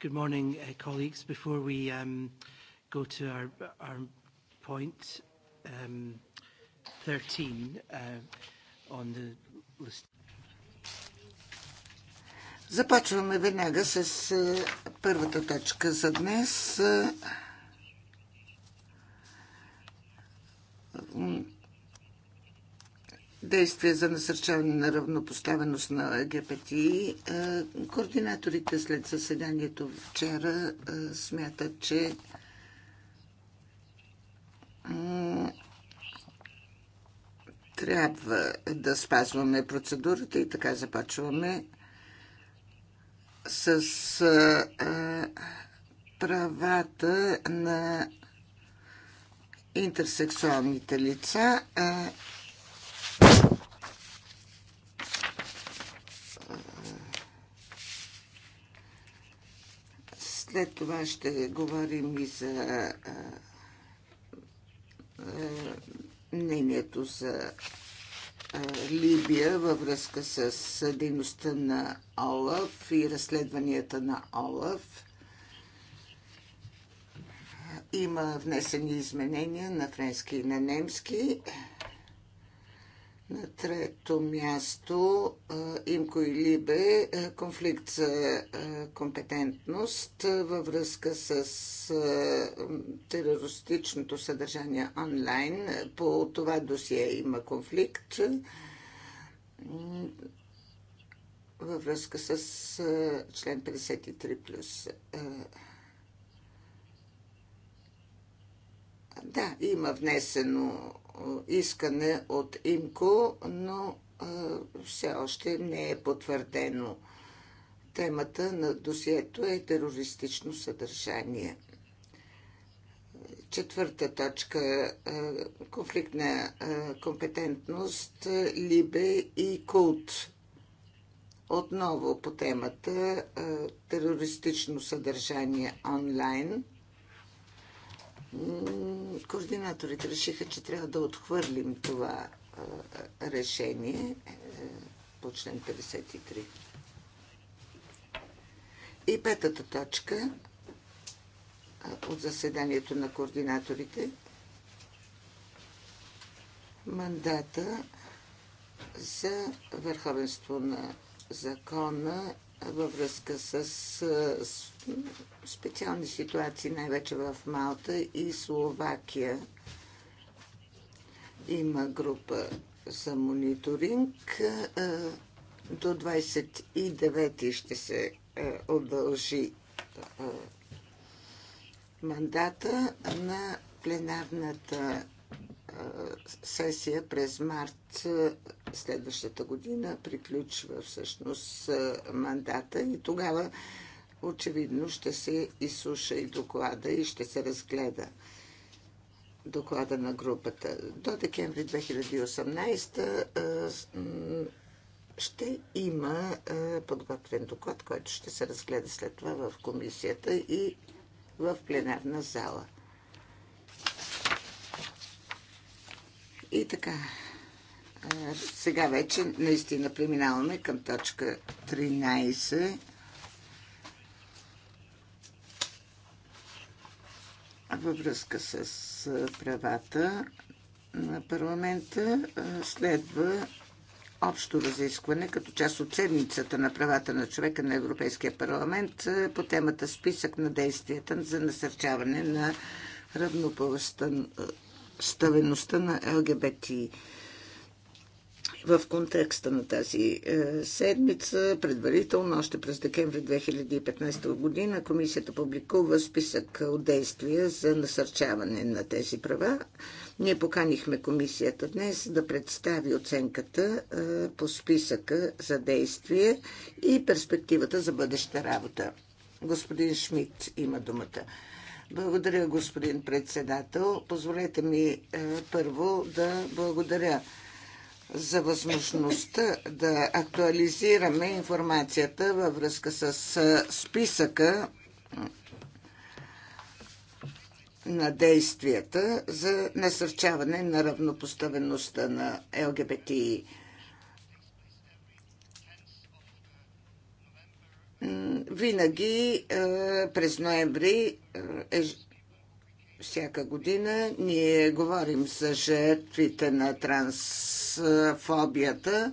Good morning, uh, colleagues. Before we um, go to our, our point um, 13 uh, on the list. Започваме веднага с първата точка за днес. действия за насърчаване на равнопоставеност на ЛГБТ. Е, координаторите след заседанието вчера е, смятат, че трябва да спазваме процедурата и така започваме с е, правата на интерсексуалните лица След това ще говорим и за мнението за Либия във връзка с дейността на Олаф и разследванията на Олаф. Има внесени изменения на френски и на немски. На трето място Имко и Либе конфликт за компетентност във връзка с терористичното съдържание онлайн. По това досие има конфликт във връзка с член 53+. Да, има внесено искане от ИМКО, но все още не е потвърдено. Темата на досието е терористично съдържание. Четвърта точка конфликтна компетентност, Либе и Култ. Отново по темата терористично съдържание онлайн – координаторите решиха, че трябва да отхвърлим това решение е, по член 53. И петата точка от заседанието на координаторите. Мандата за върховенство на закона във връзка с специални ситуации, най-вече в Малта и Словакия. Има група за мониторинг. До 29 ще се удължи мандата на пленарната сесия през март е, следващата година приключва всъщност е, мандата и тогава очевидно ще се изслуша и доклада и ще се разгледа доклада на групата. До декември 2018 е, ще има подготвен доклад, който ще се разгледа след това в комисията и в пленарна зала. И така, сега вече наистина преминаваме към точка 13. във връзка с правата на парламента следва общо разискване като част от седмицата на правата на човека на Европейския парламент по темата списък на действията за насърчаване на равноправността представеността на ЛГБТ. В контекста на тази е, седмица, предварително, още през декември 2015 година, комисията публикува списък от действия за насърчаване на тези права. Ние поканихме комисията днес да представи оценката е, по списъка за действие и перспективата за бъдеща работа. Господин Шмидт има думата. Благодаря, господин председател. Позволете ми е, първо да благодаря за възможността да актуализираме информацията във връзка с е, списъка на действията за насърчаване на равнопоставеността на ЛГБТИ. Винаги е, през ноември е, е, всяка година ние говорим за жертвите на трансфобията. Е,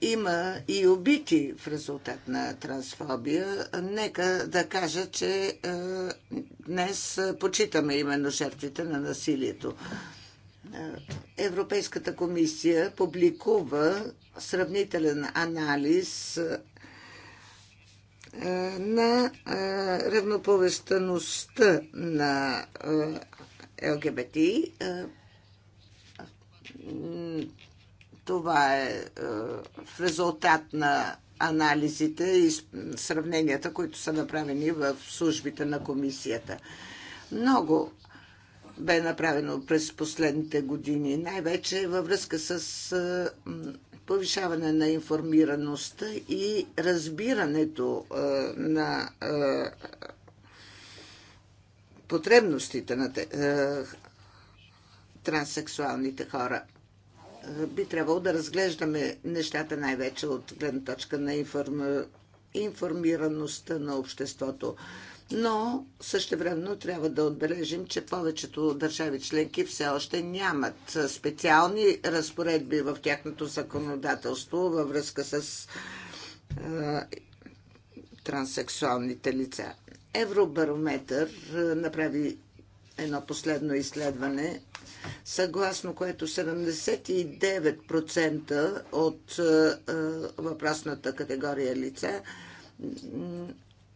има и убити в резултат на трансфобия. Нека да кажа, че днес почитаме именно жертвите на насилието. Европейската комисия публикува сравнителен анализ на равноповестаността на ЛГБТ Това е в резултат на анализите и сравненията, които са направени в службите на комисията. Много бе направено през последните години, най-вече във връзка с повишаване на информираността и разбирането на потребностите на транссексуалните хора. Би трябвало да разглеждаме нещата най-вече от гледна точка на информираността на обществото но същевременно трябва да отбележим, че повечето държави членки все още нямат специални разпоредби в тяхното законодателство във връзка с е, транссексуалните лица. Евробарометър е, направи едно последно изследване, съгласно което 79% от е, е, въпросната категория лица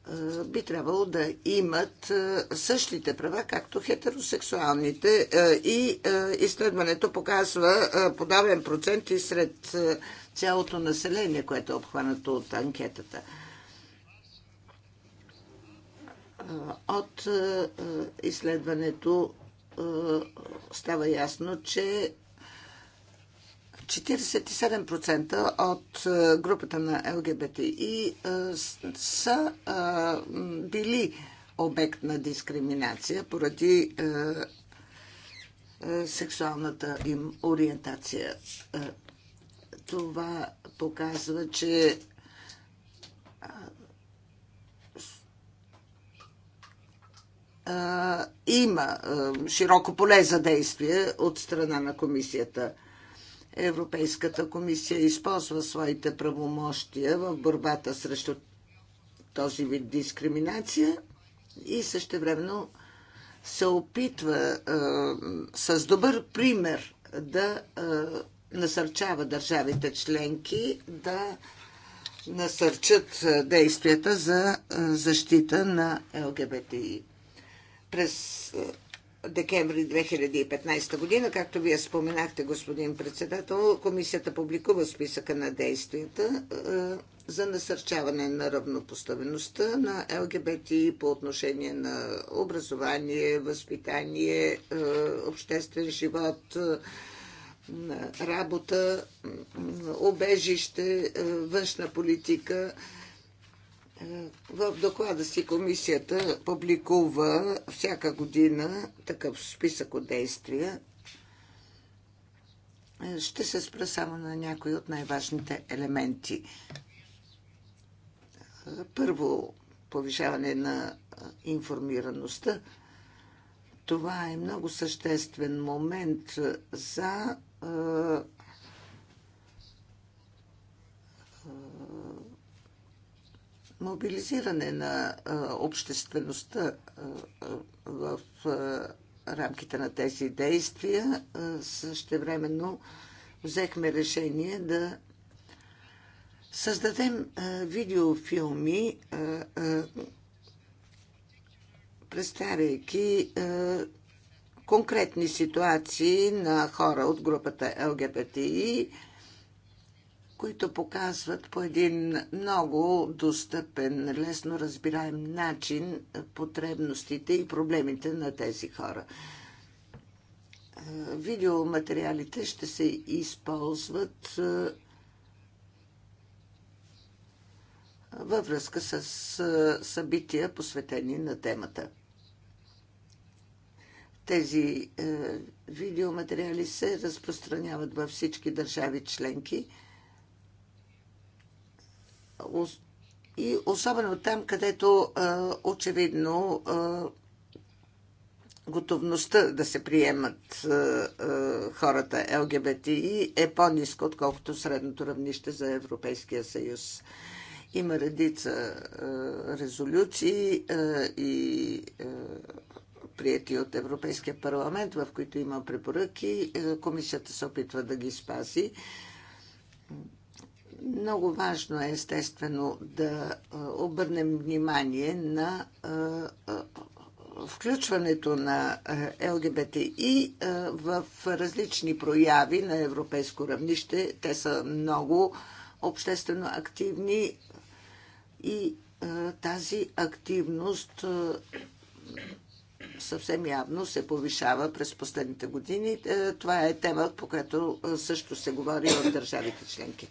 е, би трябвало да имат е, същите права, както хетеросексуалните. Е, и изследването показва подавен процент и сред цялото население, което е обхванато от анкетата. От изследването става ясно, че 47% от е, групата на ЛГБТИ е, са е, били обект на дискриминация поради сексуалната им ориентация. Това показва, че има широко поле за действие от страна на комисията – Европейската комисия използва своите правомощия в борбата срещу този вид дискриминация и същевременно се опитва е, с добър пример да е, насърчава държавите членки да насърчат действията за защита на ЛГБТИ. През декември 2015 година, както вие споменахте, господин председател, комисията публикува списъка на действията е, за насърчаване на равнопоставеността на ЛГБТ по отношение на образование, възпитание, е, обществен живот, е, работа, обежище, външна политика – в доклада си комисията публикува всяка година такъв списък от действия. Ще се спра само на някои от най-важните елементи. Първо, повишаване на информираността. Това е много съществен момент за е, мобилизиране на обществеността в рамките на тези действия. Същевременно взехме решение да създадем видеофилми, представяйки конкретни ситуации на хора от групата ЛГБТИ които показват по един много достъпен, лесно разбираем начин потребностите и проблемите на тези хора. Е, видеоматериалите ще се използват е, във връзка с е, събития, посветени на темата. Тези видеоматериали се разпространяват във всички държави членки – и особено там, където очевидно готовността да се приемат хората ЛГБТИ е по-ниска, отколкото средното равнище за Европейския съюз. Има редица резолюции и прияти от Европейския парламент, в които има препоръки. Комисията се опитва да ги спаси. Много важно е, естествено, да обърнем внимание на включването на ЛГБТ и в различни прояви на европейско равнище. Те са много обществено активни и тази активност съвсем явно се повишава през последните години. Е, това е тема, по която също се говори от държавите членки.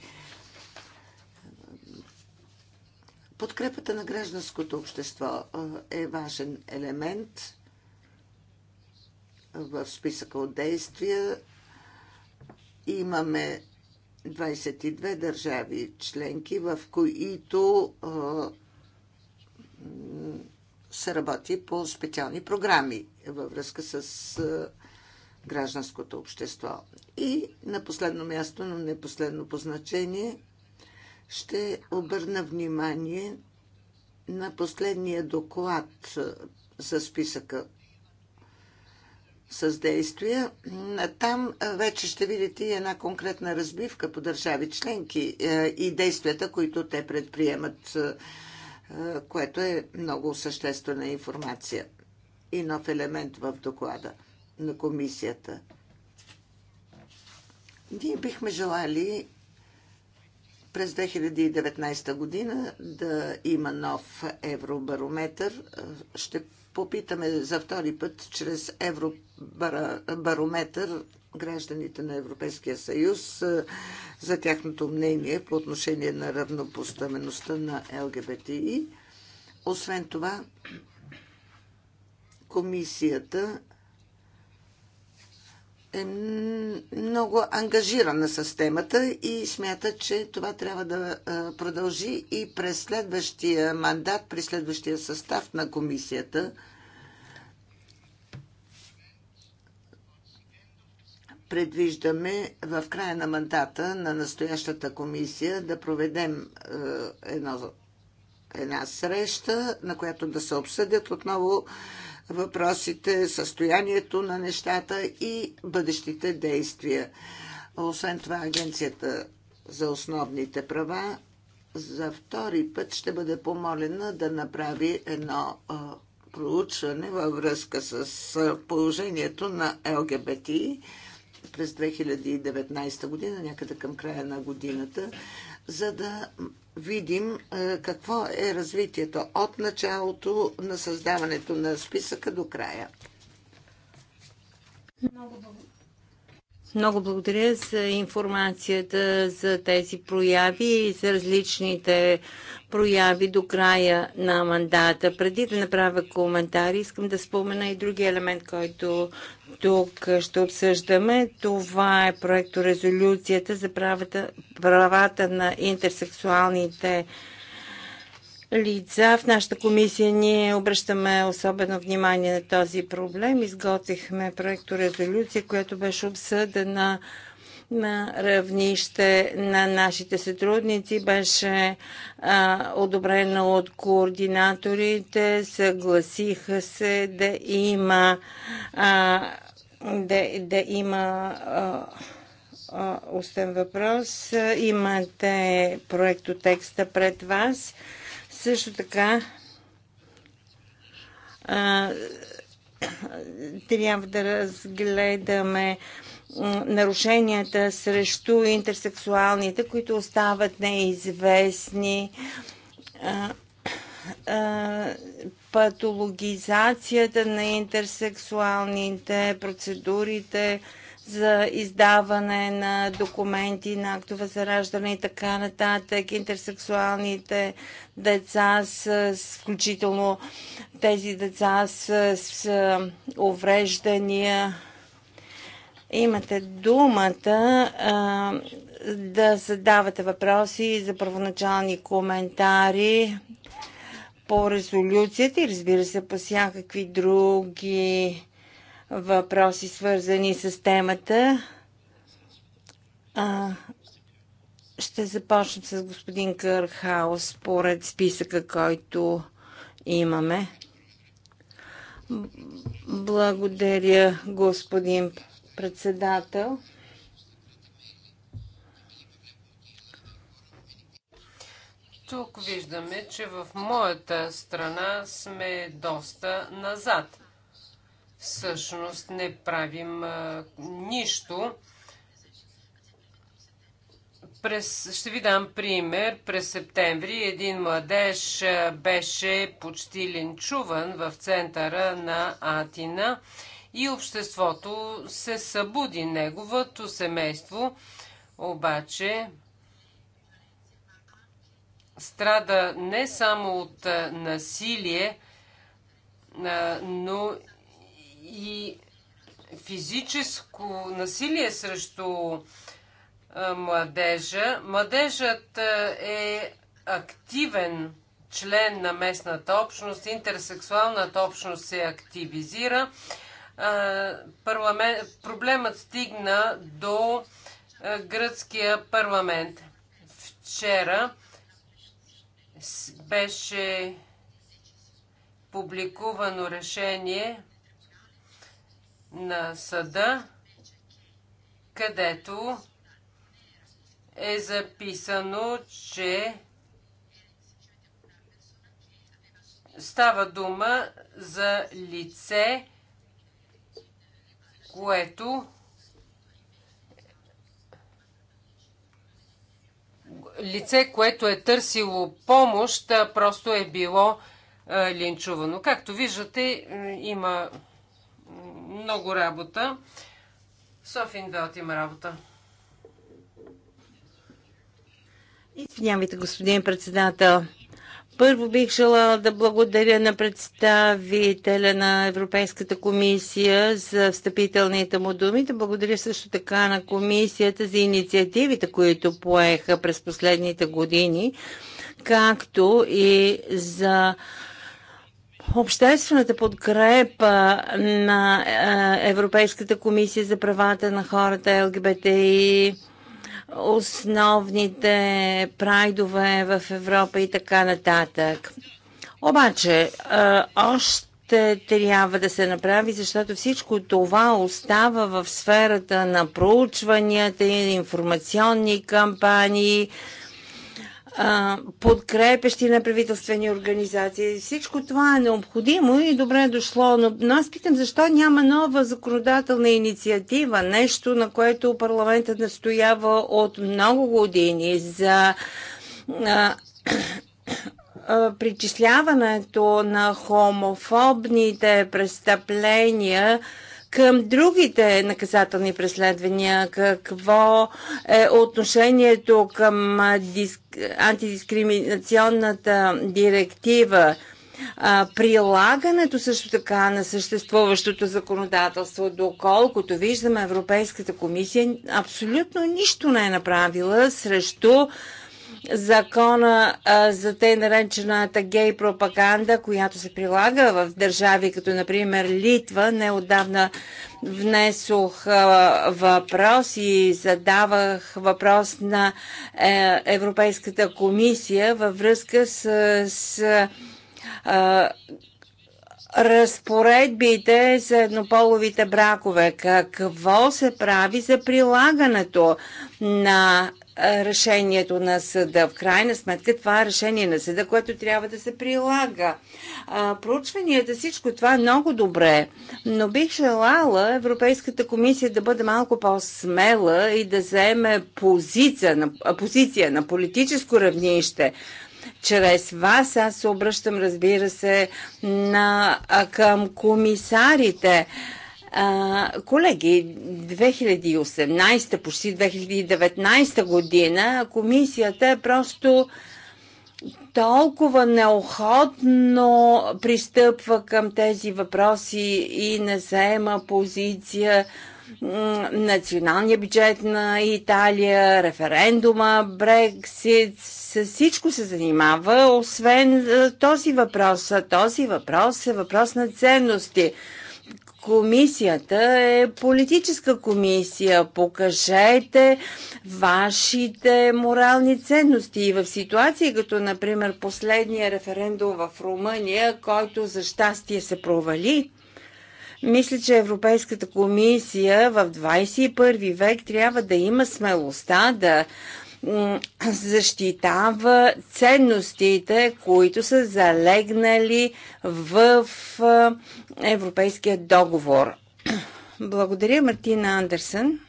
Подкрепата на гражданското общество е важен елемент в списъка от действия. Имаме 22 държави членки, в които се работи по специални програми във връзка с гражданското общество. И на последно място, но не последно по значение, ще обърна внимание на последния доклад за списъка с действия. Там вече ще видите и една конкретна разбивка по държави членки и действията, които те предприемат, което е много съществена информация и нов елемент в доклада на комисията. Ние бихме желали през 2019 година да има нов евробарометър. Ще попитаме за втори път чрез евробарометър гражданите на Европейския съюз за тяхното мнение по отношение на равнопоставеността на ЛГБТИ. Освен това, комисията е много ангажирана с темата и смята, че това трябва да продължи и през следващия мандат, при следващия състав на комисията. Предвиждаме в края на мандата на настоящата комисия да проведем едно, една среща, на която да се обсъдят отново въпросите, състоянието на нещата и бъдещите действия. Освен това, Агенцията за основните права за втори път ще бъде помолена да направи едно проучване във връзка с положението на ЛГБТ през 2019 година, някъде към края на годината, за да видим какво е развитието от началото на създаването на списъка до края. Много благодаря. Много благодаря за информацията за тези прояви и за различните прояви до края на мандата. Преди да направя коментари, искам да спомена и други елемент, който тук ще обсъждаме. Това е проекто резолюцията за правата, правата на интерсексуалните лица. В нашата комисия ние обръщаме особено внимание на този проблем. Изготвихме проекто резолюция, която беше обсъдена на равнище на нашите сътрудници беше а, одобрено от координаторите. Съгласиха се да има а, да, да има а, Остен въпрос. Имате проектотекста пред вас. Също така а, трябва да разгледаме нарушенията срещу интерсексуалните, които остават неизвестни. Патологизацията на интерсексуалните, процедурите за издаване на документи, на актове за раждане и така нататък, интерсексуалните деца, с, включително тези деца с, с увреждания, Имате думата а, да задавате въпроси за първоначални коментари по резолюцията и разбира се по всякакви други въпроси, свързани с темата. А, ще започнем с господин Кърхаус според списъка, който имаме. Благодаря, господин председател. Тук виждаме, че в моята страна сме доста назад. Всъщност не правим а, нищо. През, ще ви дам пример. През септември един младеж беше почти линчуван в центъра на Атина и обществото се събуди. Неговото семейство обаче страда не само от насилие, но и физическо насилие срещу младежа. Младежът е активен член на местната общност, интерсексуалната общност се активизира парламент, проблемът стигна до гръцкия парламент. Вчера беше публикувано решение на съда, където е записано, че става дума за лице, което лице, което е търсило помощ, просто е било линчувано. Както виждате, има много работа. Софин Велт има работа. Извинявайте, господин председател. Първо бих желала да благодаря на представителя на Европейската комисия за встъпителните му думи, да благодаря също така на комисията за инициативите, които поеха през последните години, както и за обществената подкрепа на е, Европейската комисия за правата на хората ЛГБТИ основните прайдове в Европа и така нататък. Обаче, е, още трябва да се направи, защото всичко това остава в сферата на проучванията и информационни кампании, подкрепещи на правителствени организации. Всичко това е необходимо и добре е дошло, но, но аз питам защо няма нова законодателна инициатива, нещо на което парламентът настоява от много години за причисляването на хомофобните престъпления към другите наказателни преследвания? Какво е отношението към антидискриминационната директива? прилагането също така на съществуващото законодателство, доколкото виждаме Европейската комисия, абсолютно нищо не е направила срещу закона а, за тъй наречената гей пропаганда, която се прилага в държави като, например, Литва. Неодавна внесох а, въпрос и задавах въпрос на е, Европейската комисия във връзка с, с а, разпоредбите за еднополовите бракове. Какво се прави за прилагането на решението на съда. В крайна сметка това е решение на съда, което трябва да се прилага. проучванията, всичко това е много добре, но бих желала Европейската комисия да бъде малко по-смела и да заеме позиция на, позиция на политическо равнище, чрез вас аз се обръщам, разбира се, на, към комисарите. А, колеги, 2018, почти 2019 година комисията е просто толкова неохотно пристъпва към тези въпроси и не заема позиция националния бюджет на Италия, референдума, Брексит, с всичко се занимава, освен този въпрос. Този въпрос е въпрос на ценности комисията е политическа комисия. Покажете вашите морални ценности. И в ситуации, като например последния референдум в Румъния, който за щастие се провали, мисля, че Европейската комисия в 21 век трябва да има смелостта да защитава ценностите, които са залегнали в Европейския договор. Благодаря, Мартина Андерсън.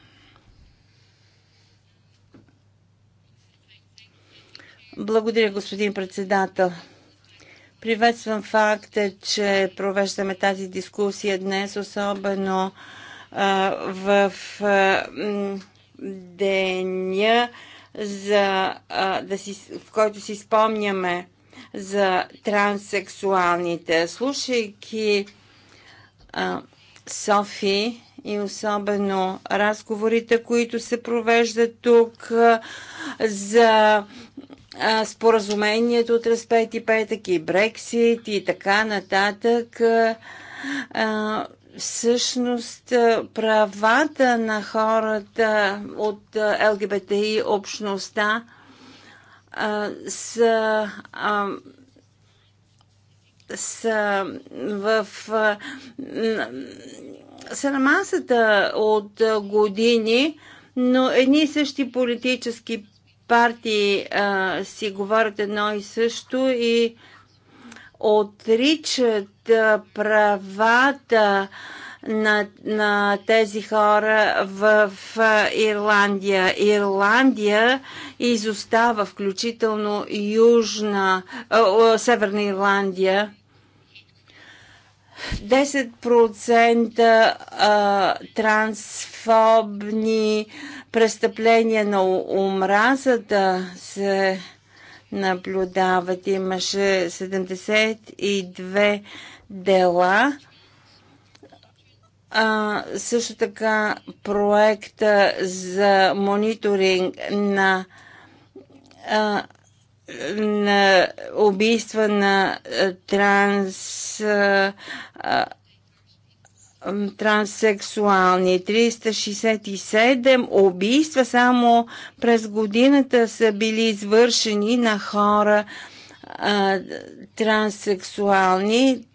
Благодаря, господин председател. Приветствам факта, че провеждаме тази дискусия днес, особено а, в а, деня за, а, да си, в който си спомняме за транссексуалните. Слушайки а, Софи и особено разговорите, които се провеждат тук а, за а, споразумението от разпети петък и Брексит и така нататък. А, всъщност правата на хората от ЛГБТИ общността а, са, а, са в а, са на масата от години, но едни и същи политически партии а, си говорят едно и също и отричат правата на, на тези хора в, в Ирландия. Ирландия изостава включително Южна, о, о, Северна Ирландия. 10% а, трансфобни престъпления на омразата се наблюдават. Имаше 72 дела. А, също така проекта за мониторинг на, а, на убийства на транс а, транссексуални. 367 убийства само през годината са били извършени на хора а, транссексуални.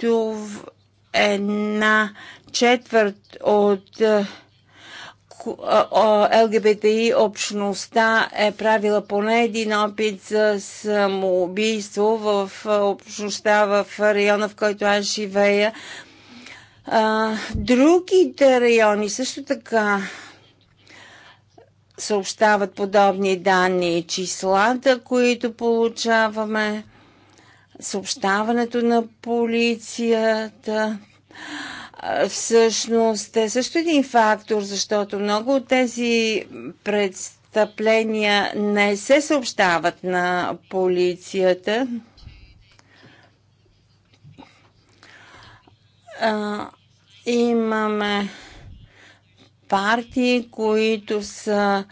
Това е една четвърт от ЛГБТИ общността е правила поне един опит за самоубийство в общността в района, в който аз живея. А, другите райони също така съобщават подобни данни и числата, които получаваме, съобщаването на полицията. Всъщност е също един фактор, защото много от тези представления не се съобщават на полицията. имаме партии, които са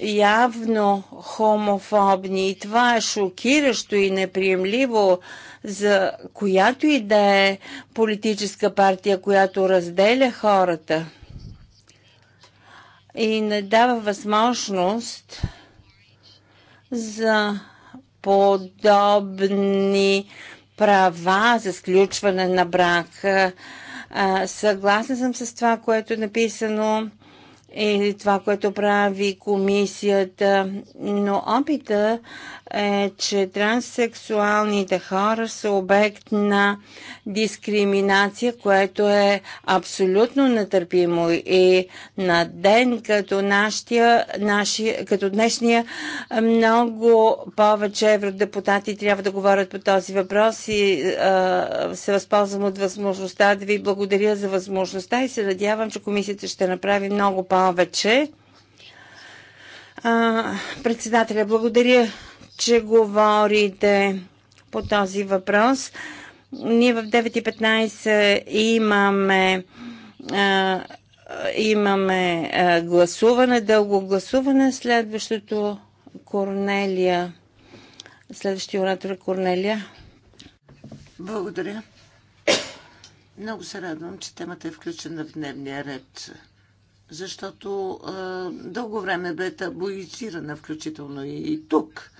явно хомофобни. И това е шокиращо и неприемливо за която и да е политическа партия, която разделя хората и не дава възможност за подобни права за сключване на брак. Съгласна съм с това, което е написано или това, което прави комисията, но опита е, че транссексуалните хора са обект на дискриминация, което е абсолютно нетърпимо. И на ден като, нашия, наши, като днешния много повече евродепутати трябва да говорят по този въпрос и а, се възползвам от възможността да ви благодаря за възможността и се надявам, че комисията ще направи много повече. А, председателя, благодаря че говорите по този въпрос. Ние в 9.15 имаме а, имаме а, гласуване, дълго гласуване. Следващото Корнелия. Следващия оратор е Корнелия. Благодаря. Много се радвам, че темата е включена в дневния ред, защото дълго време бе табуицирана, включително и тук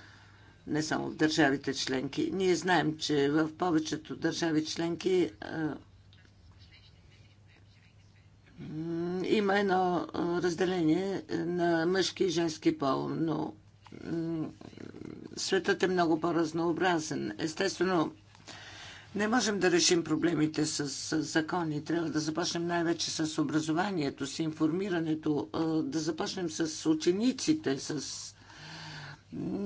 не само в държавите членки. Ние знаем, че в повечето държави членки има едно разделение на мъжки и женски пол, но светът е много по-разнообразен. Естествено, не можем да решим проблемите с, с закони. Трябва да започнем най-вече с образованието, с информирането, да започнем с учениците, с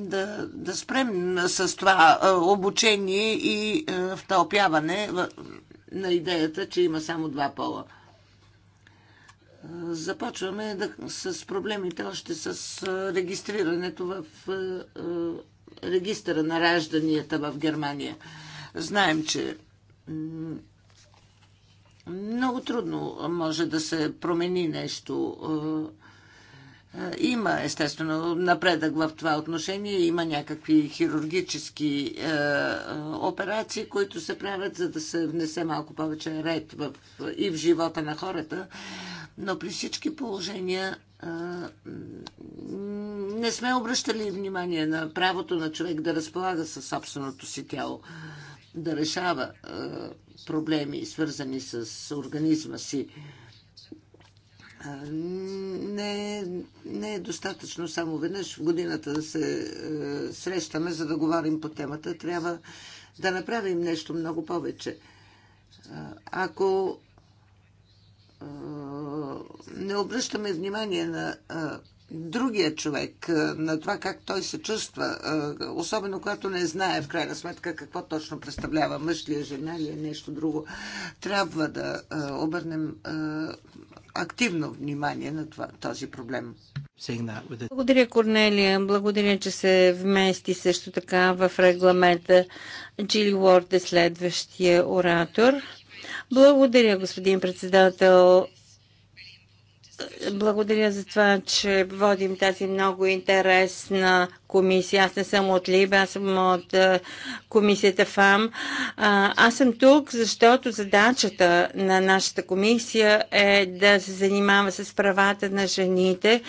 да, да спрем с това обучение и втълпяване на идеята, че има само два пола. Започваме да, с проблемите още с регистрирането в регистъра на ражданията в Германия. Знаем, че много трудно може да се промени нещо има, естествено, напредък в това отношение. Има някакви хирургически е, операции, които се правят, за да се внесе малко повече ред в, и в живота на хората. Но при всички положения е, не сме обръщали внимание на правото на човек да разполага със собственото си тяло, да решава е, проблеми, свързани с организма си. Е, не, не е достатъчно само веднъж в годината да се е, срещаме, за да говорим по темата. Трябва да направим нещо много повече. Ако е, не обръщаме внимание на е, другия човек, е, на това как той се чувства, е, особено когато не знае в крайна сметка какво точно представлява мъж ли е, жена ли е, нещо друго, трябва да е, обърнем. Е, активно внимание на това, този проблем. Благодаря, Корнелия. Благодаря, че се вмести също така в регламента. Джили Уорд е следващия оратор. Благодаря, господин председател. Благодаря за това, че водим тази много интересна комисия. Аз не съм от Либе, аз съм от комисията ФАМ. аз съм тук, защото задачата на нашата комисия е да се занимава с правата на жените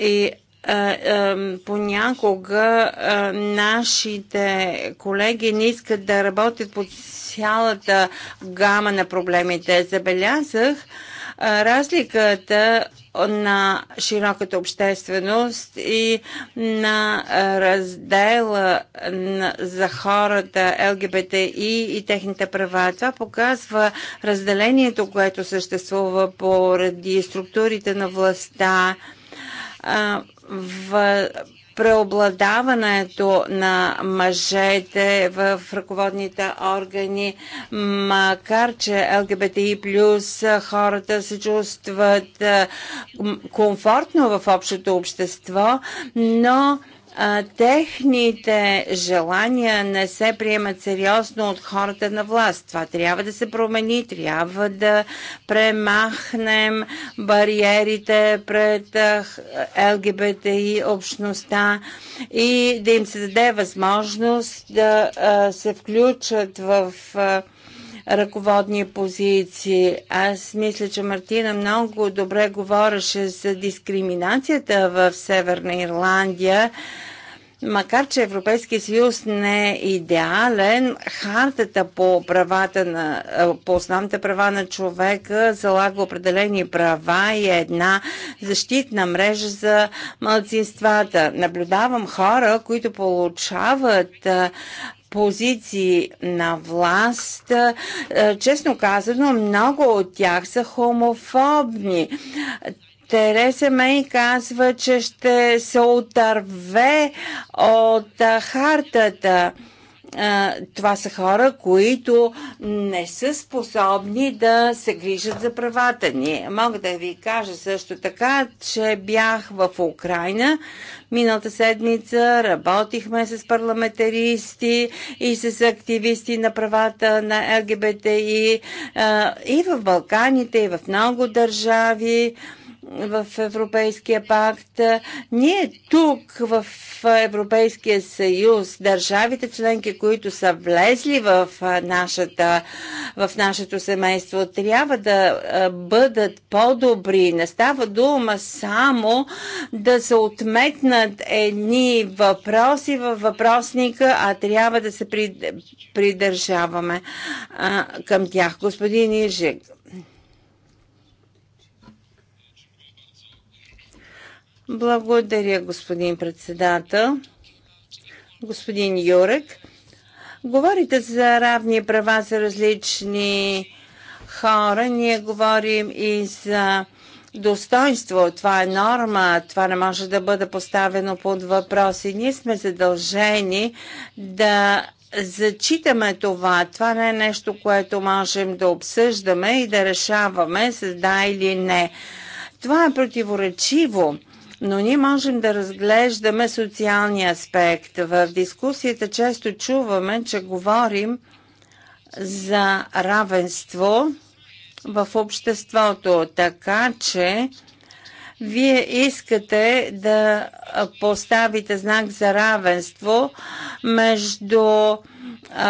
и понякога нашите колеги не искат да работят по цялата гама на проблемите. Забелязах, Разликата на широката общественост и на раздела за хората ЛГБТИ и техните права. Това показва разделението, което съществува поради структурите на властта в преобладаването на мъжете в ръководните органи, макар че ЛГБТИ плюс хората се чувстват комфортно в общото общество, но а, техните желания не се приемат сериозно от хората на власт. Това трябва да се промени, трябва да премахнем бариерите пред ЛГБТ и общността и да им се даде възможност да а, се включат в а, ръководни позиции. Аз мисля, че Мартина много добре говореше за дискриминацията в Северна Ирландия. Макар, че Европейския съюз не е идеален, хартата по, правата на, по основните права на човека залага определени права и е една защитна мрежа за малцинствата. Наблюдавам хора, които получават позиции на власт, е, честно казано, много от тях са хомофобни. Тереса Мей казва, че ще се отърве от е, хартата това са хора, които не са способни да се грижат за правата ни. Мога да ви кажа също така, че бях в Украина миналата седмица, работихме с парламентаристи и с активисти на правата на ЛГБТИ и в Балканите, и в много държави в Европейския пакт. Ние тук в Европейския съюз, държавите членки, които са влезли в, нашата, в нашето семейство, трябва да бъдат по-добри. Не става дума само да се отметнат едни въпроси във въпросника, а трябва да се придържаваме към тях. Господин Иржик, Благодаря, господин председател. Господин Юрек, говорите за равни права за различни хора. Ние говорим и за достоинство. Това е норма. Това не може да бъде поставено под въпрос. И ние сме задължени да зачитаме това. Това не е нещо, което можем да обсъждаме и да решаваме с да или не. Това е противоречиво. Но ние можем да разглеждаме социалния аспект. В дискусията често чуваме, че говорим за равенство в обществото, така че вие искате да поставите знак за равенство между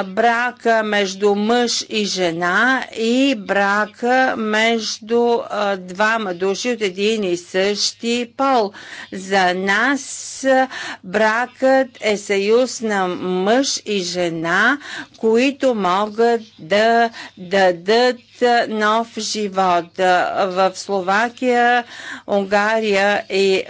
брака между мъж и жена и брака между а, двама души от един и същи пол. За нас бракът е съюз на мъж и жена, които могат да дадат нов живот. В Словакия, Унгария и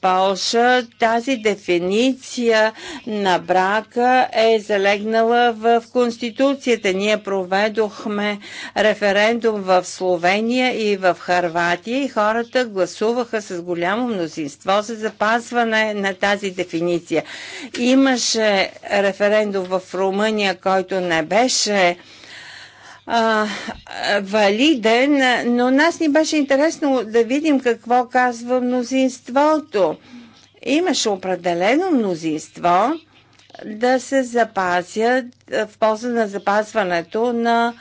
Полша тази дефиниция на брака е залегнала в Конституцията. Ние проведохме референдум в Словения и в Харватия и хората гласуваха с голямо мнозинство за запазване на тази дефиниция. Имаше референдум в Румъния, който не беше а, валиден, но нас ни беше интересно да видим какво казва мнозинството. Имаше определено мнозинство да се запазят в полза на запазването на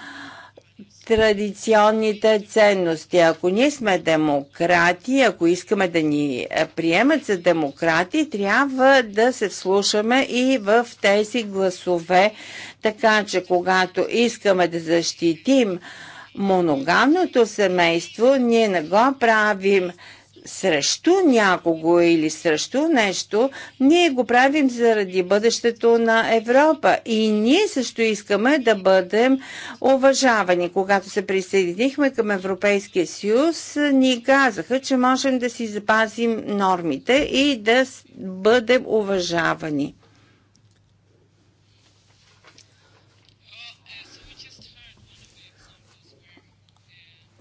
традиционните ценности. Ако ние сме демократи, ако искаме да ни приемат за демократи, трябва да се вслушаме и в тези гласове така че, когато искаме да защитим моногамното семейство, ние не го правим срещу някого или срещу нещо, ние го правим заради бъдещето на Европа. И ние също искаме да бъдем уважавани. Когато се присъединихме към Европейския съюз, ни казаха, че можем да си запазим нормите и да бъдем уважавани.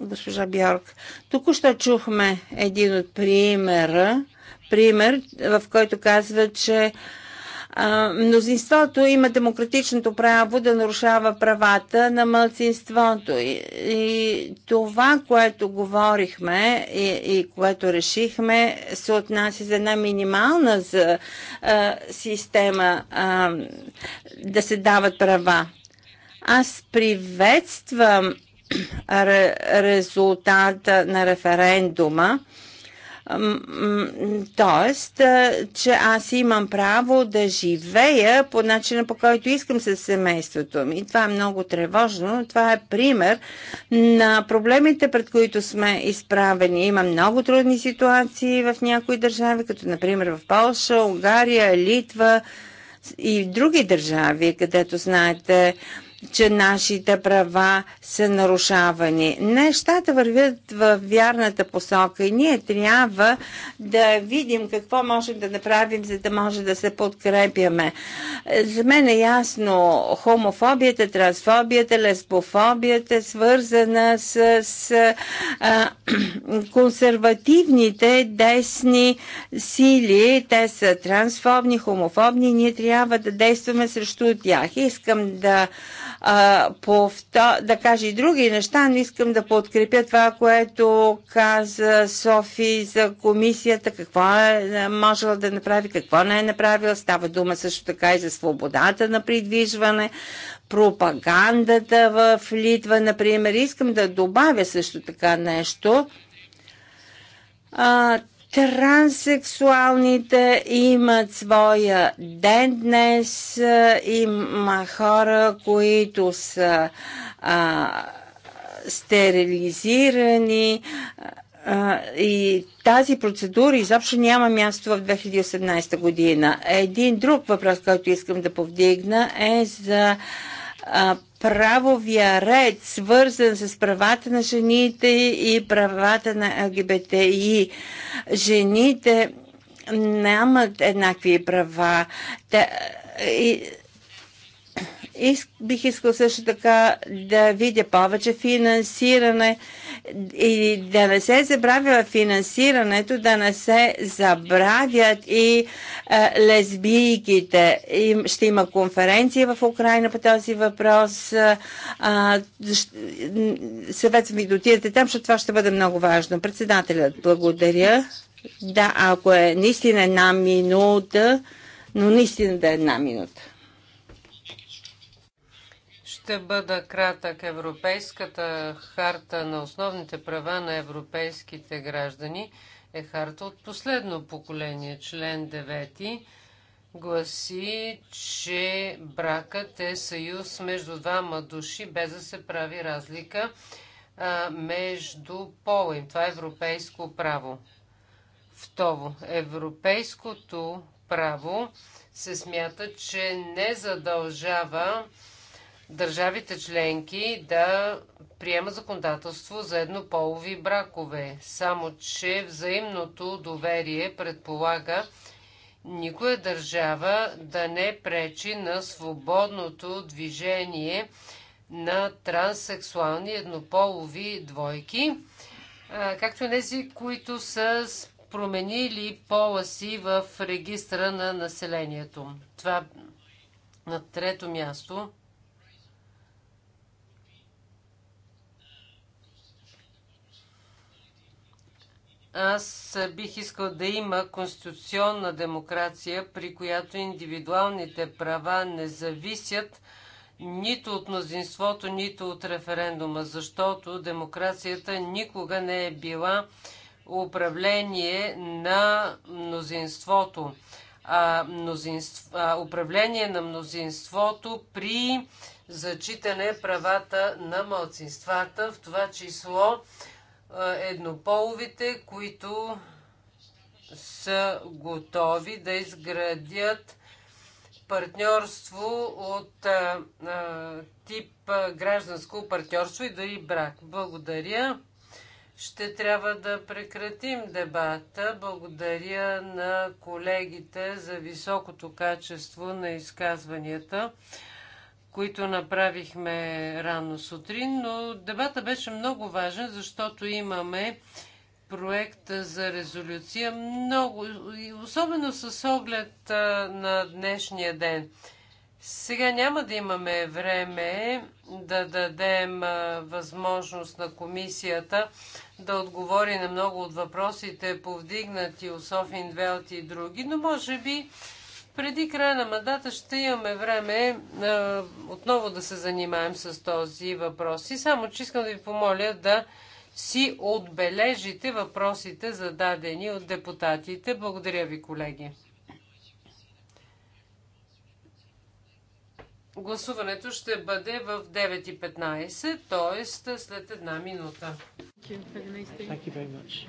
госпожа Бьорк. Току-що чухме един от примера, пример, в който казва, че а, мнозинството има демократичното право да нарушава правата на мълцинството. И, и това, което говорихме и, и което решихме, се отнася за една минимална за, а, система а, да се дават права. Аз приветствам резултата на референдума. Тоест, че аз имам право да живея по начина по който искам със семейството ми. Това е много тревожно. Това е пример на проблемите, пред които сме изправени. Има много трудни ситуации в някои държави, като например в Польша, Унгария, Литва и други държави, където знаете, че нашите права са нарушавани. Нещата вървят в вярната посока и ние трябва да видим какво можем да направим, за да може да се подкрепяме. За мен е ясно хомофобията, трансфобията, лесбофобията е свързана с, с а, консервативните десни сили. Те са трансфобни, хомофобни и ние трябва да действаме срещу тях. Искам да а, повтор, да кажа и други неща, но искам да подкрепя това, което каза Софи за комисията, какво е, е можела да направи, какво не е направила. Става дума също така и за свободата на придвижване, пропагандата в Литва, например. Искам да добавя също така нещо. А, Транссексуалните имат своя ден днес. Е, има хора, които са а, стерилизирани е, и тази процедура изобщо няма място в 2018 година. Един друг въпрос, който искам да повдигна е за правовия ред, свързан с правата на жените и правата на ЛГБТ и Жените нямат еднакви права. Те, и, и, бих искал също така да видя повече финансиране и да не се забравя финансирането, да не се забравят и а, е, лесбийките. И ще има конференция в Украина по този въпрос. Е, съвет съветвам ви да отидете там, защото това ще бъде много важно. Председателят, благодаря. Да, ако е наистина една минута, но наистина да е една минута. Ще бъда кратък. Европейската харта на основните права на европейските граждани е харта от последно поколение, член 9 гласи, че бракът е съюз между двама души, без да се прави разлика а, между пола им. Това е европейско право. Второ, европейското право се смята, че не задължава държавите членки да приема законодателство за еднополови бракове. Само, че взаимното доверие предполага никоя държава да не пречи на свободното движение на транссексуални еднополови двойки, както и тези, които са променили пола си в регистра на населението. Това на трето място – Аз бих искал да има конституционна демокрация, при която индивидуалните права не зависят нито от мнозинството, нито от референдума, защото демокрацията никога не е била управление на мнозинството. А, мнозинство, а, управление на мнозинството при зачитане правата на мълцинствата, в това число еднополовите, които са готови да изградят партньорство от а, а, тип а, гражданско партньорство и дори брак. Благодаря. Ще трябва да прекратим дебата. Благодаря на колегите за високото качество на изказванията които направихме рано сутрин, но дебата беше много важен, защото имаме проект за резолюция много, особено с оглед на днешния ден. Сега няма да имаме време да дадем възможност на комисията да отговори на много от въпросите, повдигнати от Софин Велт и други, но може би преди края на мандата ще имаме време а, отново да се занимаем с този въпрос. И само, че искам да ви помоля да си отбележите въпросите, зададени от депутатите. Благодаря ви, колеги. Гласуването ще бъде в 9.15, т.е. след една минута. Thank you very much.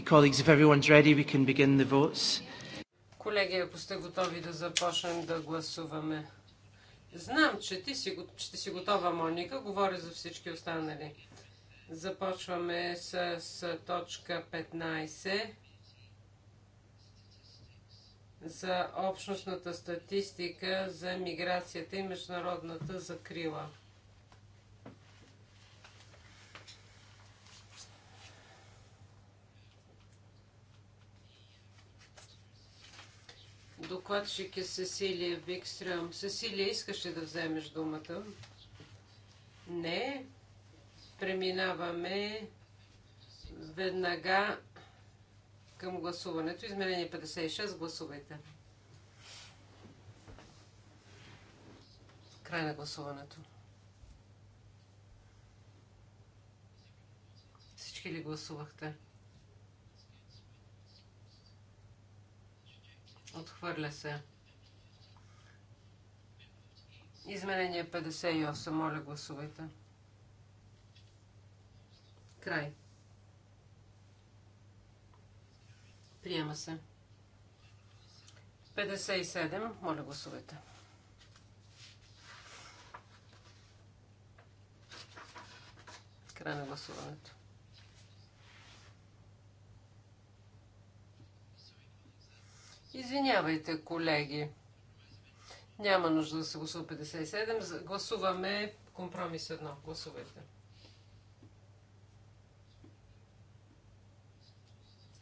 Colleagues, if everyone's ready, we can begin the votes. Колеги, ако сте готови да започнем да гласуваме. Знам, че ти си, ще си готова, Моника. Говоря за всички останали. Започваме с, с точка 15 за общностната статистика за миграцията и международната закрила. докладчик е Сесилия Викстрам. Сесилия, искаш ли да вземеш думата? Не. Преминаваме веднага към гласуването. Измерение 56. Гласувайте. Край на гласуването. Всички ли гласувахте? Отхвърля се. Изменение 58. Моля, гласувайте. Край. Приема се. 57. Моля, гласувайте. Край на гласуването. Извинявайте, колеги. Няма нужда да се гласува 57. Гласуваме компромис 1. Гласувайте.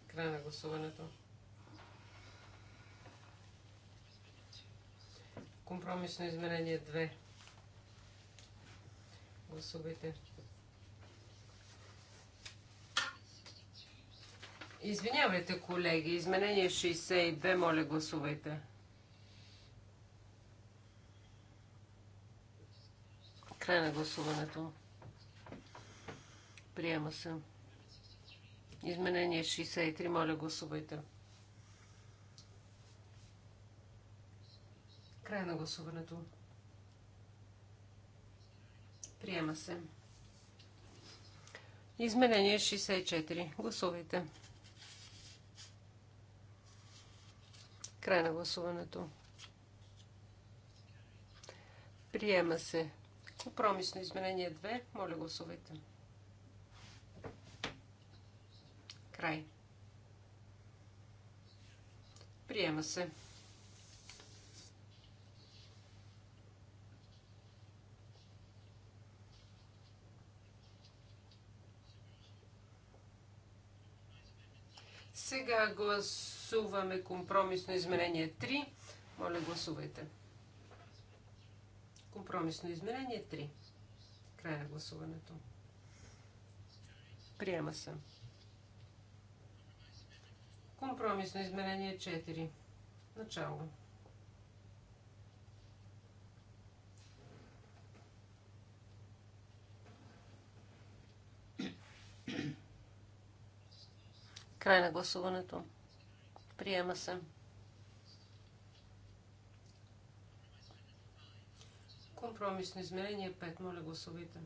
Край на гласуването. Компромисно изменение 2. Гласувайте. Извинявайте, колеги. Изменение 62. Моля, гласувайте. Край на гласуването. Приема се. Изменение 63. Моля, гласувайте. Край на гласуването. Приема се. Изменение 64. Гласувайте. Край на гласуването. Приема се. Компромисно изменение 2. Моля гласувайте. Край. Приема се. Сега гласуваме компромисно изменение 3. Моля, гласувайте. Компромисно изменение 3. Края на гласуването. Приема се. Компромисно изменение 4. Начало. Край на гласуването. Приема се. Компромисно измерение 5. Моля гласувайте.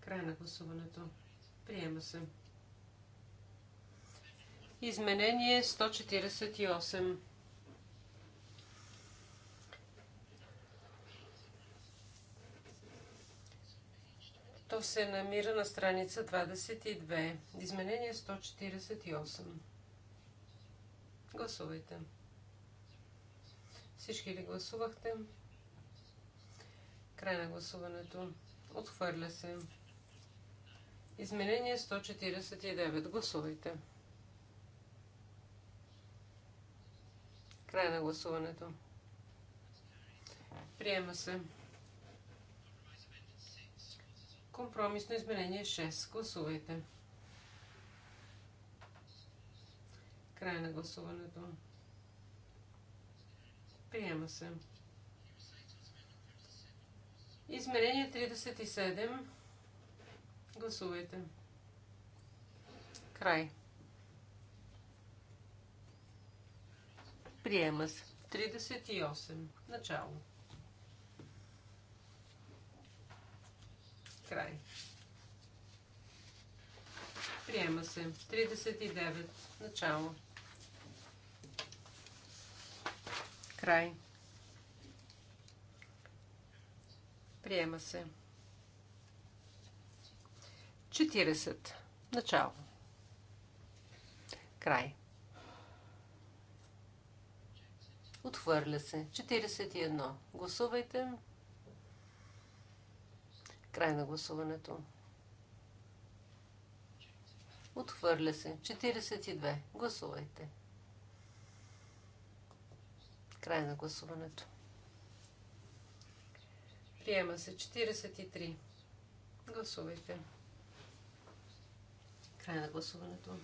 Край на гласуването. Приема се. Изменение 148. То се намира на страница 22. Изменение 148. Гласувайте. Всички ли гласувахте? Край на гласуването. Отхвърля се. Изменение 149. Гласувайте. Край на гласуването. Приема се. Компромисно изменение 6. Гласувайте. Край на гласуването. Приема се. Измерение 37. Гласувайте. Край. Приема се. 38. Начало. Край. Приема се. 39. Начало. Край. Приема се. 40. Начало. Край. Отхвърля се. 41. Гласувайте. Край на гласуването. Отхвърля се. 42. Гласувайте. Край на гласуването. Приема се 43. Гласувайте. Край на гласуването.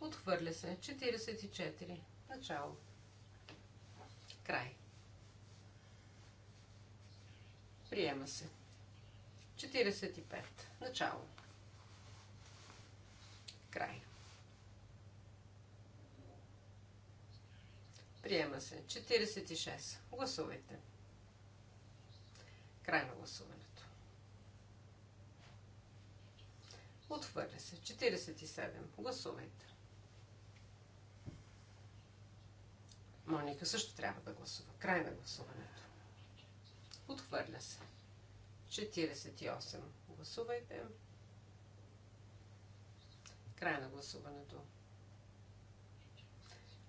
Отхвърля се 44. Начало. Край. Приема се. 45. Начало. Край. Приема се. 46. Гласувайте. Край на гласуването. Отхвърля се. 47. Гласувайте. Моника също трябва да гласува. Край на гласуването. Отхвърля се. 48. Гласувайте. Край на гласуването.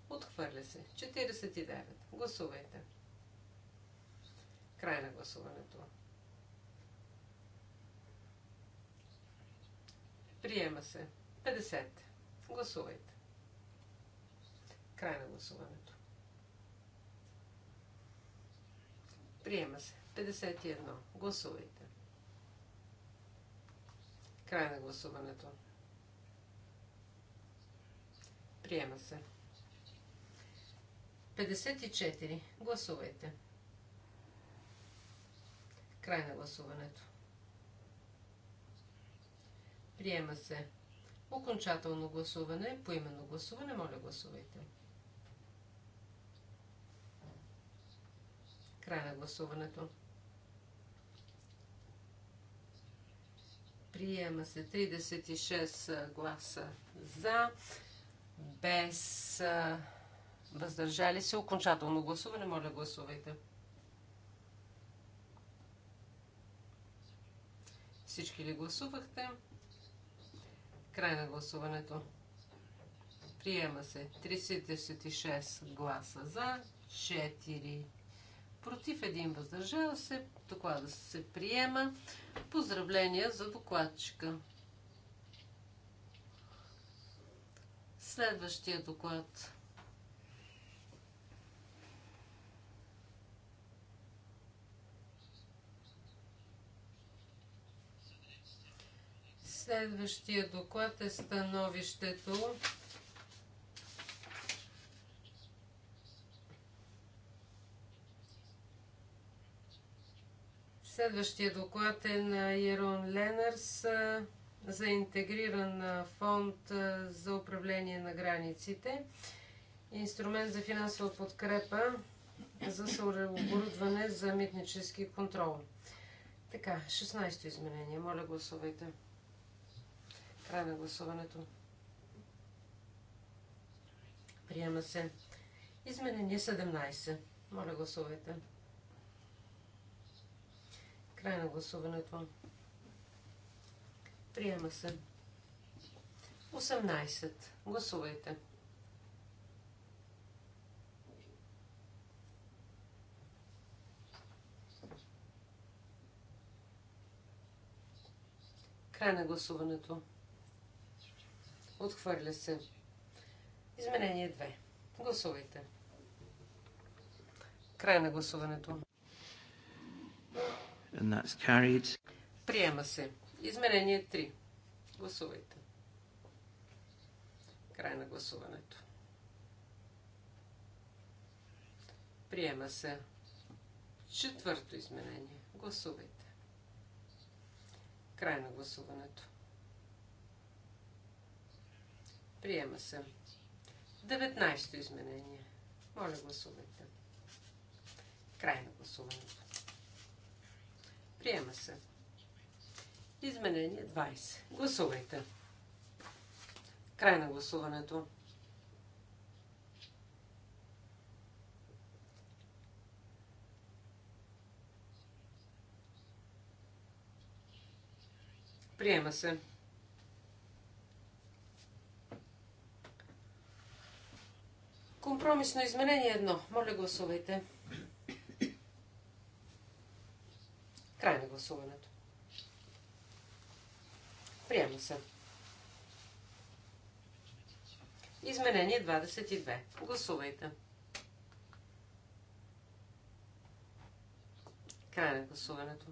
Отхвърля се. 49. Гласувайте. Край на гласуването. Приема се. 50. Гласувайте. Край на гласуването. Приема се. 51. Гласувайте. Край на гласуването. Приема се. 54. Гласувайте. Край на гласуването. Приема се. Окончателно гласуване, поименно гласуване, моля гласувайте. Край на гласуването. Приема се 36 гласа за, без въздържали се. Окончателно гласуване, моля гласувайте. Всички ли гласувахте? Край на гласуването. Приема се 36 гласа за, 4 против, един въздържал се. Доклада се приема. Поздравления за докладчика. Следващия доклад. Следващия доклад е становището Следващия доклад е на Ерон Ленърс за интегриран фонд за управление на границите. Инструмент за финансова подкрепа за съоборудване за митнически контрол. Така, 16-то изменение. Моля, гласувайте. Край на гласуването. Приема се. Изменение 17. Моля, гласувайте. Край на гласуването. Приема се. 18. Гласувайте. Край на гласуването. Отхвърля се. Изменение 2. Гласувайте. Край на гласуването. And that's carried. Приема се. Измерение 3. Гласувайте. Край на гласуването. Приема се. Четвърто изменение. Гласувайте. Край на гласуването. Приема се. 19-то изменение. Моля, гласувайте. Край на гласуването. Приема се. Изменение 20. Гласувайте. Край на гласуването. Приема се. Компромисно изменение едно. Моля гласувайте. Край на гласуването. Приема се. Изменение 22. Гласувайте. Край на гласуването.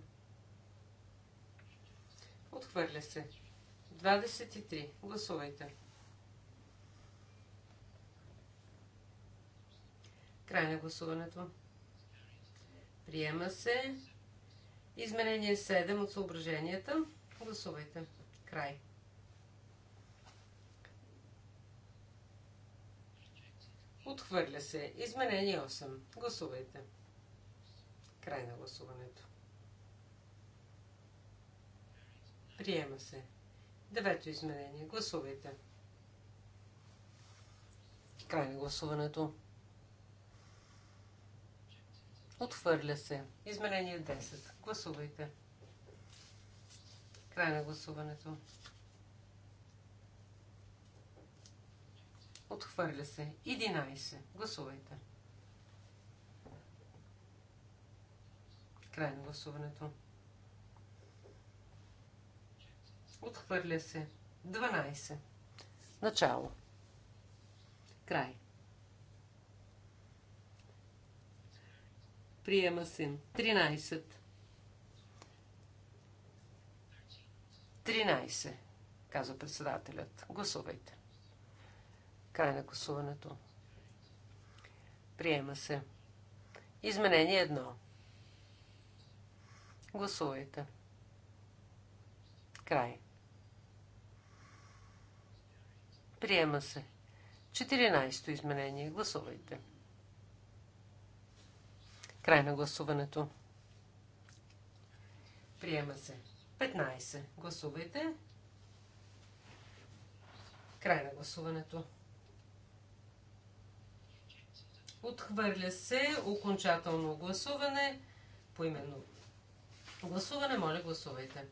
Отхвърля се. 23. Гласувайте. Край на гласуването. Приема се. Изменение 7 от съображенията. Гласувайте. Край. Отхвърля се. Изменение 8. Гласувайте. Край на гласуването. Приема се. Девето изменение. Гласувайте. Край на гласуването. Отхвърля се. Изменение 10. Гласувайте. Край на гласуването. Отхвърля се. 11. Гласувайте. Край на гласуването. Отхвърля се. 12. Начало. Край. Приема се. 13. 13, каза председателят. Гласувайте. Край на гласуването. Приема се. Изменение едно. Гласувайте. Край. Приема се. 14-то изменение. Гласувайте. Край на гласуването. Приема се. 15. Гласувайте. Край на гласуването. Отхвърля се окончателно гласуване. По именно гласуване, моля гласувайте.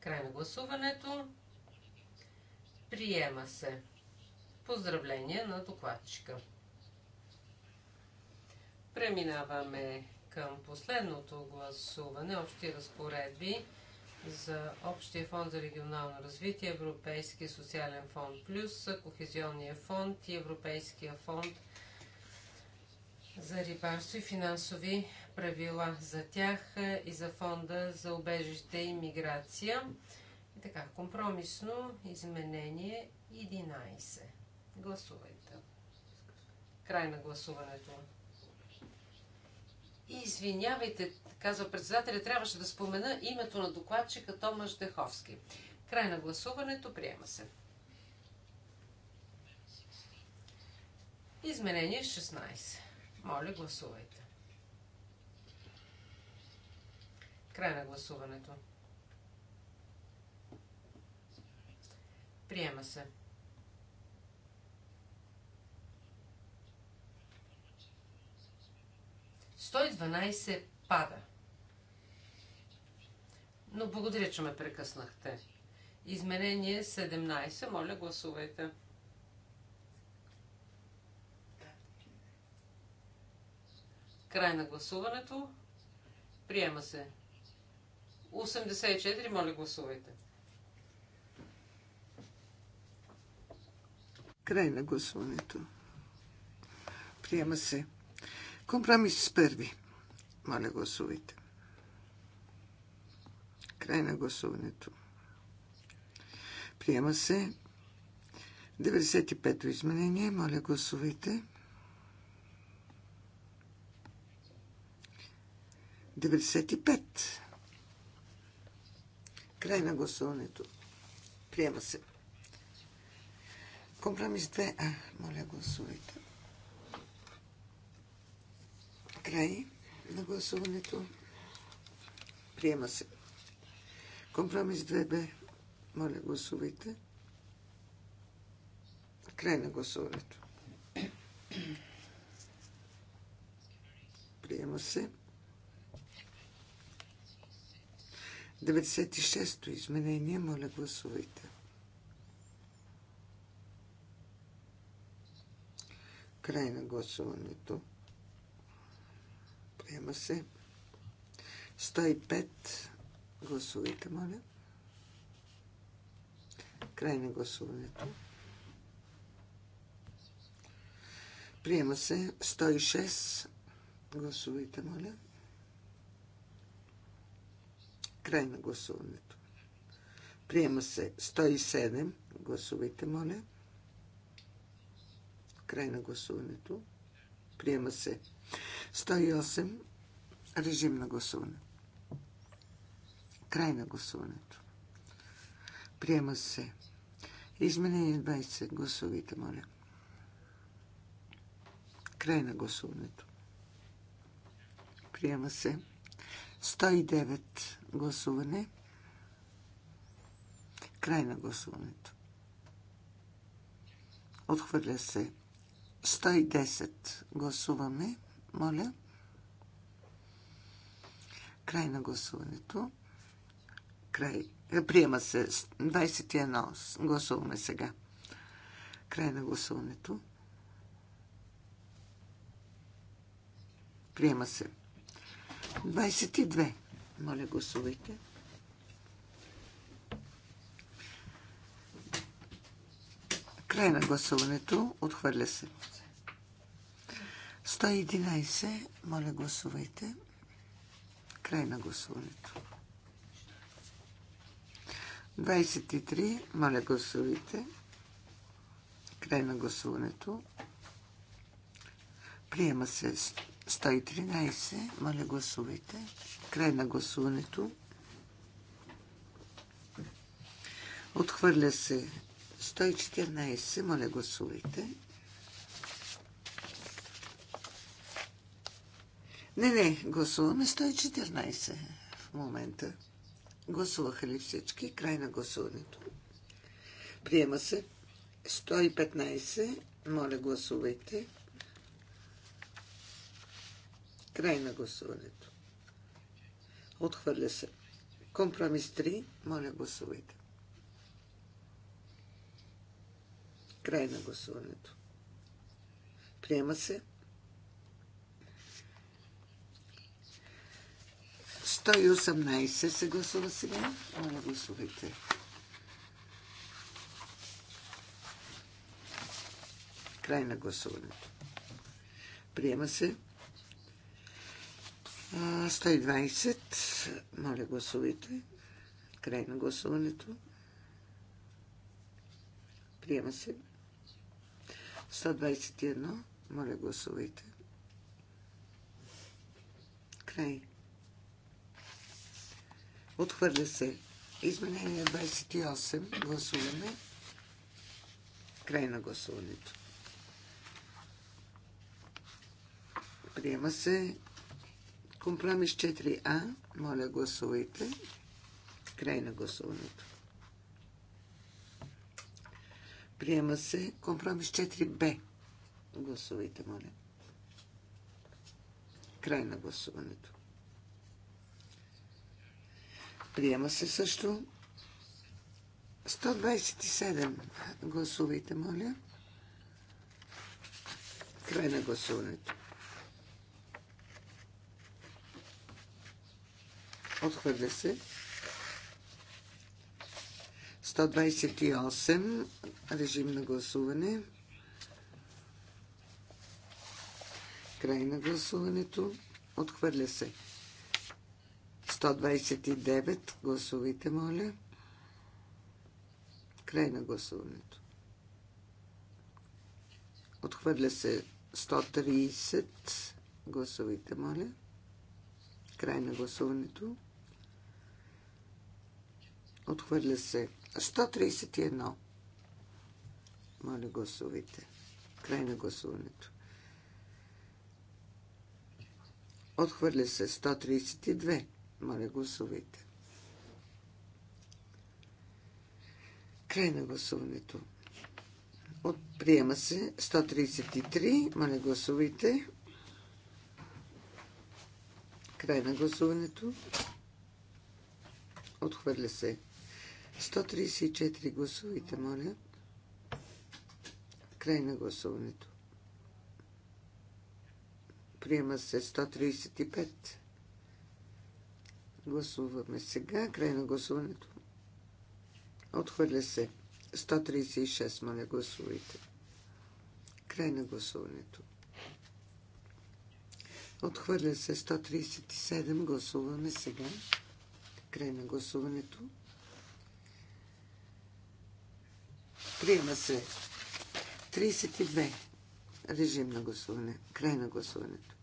Край на гласуването. Приема се. Поздравления на докладчика. Преминаваме към последното гласуване. Общи разпоредби за Общия фонд за регионално развитие, Европейския социален фонд плюс, Кохезионния фонд и Европейския фонд за рибарство и финансови правила за тях и за фонда за обежище и миграция. И така, компромисно изменение 11. Гласувайте. Край на гласуването. И извинявайте, казва председателя, трябваше да спомена името на докладчика Томаш Деховски. Край на гласуването приема се. Изменение 16. Моля, гласувайте. Край на гласуването. Приема се. 112 пада. Но благодаря, че ме прекъснахте. Изменение 17. Моля, гласувайте. Край на гласуването. Приема се. 84. Моля, гласувайте. Край на гласуването. Приема се. Компромис с първи. Моля, гласувайте. Край на гласуването. Приема се 95-то изменение. Моля, гласувайте. 95. Край на гласуването. Приема се. Компромис 2А. Моля, гласувайте. Край на гласуването. Приема се. Компромис 2Б. Моля, гласувайте. Край на гласуването. Приема се. 96-то изменение. Моля, гласувайте. Край на гласуването. Приема се. 105. Гласувайте, моля. Край на гласуването. Приема се 106. Гласувайте, моля. Край на гласуването. Приема се 107. Гласувайте, моля. Край на гласуването. Приема се 108. Режим на гласуване. Край на гласуването. Приема се. Изменение 20. Гласовите, моля. Край на гласуването. Приема се. 109. Гласуване. Край на гласуването. Отхвърля се. 110. Гласуваме. Моля. Край на гласуването. Край. Е, приема се 21. Гласуваме сега. Край на гласуването. Приема се. 22. Моля, гласувайте. Край на гласуването. Отхвърля се. 111. Моля, гласувайте. Край на гласуването. 23. Моля, гласувайте. Край на гласуването. Приема се 113. Моля, гласувайте. Край на гласуването. Отхвърля се 114. Моля, гласувайте. Не, не, гласуваме 114 в момента. Гласуваха ли всички? Край на гласуването. Приема се 115. Моля, гласувайте. Край на гласуването. Отхвърля се. Компромис 3. Моля, гласувайте. Край на гласуването. Приема се. 118 се гласува сега. Моля, гласувайте. Край на гласуването. Приема се. 120. Моля, гласувайте. Край на гласуването. Приема се. 121. Моля, гласувайте. Край. Отхвърля се. Изменение 28. Гласуваме. Край на гласуването. Приема се компромис 4А. Моля, гласувайте. Край на гласуването. Приема се компромис 4Б. Гласувайте, моля. Край на гласуването. Приема се също. 127. Гласувайте, моля. Край на гласуването. Отхвърля се. 128. Режим на гласуване. Край на гласуването. Отхвърля се. 129. Гласувайте, моля. Край на гласуването. Отхвърля се 130. Гласувайте, моля. Край на гласуването. Отхвърля се 131. Моля, гласувайте. Край на гласуването. Отхвърля се 132. Моля, гласувайте. Край на гласуването. От, приема се 133. Моля, гласувайте. Край на гласуването. Отхвърля се. 134 гласувайте, моля. Край на гласуването. Приема се 135. Гласуваме сега. Край на гласуването. Отхвърля се. 136, моля, гласувайте. Край на гласуването. Отхвърля се 137. Гласуваме сега. Край на гласуването. Приема се 32. Режим на гласуване. Край на гласуването.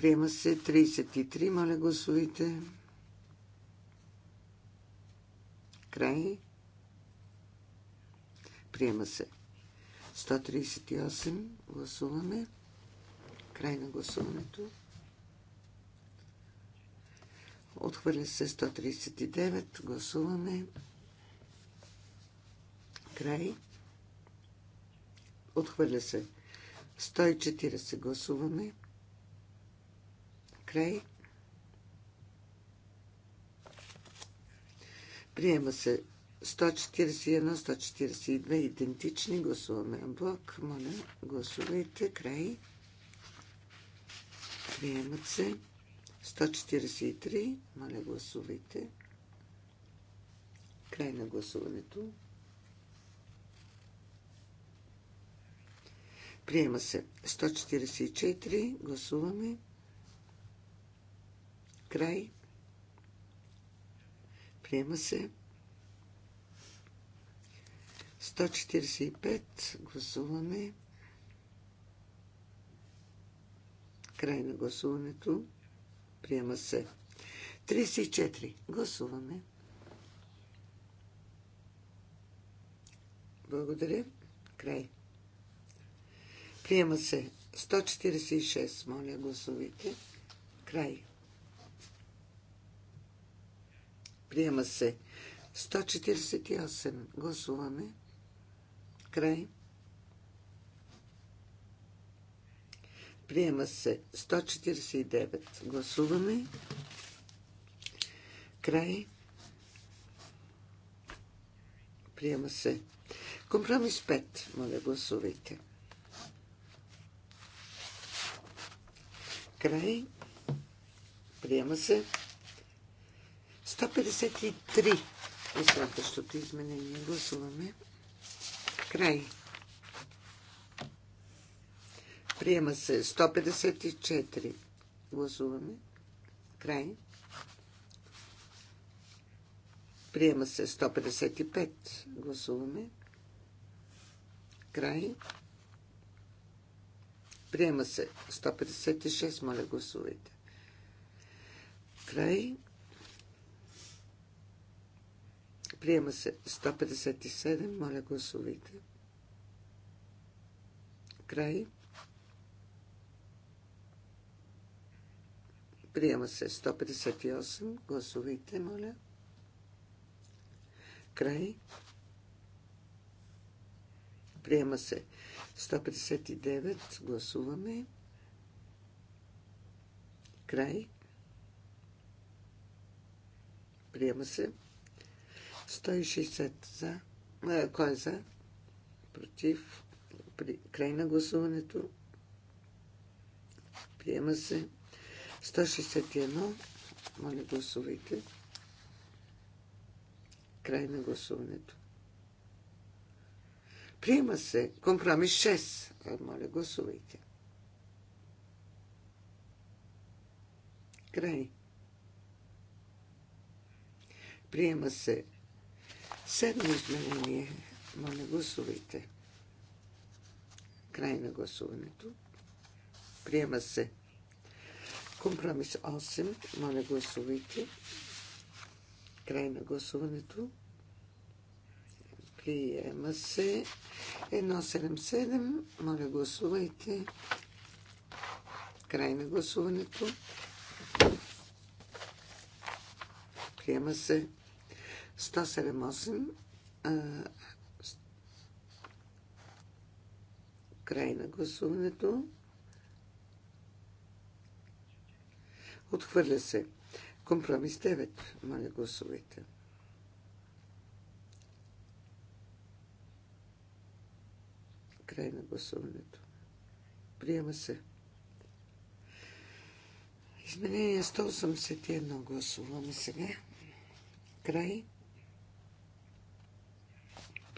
Приема се 33. Моля, гласувайте. Край. Приема се. 138. Гласуваме. Край на гласуването. Отхвърля се 139. Гласуваме. Край. Отхвърля се. 140. Гласуваме. Край. Приема се 141, 142 идентични. Гласуваме блок. Моля, гласувайте. Край. Приемат се 143. Моля, гласувайте. Край на гласуването. Приема се 144. Гласуваме. Край. Приема се. 145. Гласуваме. Край на гласуването. Приема се. 34. Гласуваме. Благодаря. Край. Приема се. 146. Моля, гласувайте. Край. Приема се. 148. Гласуваме. Край. Приема се 149. Гласуваме. Край. Приема се. Компромис 5. Моля, гласувайте. Край. Приема се. 153 е следващото изменение. Гласуваме. Край. Приема се 154. Гласуваме. Край. Приема се 155. Гласуваме. Край. Приема се 156. Моля, гласувайте. Край. Приема се 157. Моля, гласувайте. Край. Приема се 158. Гласувайте, моля. Край. Приема се 159. Гласуваме. Край. Приема се 160 за. А, кой е за? Против. При, край на гласуването. Приема се. 161. Моля, гласувайте. Край на гласуването. Приема се. Компромис 6. Е, моля, гласувайте. Край. Приема се Седмо изменение. Моля, гласувайте. Край на гласуването. Приема се. Компромис 8. Моля, гласувайте. Край на гласуването. Приема се. 177. Моля, гласувайте. Край на гласуването. Приема се. 178 край на гласуването. Отхвърля се. Компромис 9. Моля, гласувайте. Край на гласуването. Приема се. Изменение 181 гласуваме сега. Край.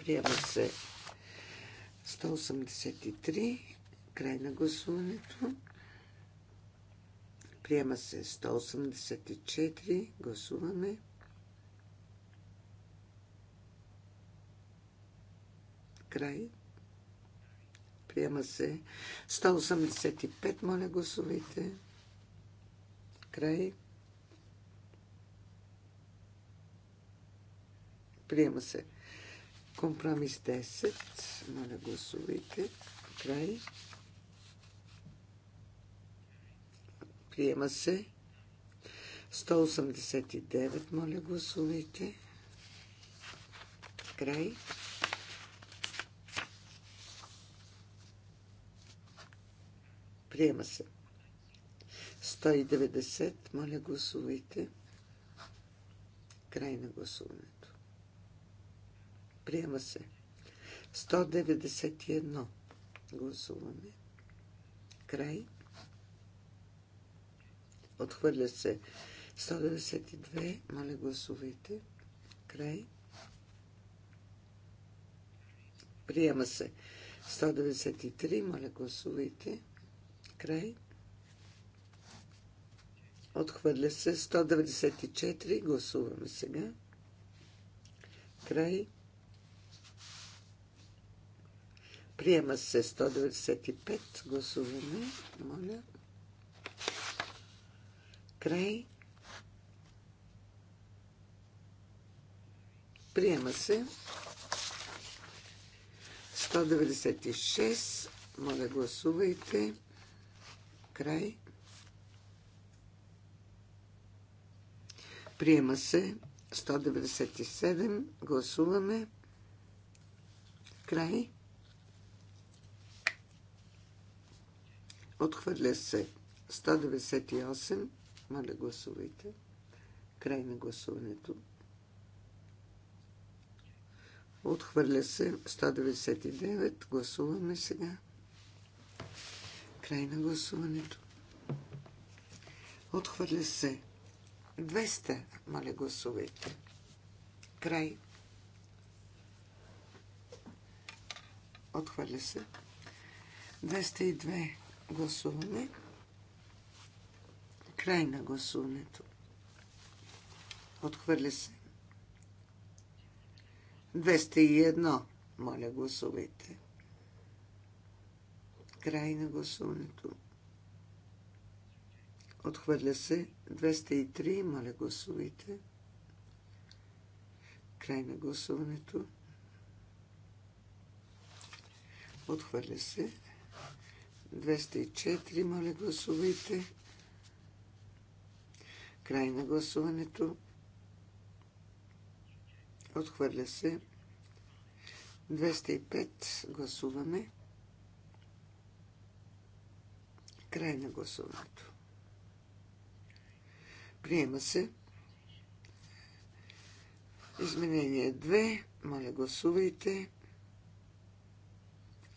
Приема се 183. Край на гласуването. Приема се 184. Гласуваме. Край. Приема се 185. Моля, гласувайте. Край. Приема се Компромис 10. Моля, гласувайте. Край. Приема се. 189. Моля, гласувайте. Край. Приема се. 190. Моля, гласувайте. Край на гласуване. Приема се. 191. Гласуваме. Край. Отхвърля се. 192. Моля, гласувайте. Край. Приема се. 193. Моля, гласувайте. Край. Отхвърля се. 194. Гласуваме сега. Край. Приема се 195. Гласуваме. Моля. Край. Приема се 196. Моля, гласувайте. Край. Приема се 197. Гласуваме. Край. Отхвърля се 198. Моля, гласувайте. Край на гласуването. Отхвърля се 199. Гласуваме сега. Край на гласуването. Отхвърля се 200. Моля, гласувайте. Край. Отхвърля се. 202 гласуване. Край на гласуването. Отхвърля се. 201. Моля, гласувайте. Край на гласуването. Отхвърля се. 203. Моля, гласувайте. Край на гласуването. Отхвърля се. 204, моля гласувайте. Край на гласуването. Отхвърля се. 205 гласуваме. Край на гласуването. Приема се. Изменение 2. Моля гласувайте.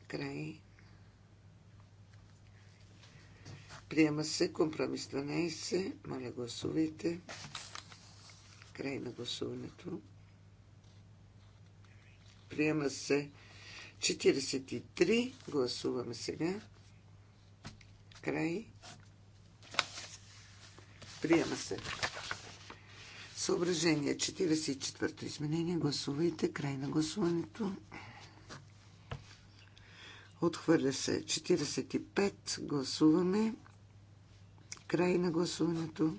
Край Приема се компромис 12. Моля, гласувайте. Край на гласуването. Приема се 43. Гласуваме сега. Край. Приема се. Съображение 44-то изменение. Гласувайте. Край на гласуването. Отхвърля се 45. Гласуваме. Край на гласуването.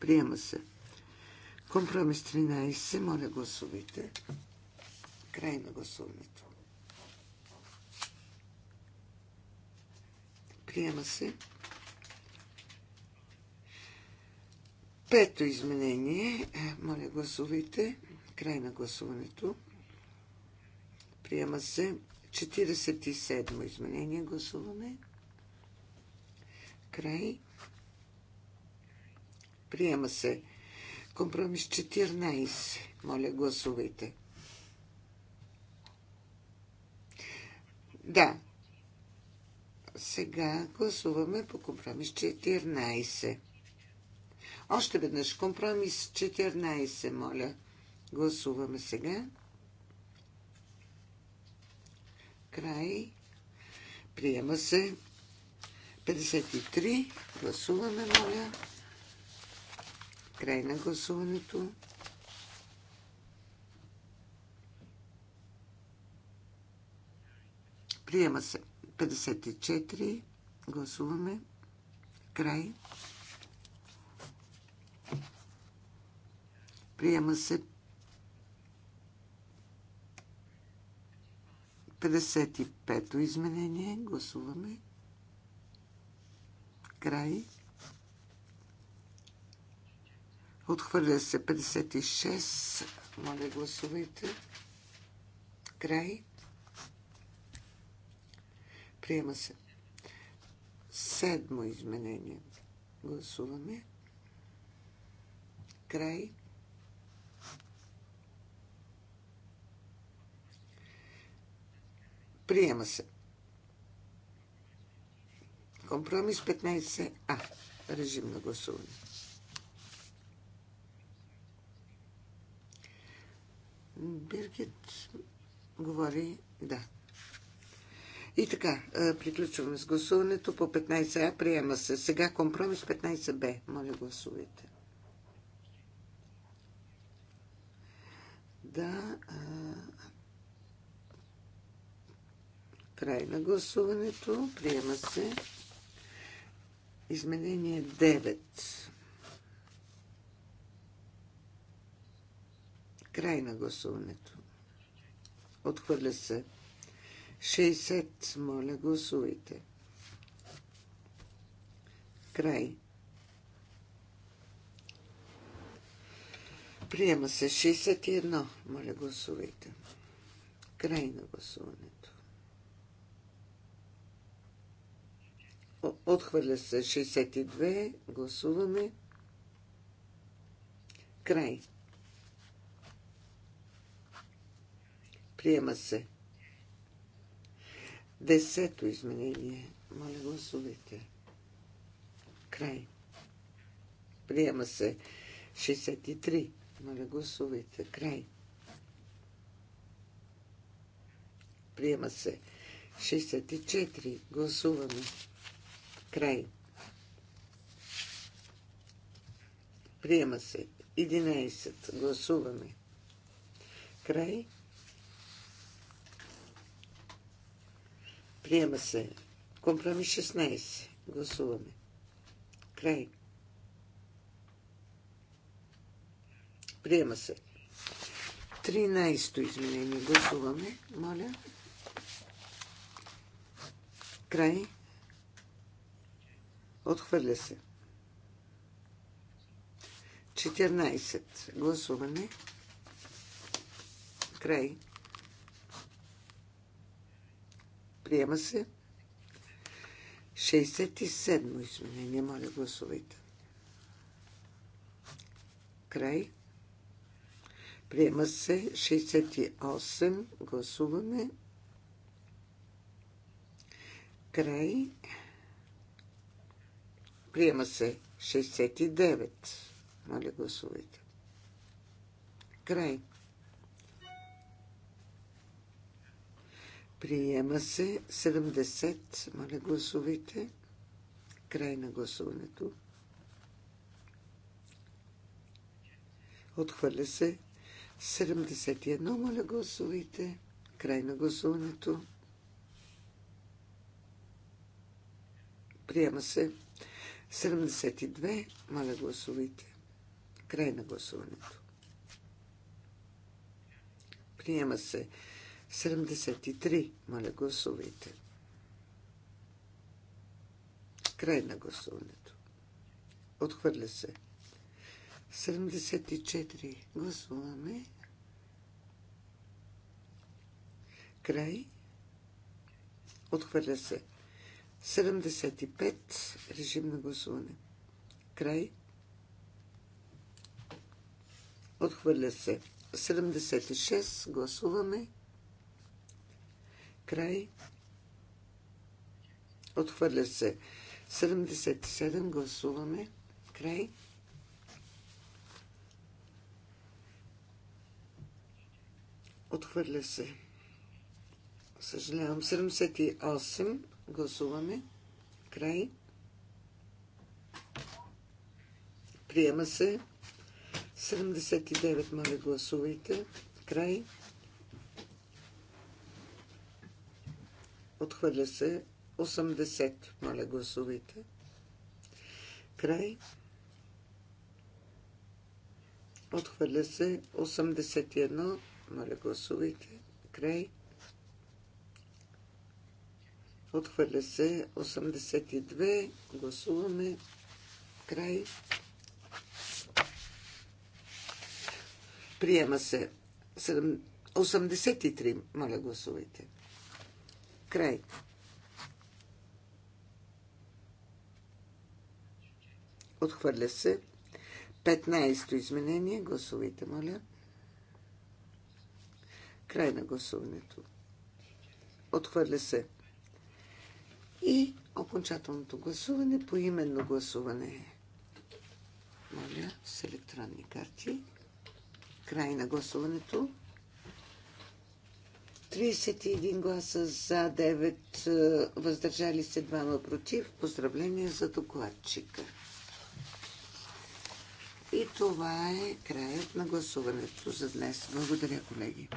Приема се. Компромис 13. Моля, гласувайте. Край на гласуването. Приема се. Пето изменение. Е, моля, гласувайте. Край на гласуването. Приема се. 47 изменение. Гласуваме. Край. Приема се. Компромис 14. Моля, гласувайте. Да. Сега гласуваме по компромис 14. Още веднъж компромис 14, моля. Гласуваме сега. Край. Приема се. 53. Гласуваме, моля. Край на гласуването. Приема се 54. Гласуваме. Край. Приема се 55-то изменение. Гласуваме. Край. Отхвърля се 56. Моля, гласувайте. Край. Приема се. Седмо изменение. Гласуваме. Край. Приема се. Компромис 15А. Режим на гласуване. Биргит говори да. И така, приключваме с гласуването по 15А. Приема се. Сега компромис 15Б. Моля, гласувайте. Да. Край на гласуването. Приема се. Изменение 9. Край на гласуването. Отхвърля се. 60. Моля, гласувайте. Край. Приема се 61. Моля, гласувайте. Край на гласуването. Отхвърля се 62. Гласуваме. Край. Приема се. Десето изменение. Моля, гласувайте. Край. Приема се. 63. Моля, гласувайте. Край. Приема се. 64. Гласуваме. Край. Приема се. 11. Гласуваме. Край. Приема се. Компромис 16. Гласуваме. Край. Приема се. 13-то изменение. Гласуваме. Моля. Край. Отхвърля се. 14. Гласуване. Край. Приема се. 67 Извинение Моля, гласувайте. Край. Приема се 68. Гласуваме. Край. Приема се 69. Моля, гласувайте. Край. Приема се 70. Моля, гласувайте. Край на гласуването. Отхвърля се 71. Моля, гласувайте. Край на гласуването. Приема се 72. Моля, гласувайте. Край на гласуването. Приема се 73. Моля, гласувайте. Край на гласуването. Отхвърля се. 74. Гласуваме. Край. Отхвърля се. 75. Режим на гласуване. Край. Отхвърля се. 76. Гласуваме. Край. Отхвърля се. 77. Гласуваме. Край. Отхвърля се. Съжалявам. 78. Гласуваме. Край. Приема се. 79, моля, гласувайте. Край. Отхвърля се. 80, моля, гласувайте. Край. Отхвърля се. 81, моля, гласувайте. Край. Отхвърля се 82. Гласуваме. Край. Приема се 83. Моля, гласувайте. Край. Отхвърля се. 15-то изменение. Гласувайте, моля. Край на гласуването. Отхвърля се. И окончателното гласуване по именно гласуване. Моля, с електронни карти. Край на гласуването. 31 гласа за, 9 е, въздържали се, 2 против. Поздравление за докладчика. И това е краят на гласуването за днес. Благодаря, колеги.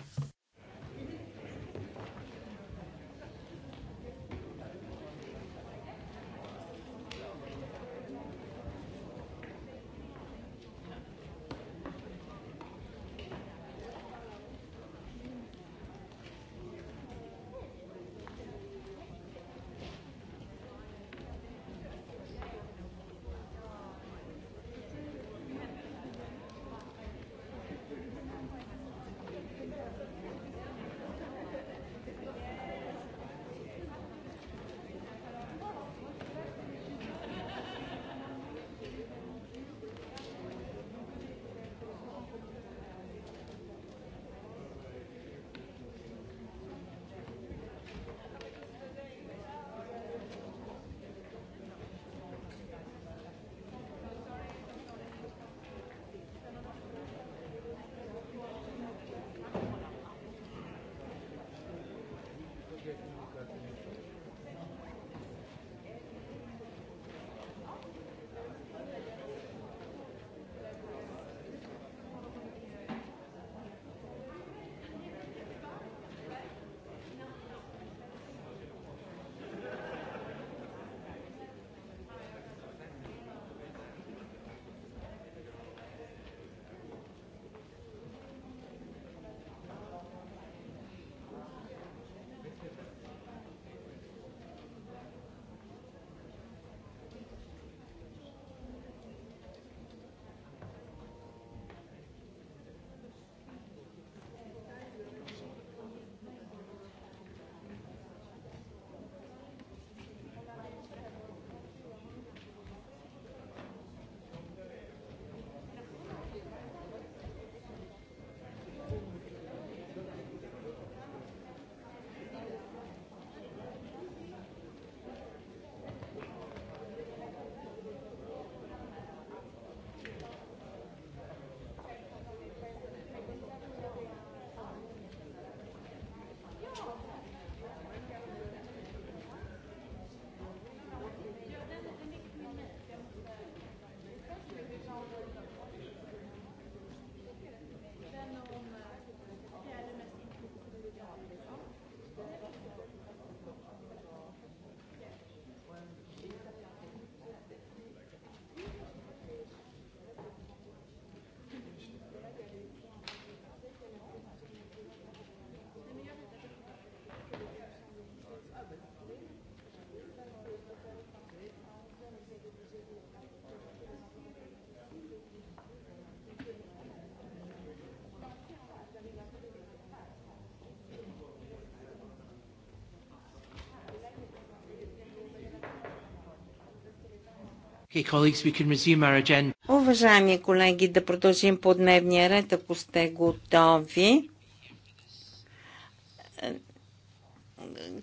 Уважаеми колеги, да продължим по дневния ред, ако сте готови.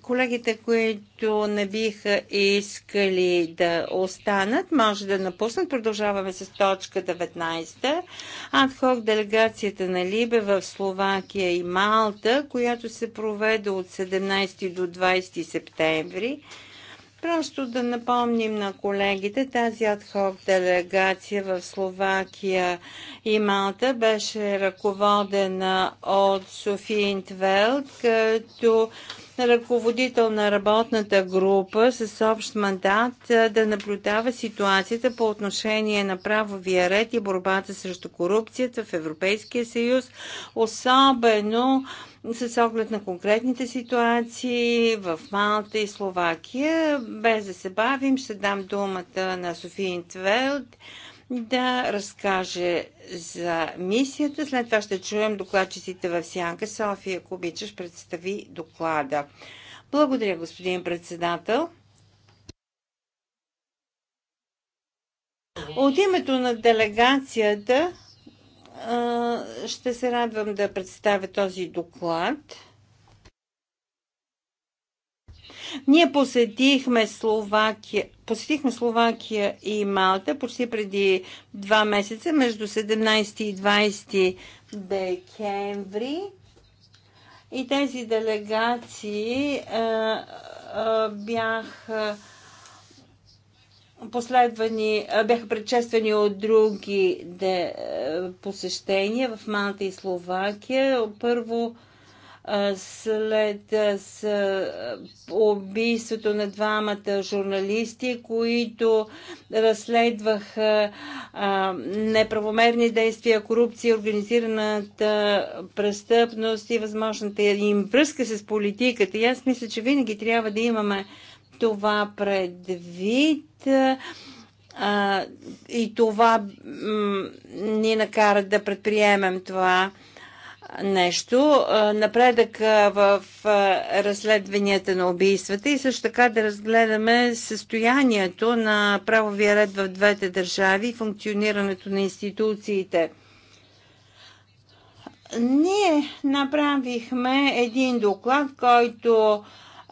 Колегите, които не биха искали да останат, може да напуснат. Продължаваме с точка 19. Адхок делегацията на Либе в Словакия и Малта, която се проведе от 17 до 20 септември Просто да напомним на колегите, тази адхок делегация в Словакия и Малта беше ръководена от Софи Интвел, като ръководител на работната група с общ мандат да наблюдава ситуацията по отношение на правовия ред и борбата срещу корупцията в Европейския съюз, особено с оглед на конкретните ситуации в Малта и Словакия. Без да се бавим, ще дам думата на Софиин Интвелд да разкаже за мисията. След това ще чуем докладчиците в Сянка. София, ако обичаш, представи доклада. Благодаря, господин председател. От името на делегацията ще се радвам да представя този доклад. Ние посетихме Словакия, посетихме Словакия и Малта почти преди два месеца, между 17 и 20 декември. И тези делегации а, а, бяха последвани, бяха предшествани от други де, посещения в Малта и Словакия. Първо след убийството на двамата журналисти, които разследваха неправомерни действия, корупция, организираната престъпност и възможната им връзка с политиката. И аз мисля, че винаги трябва да имаме това предвид. и това ни накара да предприемем това нещо, напредък в разследванията на убийствата и също така да разгледаме състоянието на правовия ред в двете държави и функционирането на институциите. Ние направихме един доклад, който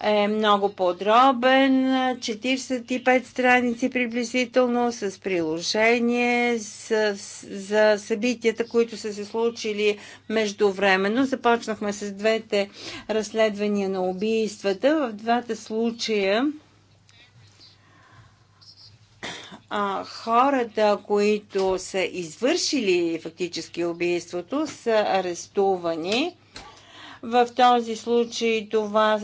е много подробен, 45 страници приблизително с приложение с, с, за събитията, които са се случили междувременно. Започнахме с двете разследвания на убийствата. В двата случая а, хората, които са извършили фактически убийството, са арестувани в този случай това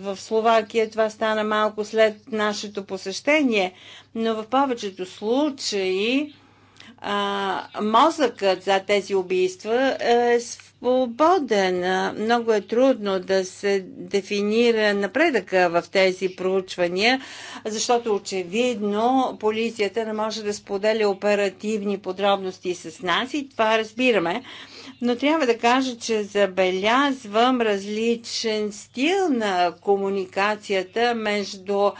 в Словакия това стана малко след нашето посещение, но в повечето случаи а, мозъкът за тези убийства е свободен. Много е трудно да се дефинира напредъка в тези проучвания, защото очевидно полицията не може да споделя оперативни подробности с нас и това разбираме. Но трябва да кажа, че забелязвам различен стил на комуникацията между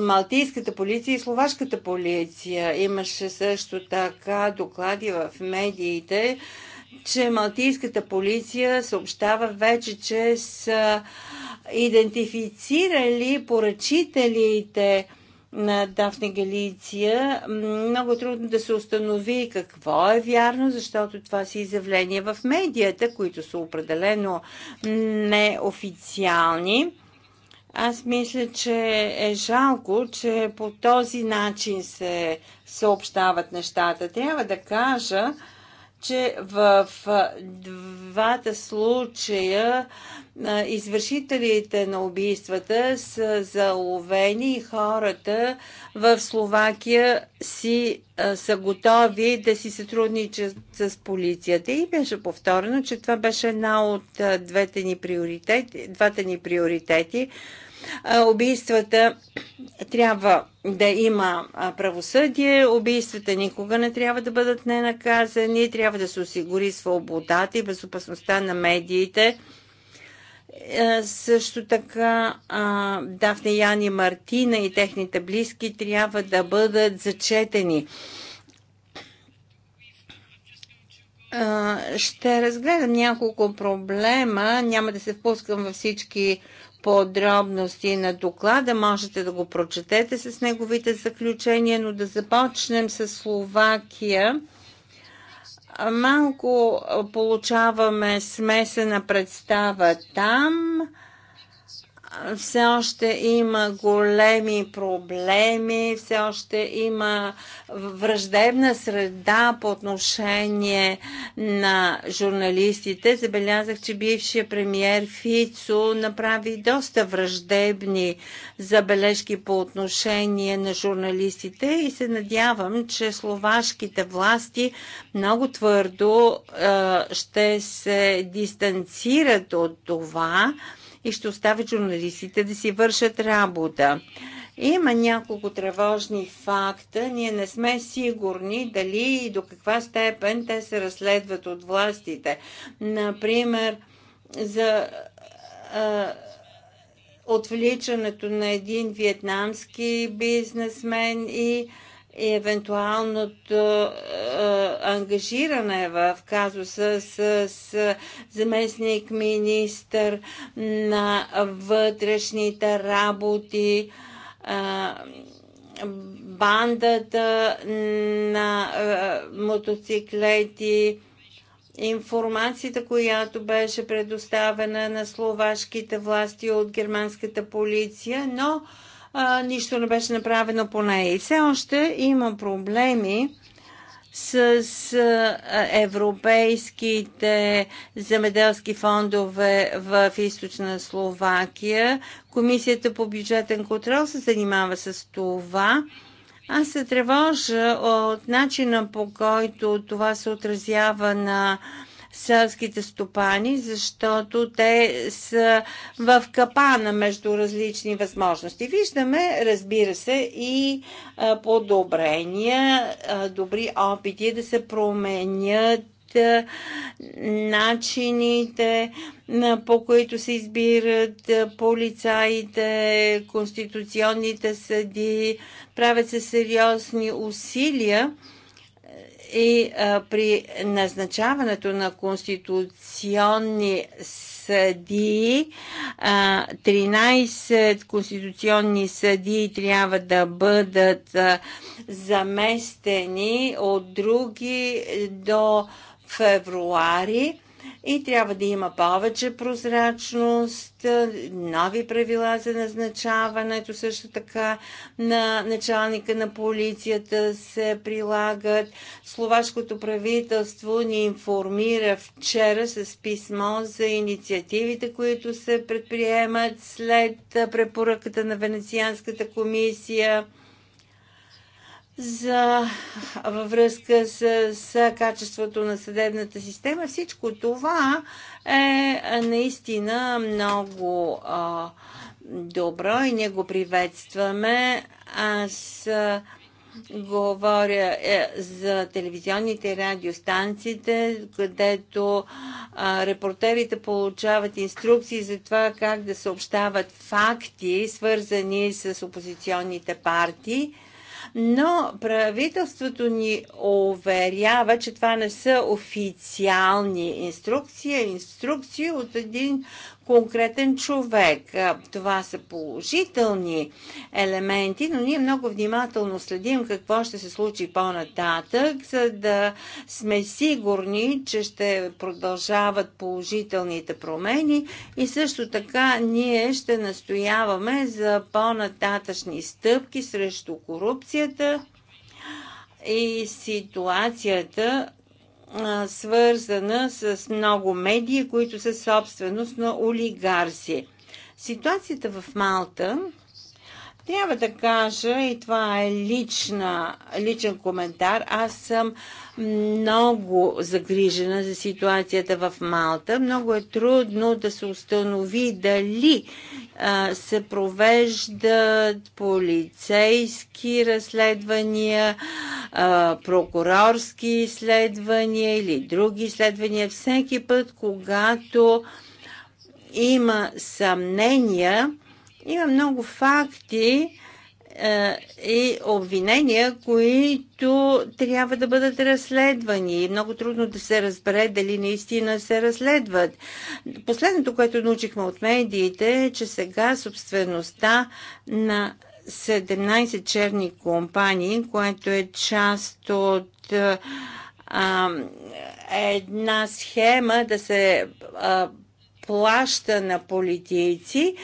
малтийската полиция и словашката полиция. Имаше също така доклади в медиите, че малтийската полиция съобщава вече, че са идентифицирали поръчителите на Дафне Галиция. Много трудно да се установи какво е вярно, защото това са изявления в медията, които са определено неофициални. Аз мисля, че е жалко, че по този начин се съобщават нещата. Трябва да кажа, че в двата случая извършителите на убийствата са заловени и хората в Словакия си са готови да си сътрудничат с полицията. И беше повторено, че това беше една от двете ни приоритети, двата ни приоритети убийствата трябва да има правосъдие, убийствата никога не трябва да бъдат ненаказани, трябва да се осигури свободата и безопасността на медиите. Е, също така Дафне Яни Мартина и техните близки трябва да бъдат зачетени. Ще разгледам няколко проблема. Няма да се впускам във всички подробности на доклада. Можете да го прочетете с неговите заключения, но да започнем с Словакия. Малко получаваме смесена представа там все още има големи проблеми, все още има враждебна среда по отношение на журналистите. Забелязах, че бившия премьер Фицо направи доста враждебни забележки по отношение на журналистите и се надявам, че словашките власти много твърдо е, ще се дистанцират от това и ще оставят журналистите да си вършат работа. Има няколко тревожни факта. Ние не сме сигурни дали и до каква степен те се разследват от властите. Например, за а, отвличането на един вьетнамски бизнесмен и и евентуалното е, ангажиране в казуса с, с заместник министър на вътрешните работи, е, бандата на е, мотоциклети, информацията, която беше предоставена на словашките власти от германската полиция, но е, а, нищо не беше направено по нея. И все още има проблеми с европейските земеделски фондове в източна Словакия. Комисията по бюджетен контрол се занимава с това. Аз се тревожа от начина по който това се отразява на селските стопани, защото те са в капана между различни възможности. Виждаме, разбира се, и подобрения, добри опити да се променят начините, по които се избират полицаите, конституционните съди. Правят се сериозни усилия и а, при назначаването на конституционни съдии, 13 конституционни съдии трябва да бъдат заместени от други до февруари и трябва да има повече прозрачност, е, нови правила за назначаването, също така на началника на полицията се прилагат. Словашкото правителство ни информира вчера с писмо за инициативите, които се предприемат след препоръката на Венецианската комисия за, във връзка с, с качеството на съдебната система. Всичко това е наистина много а, добро и ние го приветстваме. Аз а, говоря е, за телевизионните и радиостанциите, където а, репортерите получават инструкции за това как да съобщават факти, свързани с опозиционните партии но правителството ни уверява, че това не са официални инструкции, а инструкции от един конкретен човек. Това са положителни елементи, но ние много внимателно следим какво ще се случи по-нататък, за да сме сигурни, че ще продължават положителните промени и също така ние ще настояваме за по-нататъчни стъпки срещу корупцията и ситуацията свързана с много медии, които са собственост на олигарси. Ситуацията в Малта трябва да кажа, и това е лична, личен коментар, аз съм много загрижена за ситуацията в Малта. Много е трудно да се установи дали а, се провеждат полицейски разследвания, а, прокурорски изследвания или други изследвания. Всеки път, когато има съмнения, има много факти е, и обвинения, които трябва да бъдат разследвани. много трудно да се разбере дали наистина се разследват. Последното, което научихме от медиите е, че сега собствеността на 17 черни компании, което е част от е, а, една схема да се а, плаща на политици,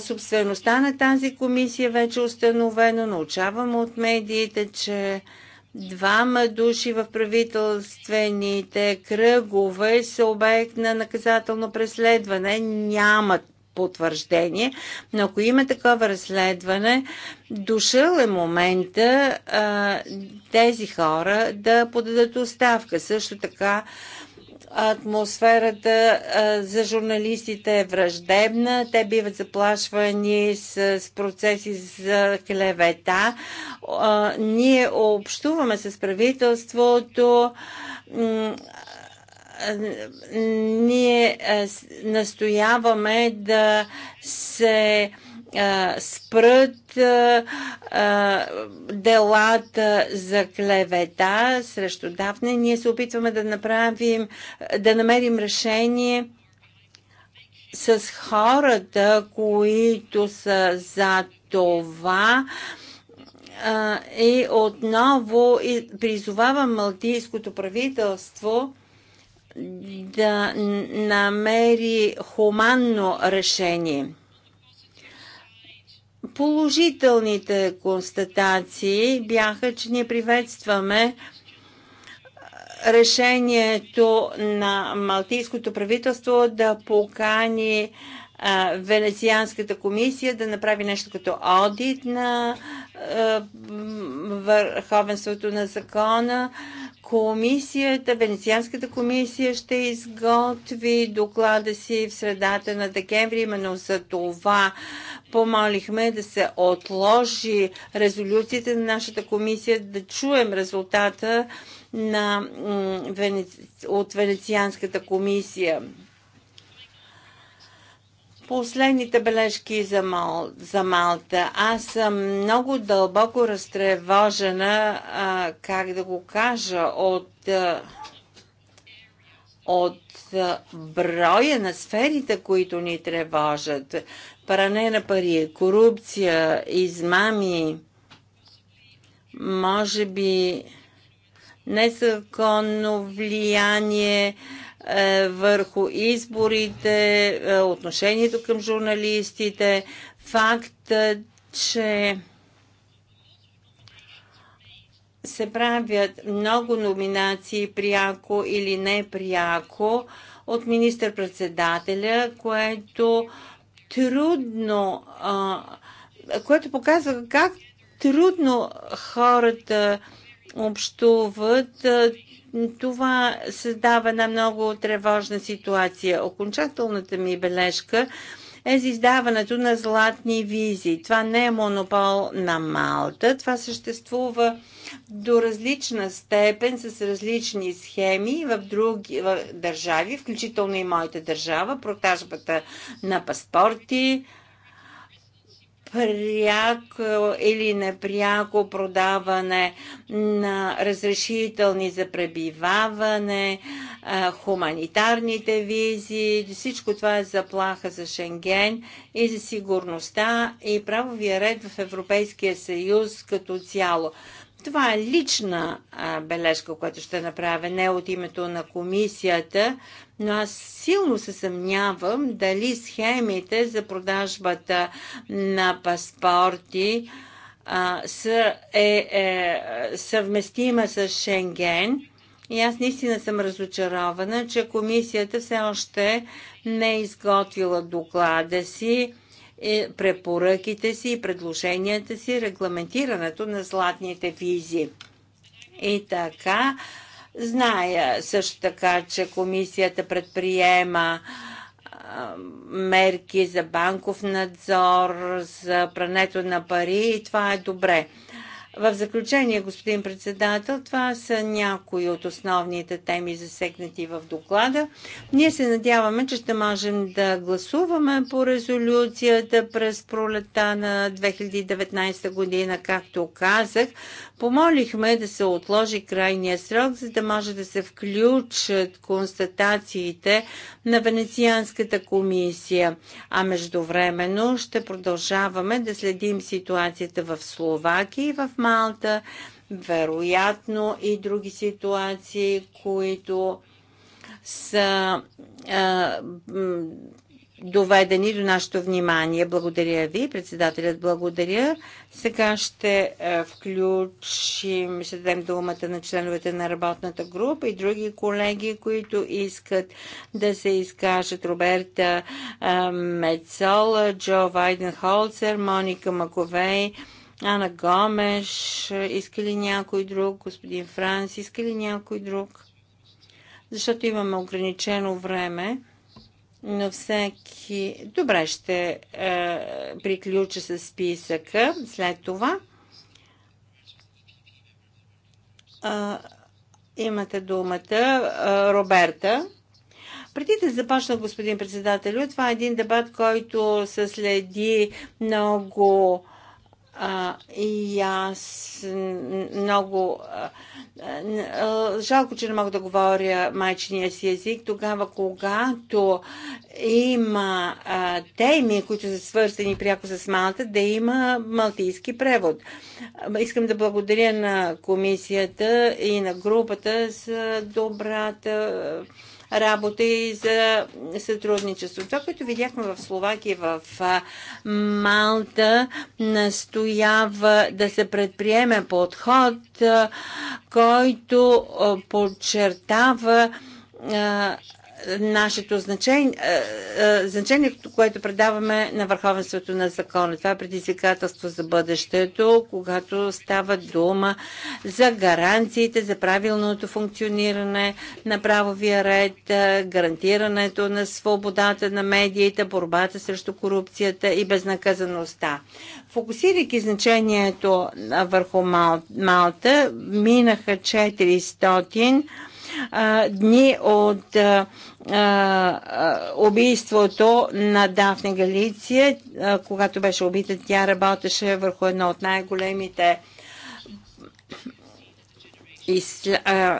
собствеността на тази комисия вече е установено. Научаваме от медиите, че двама души в правителствените кръгове са обект на наказателно преследване. Нямат потвърждение, но ако има такова разследване, дошъл е момента а, тези хора да подадат оставка. Също така Атмосферата за журналистите е враждебна. Те биват заплашвани с процеси за клевета. Ние общуваме с правителството ние настояваме да се спрат делата за клевета срещу Дафне. Ние се опитваме да направим, да намерим решение с хората, които са за това. И отново призовавам малтийското правителство да намери хуманно решение. Положителните констатации бяха, че ние приветстваме решението на Малтийското правителство да покани Венецианската комисия да направи нещо като аудит на върховенството на закона Комисията, Венецианската комисия ще изготви доклада си в средата на декември. Именно за това помолихме да се отложи резолюцията на нашата комисия, да чуем резултата на, от Венецианската комисия. Последните бележки за, Мал, за Малта. Аз съм много дълбоко разтревожена, а, как да го кажа, от, а, от а, броя на сферите, които ни тревожат. Пране на пари, корупция, измами, може би незаконно влияние, а, е, върху изборите, е, отношението към журналистите, факта, е, че се правят много номинации, пряко или непряко, от министър-председателя, което трудно, което показва как трудно хората общуват. Това създава една много тревожна ситуация. Окончателната ми бележка е за издаването на златни визи. Това не е монопол на Малта. Това съществува до различна степен с различни схеми в други в държави, включително и моята държава, Протажбата на паспорти, пряко или непряко продаване на разрешителни за пребиваване, хуманитарните визи, всичко това е заплаха за Шенген и за сигурността и правовия ред в Европейския съюз като цяло. Това е лична бележка, която ще направя не от името на комисията, но аз силно се съмнявам дали схемите за продажбата на паспорти а, са, е, е съвместима с Шенген. И аз наистина съм разочарована, че комисията все още не е изготвила доклада си е препоръките си и предложенията си, регламентирането на златните визи. И така, зная също така, че комисията предприема мерки за банков надзор, за прането на пари и това е добре. В заключение, господин председател, това са някои от основните теми засегнати в доклада. Ние се надяваме, че ще можем да гласуваме по резолюцията през пролета на 2019 година. Както казах, помолихме да се отложи крайния срок, за да може да се включат констатациите на Венецианската комисия. А междувременно ще продължаваме да следим ситуацията в Словакия и в Малта, вероятно и други ситуации, които са а, доведени до нашето внимание. Благодаря ви, председателят, благодаря. Сега ще включим, ще дадем думата на членовете на работната група и други колеги, които искат да се изкажат. Роберта Мецола, Джо Вайден Холцер, Моника Маковей, Ана Гомеш, иска ли някой друг? Господин Франс, иска ли някой друг? Защото имаме ограничено време, но всеки... Добре, ще е, приключа с списъка след това. Е, имате думата. Е, Роберта. Преди да започна, господин председател, това е един дебат, който се следи много и аз много жалко, че не мога да говоря майчиния си език, тогава когато има теми, които са свързани пряко с Малта, да има малтийски превод. Искам да благодаря на комисията и на групата за добрата работа и за сътрудничество. Това, което видяхме в Словакия, в Малта, настоява да се предприеме подход, който подчертава нашето значение, е, е, значението, което предаваме на върховенството на закона. Това е предизвикателство за бъдещето, когато става дума за гаранциите за правилното функциониране на правовия ред, е, гарантирането на свободата на медиите, борбата срещу корупцията и безнаказаността. Фокусирайки значението върху Малта, минаха 400 дни от убийството на Дафне Галиция. когато беше убита, тя работеше върху едно от най-големите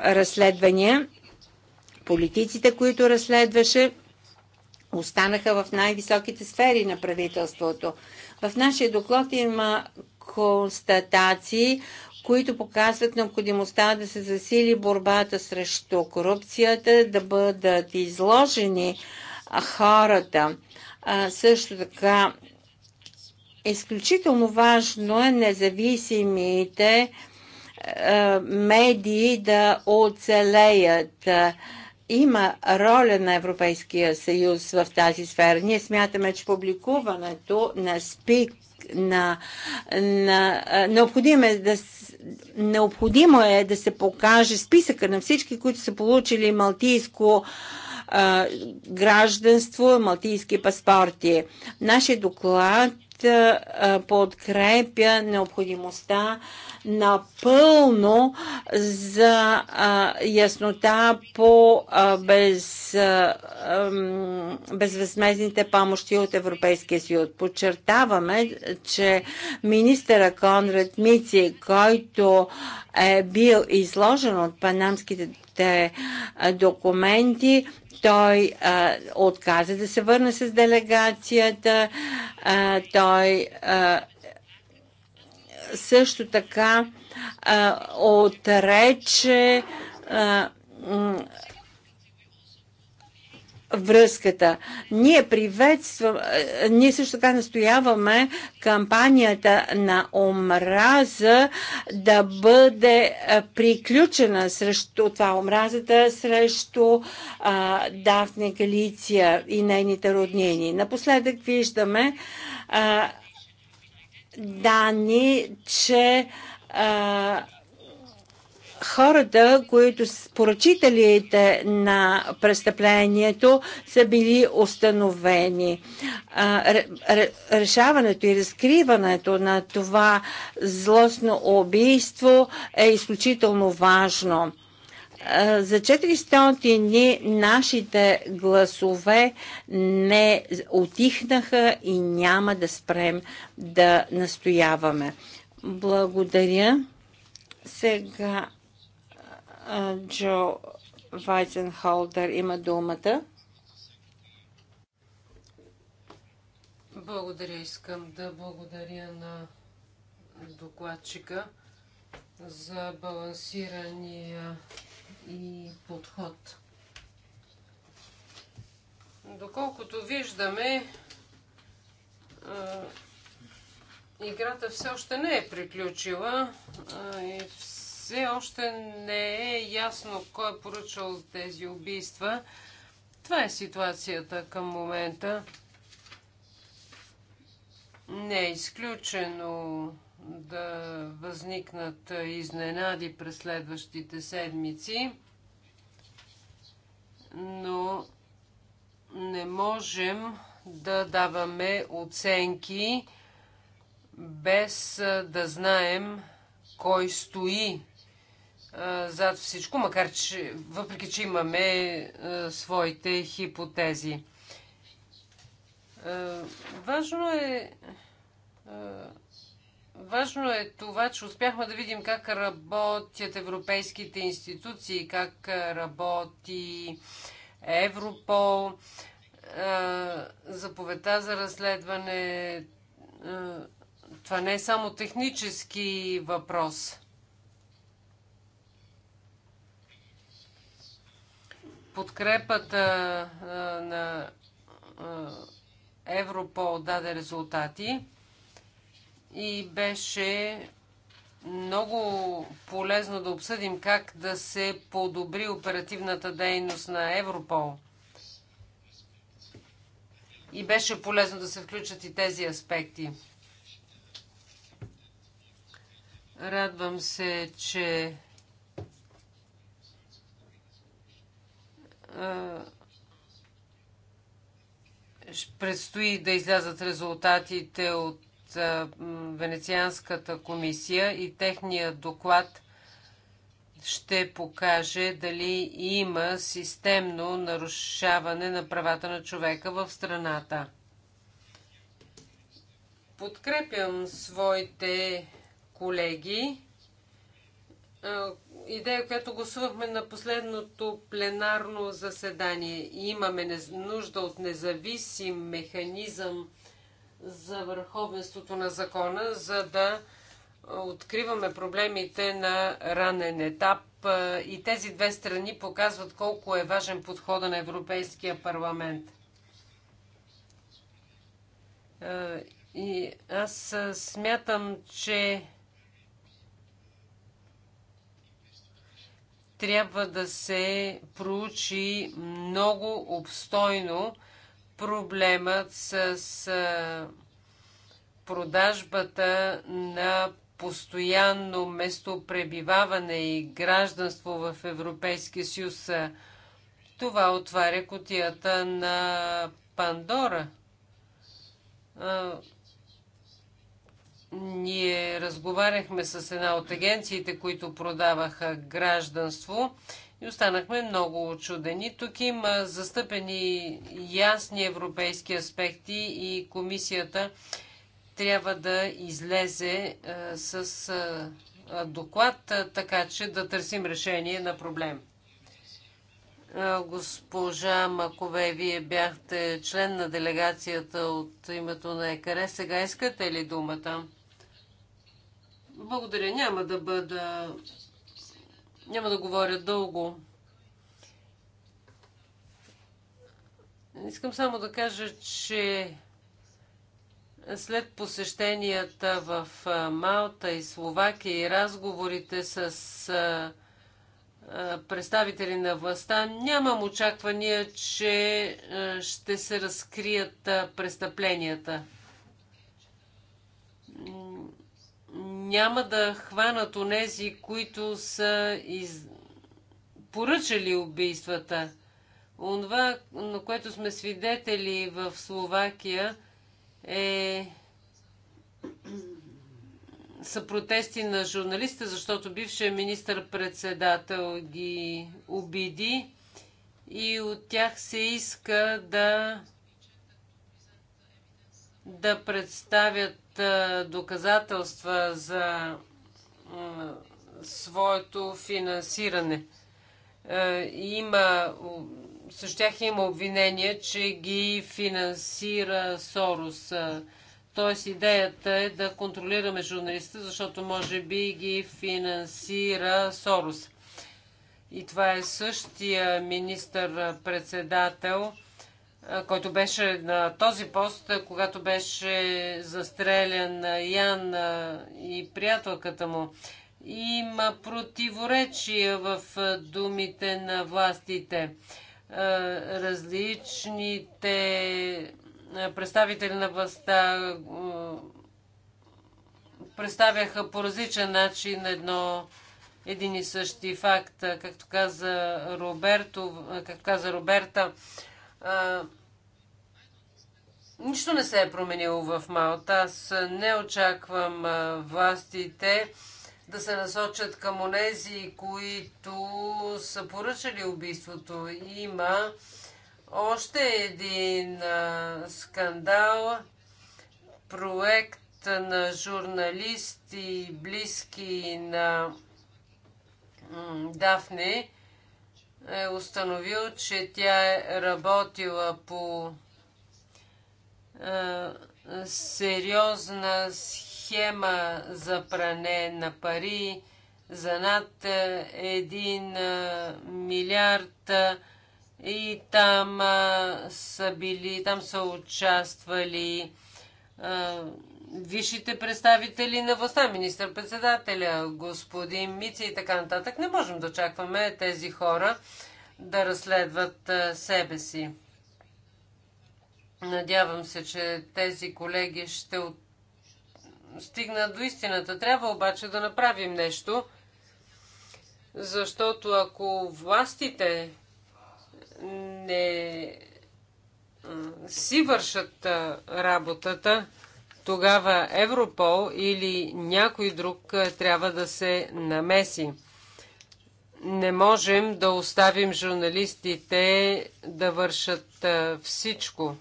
разследвания. Политиците, които разследваше, останаха в най-високите сфери на правителството. В нашия доклад има констатации които показват необходимостта да се засили борбата срещу корупцията, да бъдат изложени хората. А, също така, изключително важно е независимите а, медии да оцелеят. Има роля на Европейския съюз в тази сфера. Ние смятаме, че публикуването на СПИК на, на, необходимо е да необходимо е да се покаже списъка на всички, които са получили малтийско гражданство, малтийски паспорти. Нашия доклад подкрепя необходимостта напълно за а, яснота по а, без, а, безвъзмезните помощи от Европейския съюз. Подчертаваме, че министъра Конрад Мици, който е бил изложен от панамските своите документи, той а, отказа да се върне с делегацията, а, той а, също така а, отрече а, връзката. Ние приветстваме, ние също така настояваме кампанията на омраза да бъде е, приключена срещу това омразата срещу а, Дафне Галиция и нейните роднини. Напоследък виждаме а, данни, че а, хората, които с поръчителите на престъплението са били установени. Решаването и разкриването на това злостно убийство е изключително важно. За 400 дни нашите гласове не отихнаха и няма да спрем да настояваме. Благодаря. Сега Джо Вайзенхолдер има думата. Благодаря. Искам да благодаря на докладчика за балансирания и подход. Доколкото виждаме, играта все още не е приключила и все все още не е ясно кой е поръчал тези убийства. Това е ситуацията към момента. Не е изключено да възникнат изненади през следващите седмици, но не можем да даваме оценки без да знаем кой стои зад всичко, макар че, въпреки че имаме е, своите хипотези. Е, важно е, е Важно е това, че успяхме да видим как работят европейските институции, как работи Европол, заповедта за разследване. Това не е само технически въпрос. Подкрепата на Европол даде резултати и беше много полезно да обсъдим как да се подобри оперативната дейност на Европол. И беше полезно да се включат и тези аспекти. Радвам се, че предстои да излязат резултатите от Венецианската комисия и техния доклад ще покаже дали има системно нарушаване на правата на човека в страната. Подкрепям своите колеги, идея, която гласувахме на последното пленарно заседание. Имаме нужда от независим механизъм за върховенството на закона, за да откриваме проблемите на ранен етап. И тези две страни показват колко е важен подхода на Европейския парламент. И аз смятам, че трябва да се проучи много обстойно проблемът с продажбата на постоянно местопребиваване и гражданство в Европейския съюз. Това отваря котията на Пандора. Ние разговаряхме с една от агенциите, които продаваха гражданство и останахме много очудени. Тук има застъпени ясни европейски аспекти и комисията трябва да излезе а, е, с а, е, доклад, а, е, така че да търсим решение на проблем. Госпожа Макове, вие бяхте член на делегацията от името на ЕКР. Сега искате ли думата? Благодаря. Няма да бъда. Няма да говоря дълго. Искам само да кажа, че след посещенията в Малта и Словакия и разговорите с представители на властта, нямам очаквания, че ще се разкрият престъпленията. няма да хванат онези, които са из... поръчали убийствата. Онова, на което сме свидетели в Словакия, е... са протести на журналиста, защото бившия министр-председател ги обиди и от тях се иска да да представят доказателства за своето финансиране. Има, с тях има обвинение, че ги финансира Сорос. Т.е. идеята е да контролираме журналистите, защото може би ги финансира Сорос. И това е същия министър-председател, който беше на този пост, когато беше застрелян Ян и приятелката му. Има противоречия в думите на властите. Различните представители на властта представяха по различен начин едно един и същи факт. Както каза, Роберто, както каза Роберта, нищо не се е променило в Малта. Аз не очаквам а, властите да се насочат към онези, които са поръчали убийството. Има още един а, скандал. Проект на журналисти, близки на Дафни е установил, че тя е работила по е, сериозна схема за пране на пари за над 1 е, е, милиард е, и там са били, там са участвали е, висшите представители на властта, министър-председателя, господин Мици и така нататък. Не можем да очакваме тези хора да разследват себе си. Надявам се, че тези колеги ще от... стигнат до истината. Трябва обаче да направим нещо, защото ако властите не си вършат работата, тогава Европол или някой друг е, трябва да се намеси. Не можем да оставим журналистите да вършат е, всичко.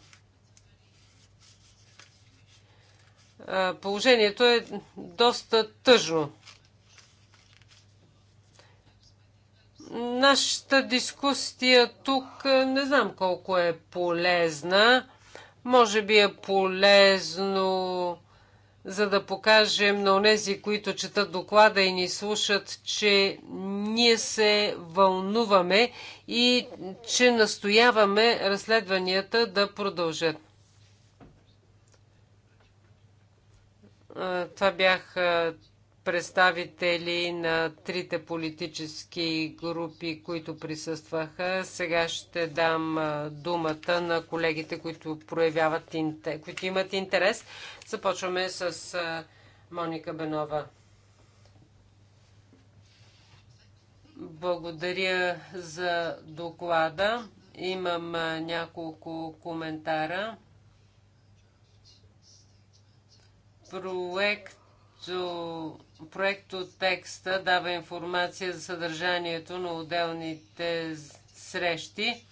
Е, положението е доста тъжно. Нашата дискусия тук не знам колко е полезна. Може би е полезно, за да покажем на онези, които четат доклада и ни слушат, че ние се вълнуваме и че настояваме разследванията да продължат. Това бяха представители на трите политически групи, които присъстваха. Сега ще дам думата на колегите, които, проявяват, които имат интерес. Започваме с Моника Бенова. Благодаря за доклада. Имам няколко коментара. Проект проекто текста дава информация за съдържанието на отделните срещи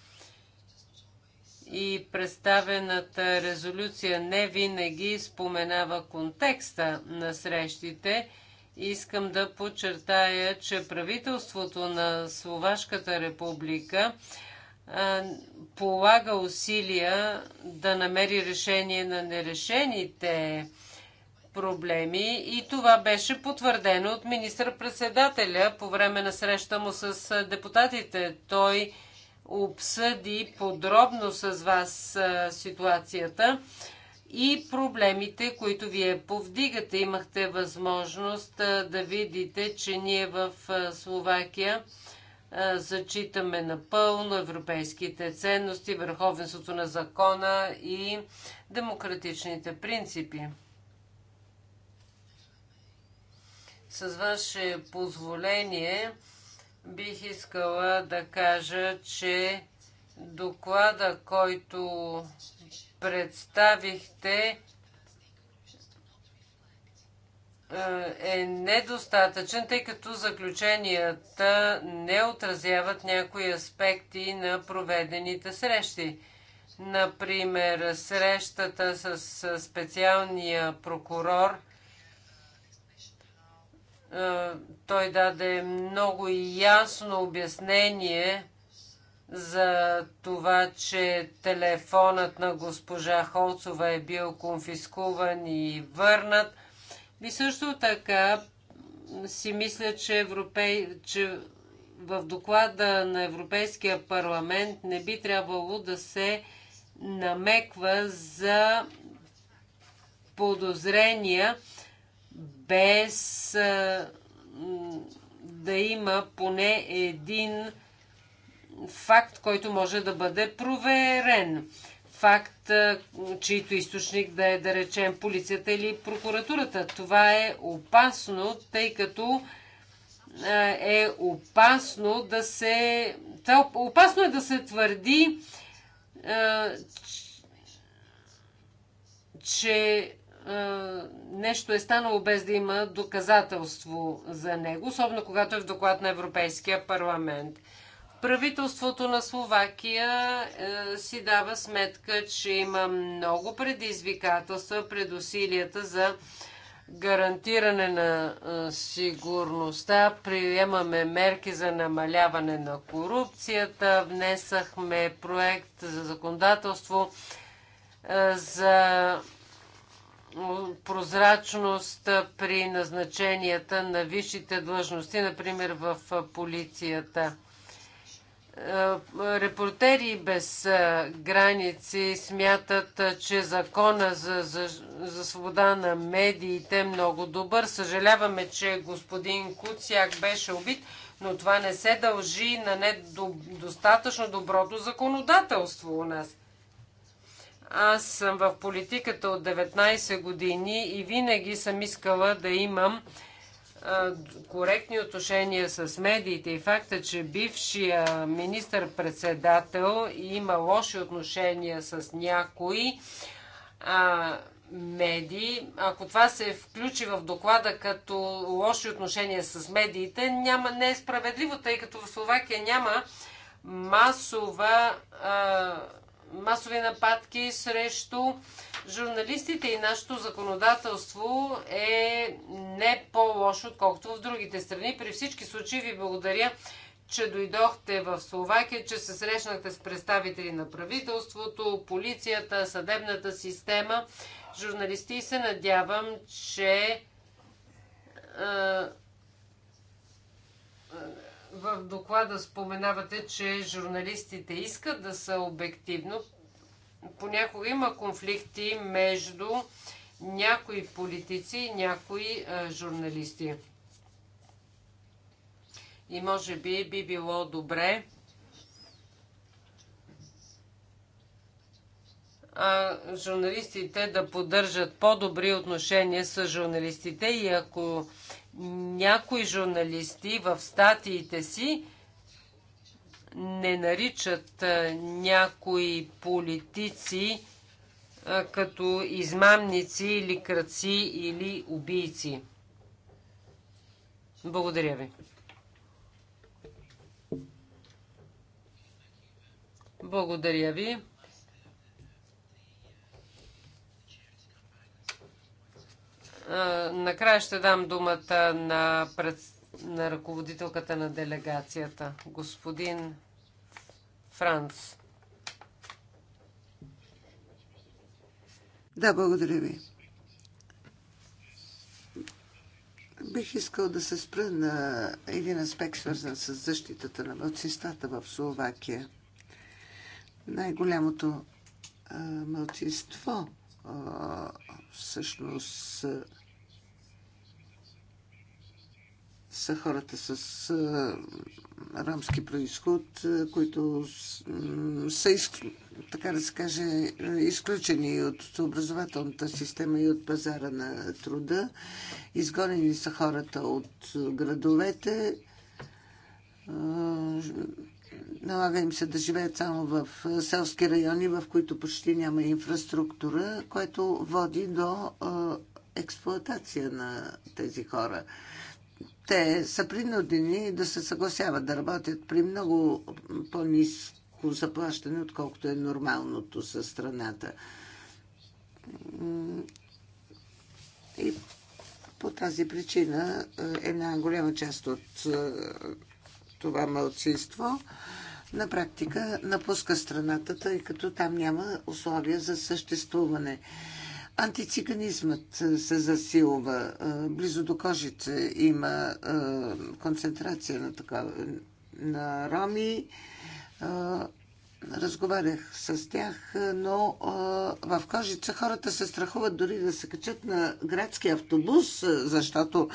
и представената резолюция не винаги споменава контекста на срещите. Искам да подчертая, че правителството на Словашката република полага усилия да намери решение на нерешените проблеми проблеми и това беше потвърдено от министър-председателя по време на среща му с депутатите. Той обсъди подробно с вас ситуацията и проблемите, които вие повдигате. Имахте възможност да видите, че ние в Словакия зачитаме напълно европейските ценности, върховенството на закона и демократичните принципи. С ваше позволение бих искала да кажа, че доклада, който представихте, е, е недостатъчен, тъй като заключенията не отразяват някои аспекти на проведените срещи. Например, срещата с специалния прокурор – е, той даде много ясно обяснение за това, че телефонът на госпожа Холцова е бил конфискуван и върнат. И също така си мисля, че, европей... че в доклада на Европейския парламент не би трябвало да се намеква за подозрения без да има поне един факт, който може да бъде проверен. Факт, чийто източник да е, да речем, полицията или прокуратурата. Това е опасно, тъй като е опасно да се. Това е опасно е да се твърди, че нещо е станало без да има доказателство за него, особено когато е в доклад на Европейския парламент. Правителството на Словакия е, си дава сметка, че има много предизвикателства пред усилията за гарантиране на е, сигурността. Приемаме мерки за намаляване на корупцията. Внесахме проект за законодателство е, за прозрачност при назначенията на висшите длъжности, например в полицията. Е, репортери без граници смятат, че закона за, за, за свобода на медиите е много добър. Съжаляваме, че господин Куцяк беше убит, но това не се дължи на недостатъчно доброто законодателство у нас. Аз съм в политиката от 19 години и винаги съм искала да имам коректни отношения с медиите и факта, че бившия министър-председател има лоши отношения с някои а, медии, ако това се включи в доклада като лоши отношения с медиите, няма, не е справедливо, тъй като в Словакия няма масова а, масови нападки срещу журналистите и нашето законодателство е не по-лошо, отколкото в другите страни. При всички случаи ви благодаря, че дойдохте в Словакия, че се срещнахте с представители на правителството, полицията, съдебната система, журналисти и се надявам, че в доклада споменавате, че журналистите искат да са обективно. Понякога има конфликти между някои политици и някои е, журналисти. И може би би било добре а, журналистите да поддържат по-добри отношения с журналистите и ако някои журналисти в статиите си не наричат някои политици като измамници или кръци или убийци. Благодаря ви. Благодаря ви. Е, накрая ще дам думата на, пред... на ръководителката на делегацията, господин Франц. Да, благодаря ви. Бих искал да се спра на един аспект, свързан с защитата на мълцинствата в Словакия. Най-голямото мълцинство всъщност са хората с а, рамски происход, които са, изк... така да се каже, изключени от образователната система и от пазара на труда. Изгонени са хората от градовете. Налага им се да живеят само в селски райони, в които почти няма инфраструктура, което води до експлоатация на тези хора те са принудени да се съгласяват да работят при много по-низко заплащане, отколкото е нормалното за страната. И по тази причина е, една голяма част от е, това мълцинство на практика напуска страната, тъй като там няма условия за съществуване. Антициганизмът е, се засилва. Е, близо до кожите има е, концентрация на, такава, на роми. Разговарях с тях, но в кожица хората се страхуват дори да се качат на градски автобус, защото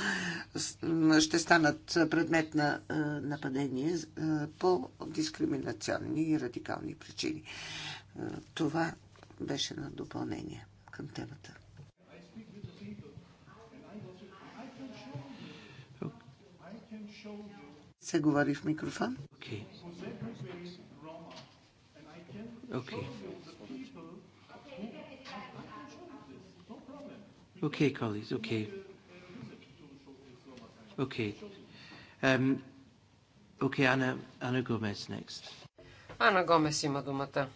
ще станат предмет на нападение по дискриминационни и радикални причини. Това беше на допълнение към темата. Се говори в микрофон. Okay. Okay. Okay, colleagues, okay. Okay. Um, okay, Anna, Anna Gomez next. Ана Гомес има думата.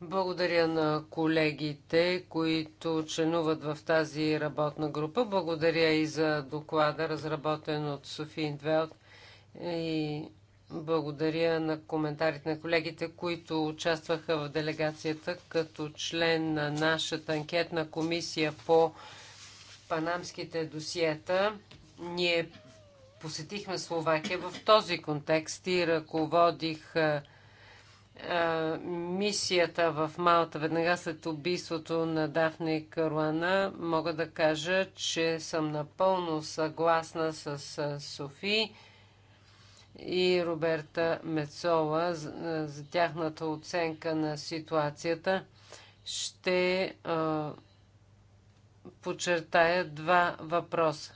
Благодаря на колегите, които членуват в тази работна група. Благодаря и за доклада, разработен от Софи Индвелт. И благодаря на коментарите на колегите, които участваха в делегацията като член на нашата анкетна комисия по панамските досиета. Ние посетихме Словакия в този контекст и ръководих мисията в Малта веднага след убийството на Дафне Каруана, мога да кажа, че съм напълно съгласна с Софи и Роберта Мецола за, за тяхната оценка на ситуацията. Ще а, подчертая два въпроса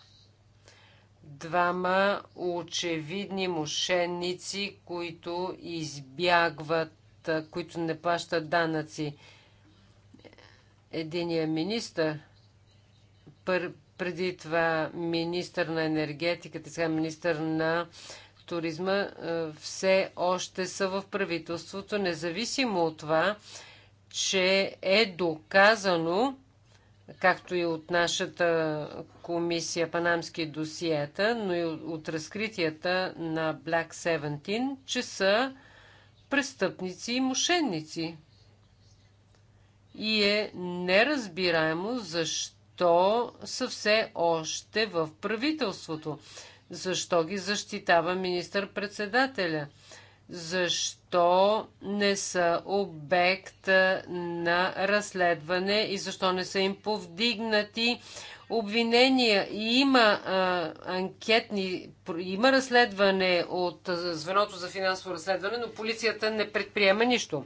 двама очевидни мошенници, които избягват, които не плащат данъци. Единия министър, пър, преди това министър на енергетиката, сега министър на туризма, е, все още са в правителството, независимо от това, че е доказано, както и от нашата комисия Панамски досиета, но и от разкритията на Black 17, че са престъпници и мошенници. И е неразбираемо защо са все още в правителството. Защо ги защитава министър-председателя? Защо защо не са обект на разследване и защо не са им повдигнати обвинения. И има а, анкетни, има разследване от звеното за финансово разследване, но полицията не предприема нищо.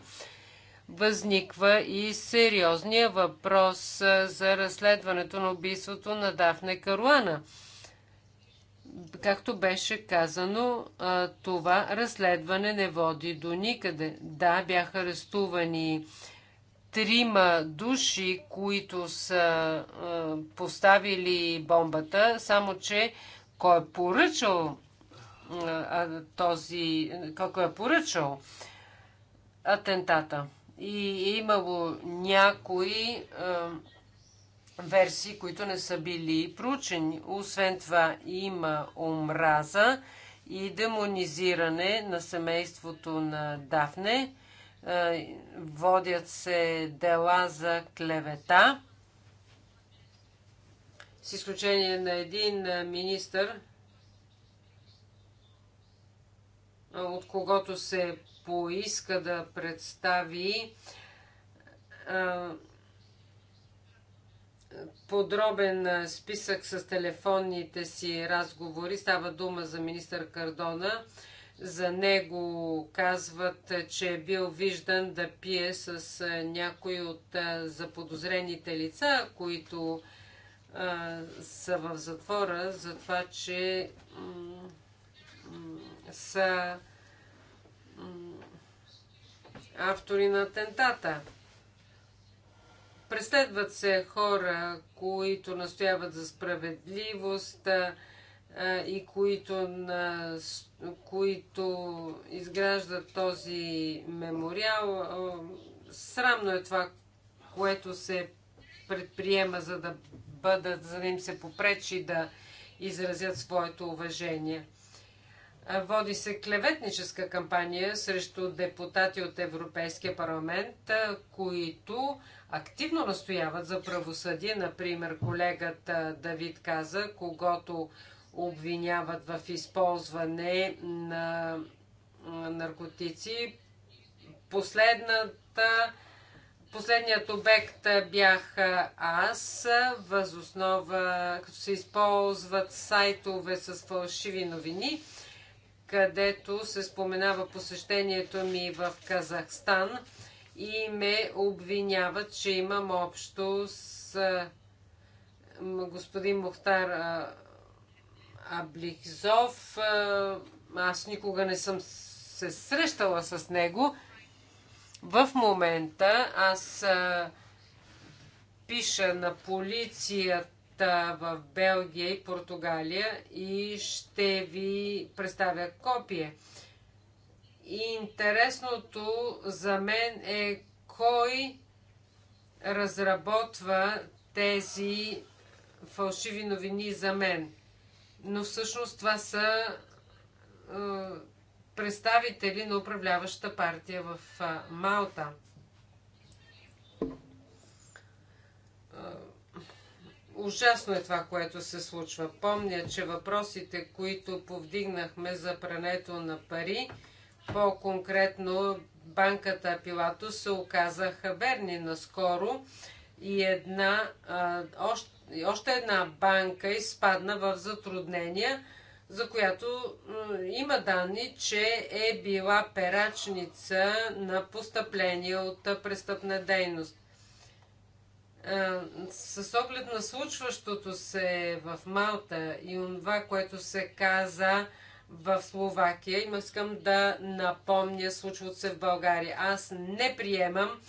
Възниква и сериозния въпрос за разследването на убийството на Дафне Каруана – както беше казано, това разследване не води до никъде. Да, бяха арестувани трима души, които са поставили бомбата, само че кой е поръчал този, кой е поръчал атентата. И е имало някои версии, които не са били проучени. Освен това има омраза и демонизиране на семейството на Дафне. Е, водят се дела за клевета. С изключение на един е, министър, е, от когото се поиска да представи подробен списък с телефонните си разговори. Става дума за министър Кардона. За него казват, че е бил виждан да пие с някои от заподозрените лица, които а, са в затвора, за това, че са автори на атентата. Преследват се хора, които настояват за справедливост и които, на, които изграждат този мемориал. Срамно е това, което се предприема, за да бъдат, за да им се попречи да изразят своето уважение. Води се клеветническа кампания срещу депутати от Европейския парламент, които активно настояват за правосъдие. Например, колегата Давид каза, когато обвиняват в използване на наркотици. Последната, последният обект бях аз, възоснова, като се използват сайтове с фалшиви новини, където се споменава посещението ми в Казахстан – и ме обвиняват, че имам общо с господин Мухтар Аблихзов. Аз никога не съм се срещала с него. В момента аз пиша на полицията в Белгия и Португалия и ще ви представя копие. И интересното за мен е кой разработва тези фалшиви новини за мен. Но всъщност това са е, представители на управляваща партия в е, Малта. Е, ужасно е това, което се случва. Помня, че въпросите, които повдигнахме за прането на пари, по-конкретно банката Пилатус се оказаха верни наскоро и една, още, една банка изпадна в затруднения, за която има данни, че е била перачница на постъпление от престъпна дейност. с оглед на случващото се в Малта и това, което се каза, в Словакия. Има искам да напомня случват се в България. Аз не приемам,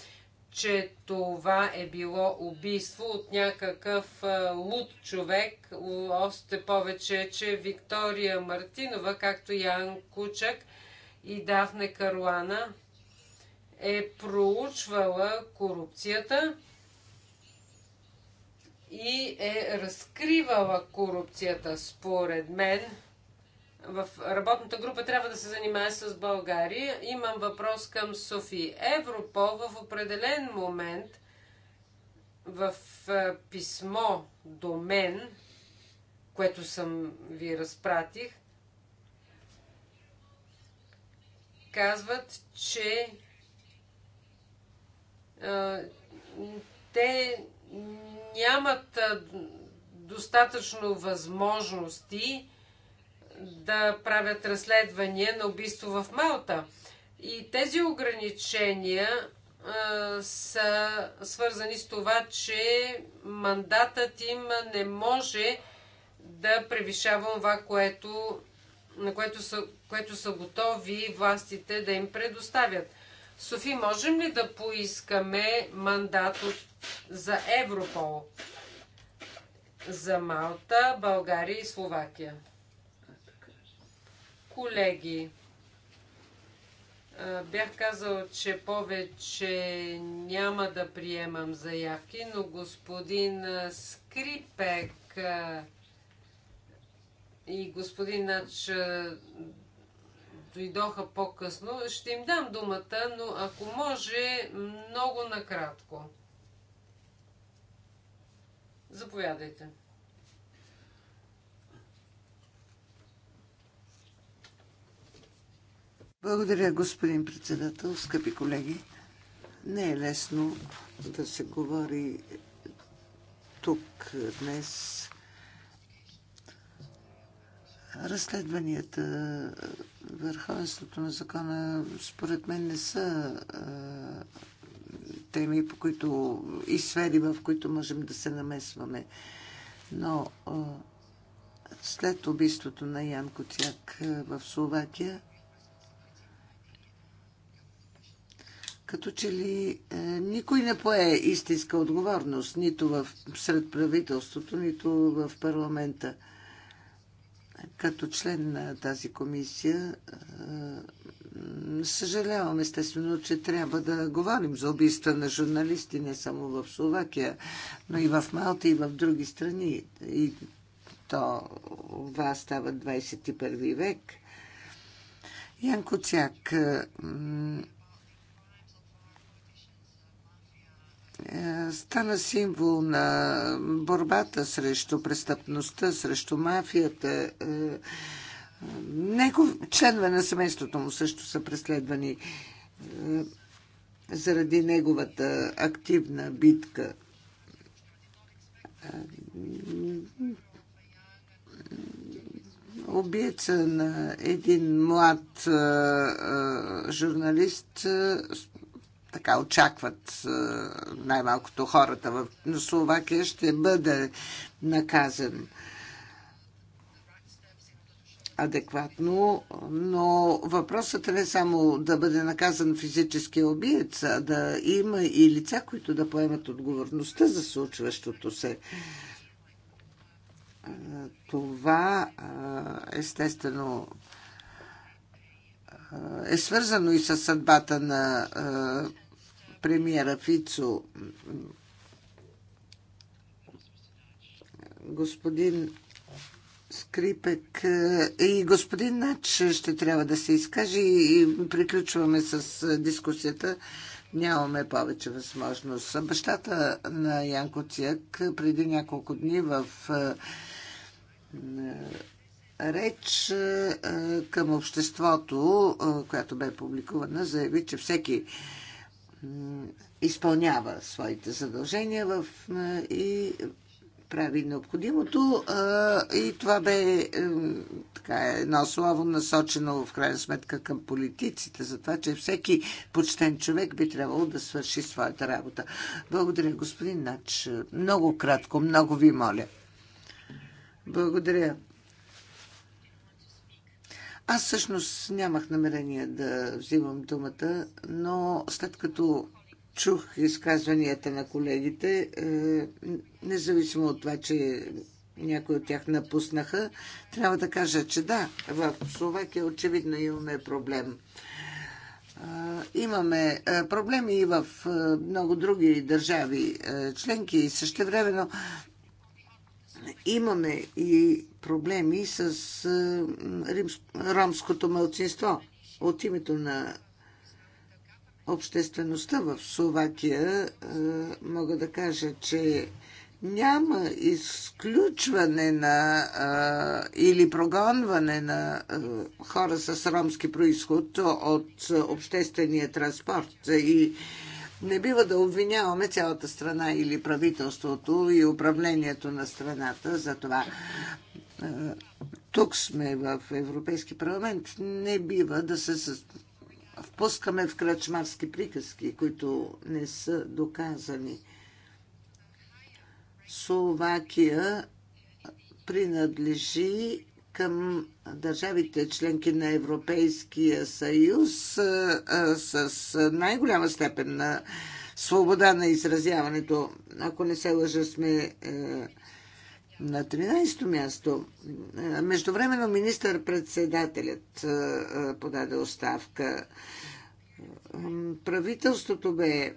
че това е било убийство от някакъв луд човек. Още повече, че Виктория Мартинова, както Ян Кучак и Дафне Каруана е проучвала корупцията и е разкривала корупцията. Според мен, в работната група трябва да се занимае с България. Имам въпрос към Софи. Европол в определен момент в е, писмо до мен, което съм ви разпратих, казват, че а, е, те нямат е, достатъчно възможности да правят разследвания на убийство в Малта. И тези ограничения а, са свързани с това, че мандатът им не може да превишава това, което, на което са, което са готови властите да им предоставят. Софи, можем ли да поискаме мандат от, за Европол? За Малта, България и Словакия. Колеги, бях казал, че повече няма да приемам заявки, но господин Скрипек и господин Нач дойдоха по-късно. Ще им дам думата, но ако може, много накратко. Заповядайте. Благодаря, господин председател, скъпи колеги. Не е лесно да се говори тук днес. Разследванията, върховенството на закона, според мен не са теми, по които и сфери, в които можем да се намесваме. Но след убийството на Ян Коцяк в Словакия, като че ли е, никой не пое истинска отговорност, нито в, сред правителството, нито в парламента. Като член на тази комисия, е, съжалявам естествено, че трябва да говорим за убийства на журналисти не само в Словакия, но и в Малта и в други страни. И то това става 21 век. Янко Цяк. Е, стана символ на борбата срещу престъпността, срещу мафията. Е, е, него, членове на семейството му също са преследвани е, заради неговата активна битка. Обиеца на един млад журналист така очакват е, най-малкото хората в Словакия, ще бъде наказан адекватно, но въпросът е не само да бъде наказан физически обиец, а да има и лица, които да поемат отговорността за случващото се. Е, това е, естествено е свързано и с съдбата на премиера Фицо. Господин Скрипек е, и господин Нач ще трябва да се изкаже и приключваме с дискусията. Нямаме повече възможност. Бащата на Янко Цяк преди няколко дни в реч към обществото, която бе публикувана, заяви, че всеки изпълнява своите задължения в, и прави необходимото. И това бе така, едно слово насочено в крайна сметка към политиците за това, че всеки почтен човек би трябвало да свърши своята работа. Благодаря, господин Нач. Много кратко, много ви моля. Благодаря. Аз всъщност нямах намерение да взимам думата, но след като чух изказванията на колегите, е, независимо от това, че някои от тях напуснаха, трябва да кажа, че да, в Словакия очевидно имаме проблем. Е, имаме е, проблеми и в много други държави членки и същевременно Имаме и проблеми с е, ромското мълцинство. От името на обществеността в Словакия е, мога да кажа, че няма изключване на а, е, или прогонване на а, хора с ромски происход от обществения транспорт и а, не бива да обвиняваме цялата страна или правителството и управлението на страната за това. Тук сме в Европейски парламент. Не бива да се впускаме в кръчмарски приказки, които не са доказани. Словакия принадлежи към държавите членки на Европейския съюз с най-голяма степен на свобода на изразяването. Ако не се лъжа, сме е, на 13-то място. Е, междувременно министър-председателят е, подаде оставка. Правителството бе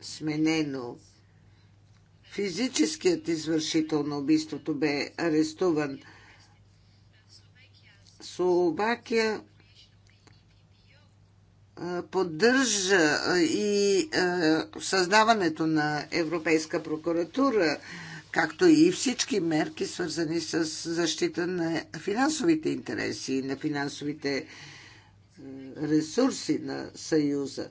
сменено Физическият извършител на убийството бе арестуван. Словакия поддържа и създаването на Европейска прокуратура, както и всички мерки, свързани с защита на финансовите интереси, и на финансовите ресурси на Съюза.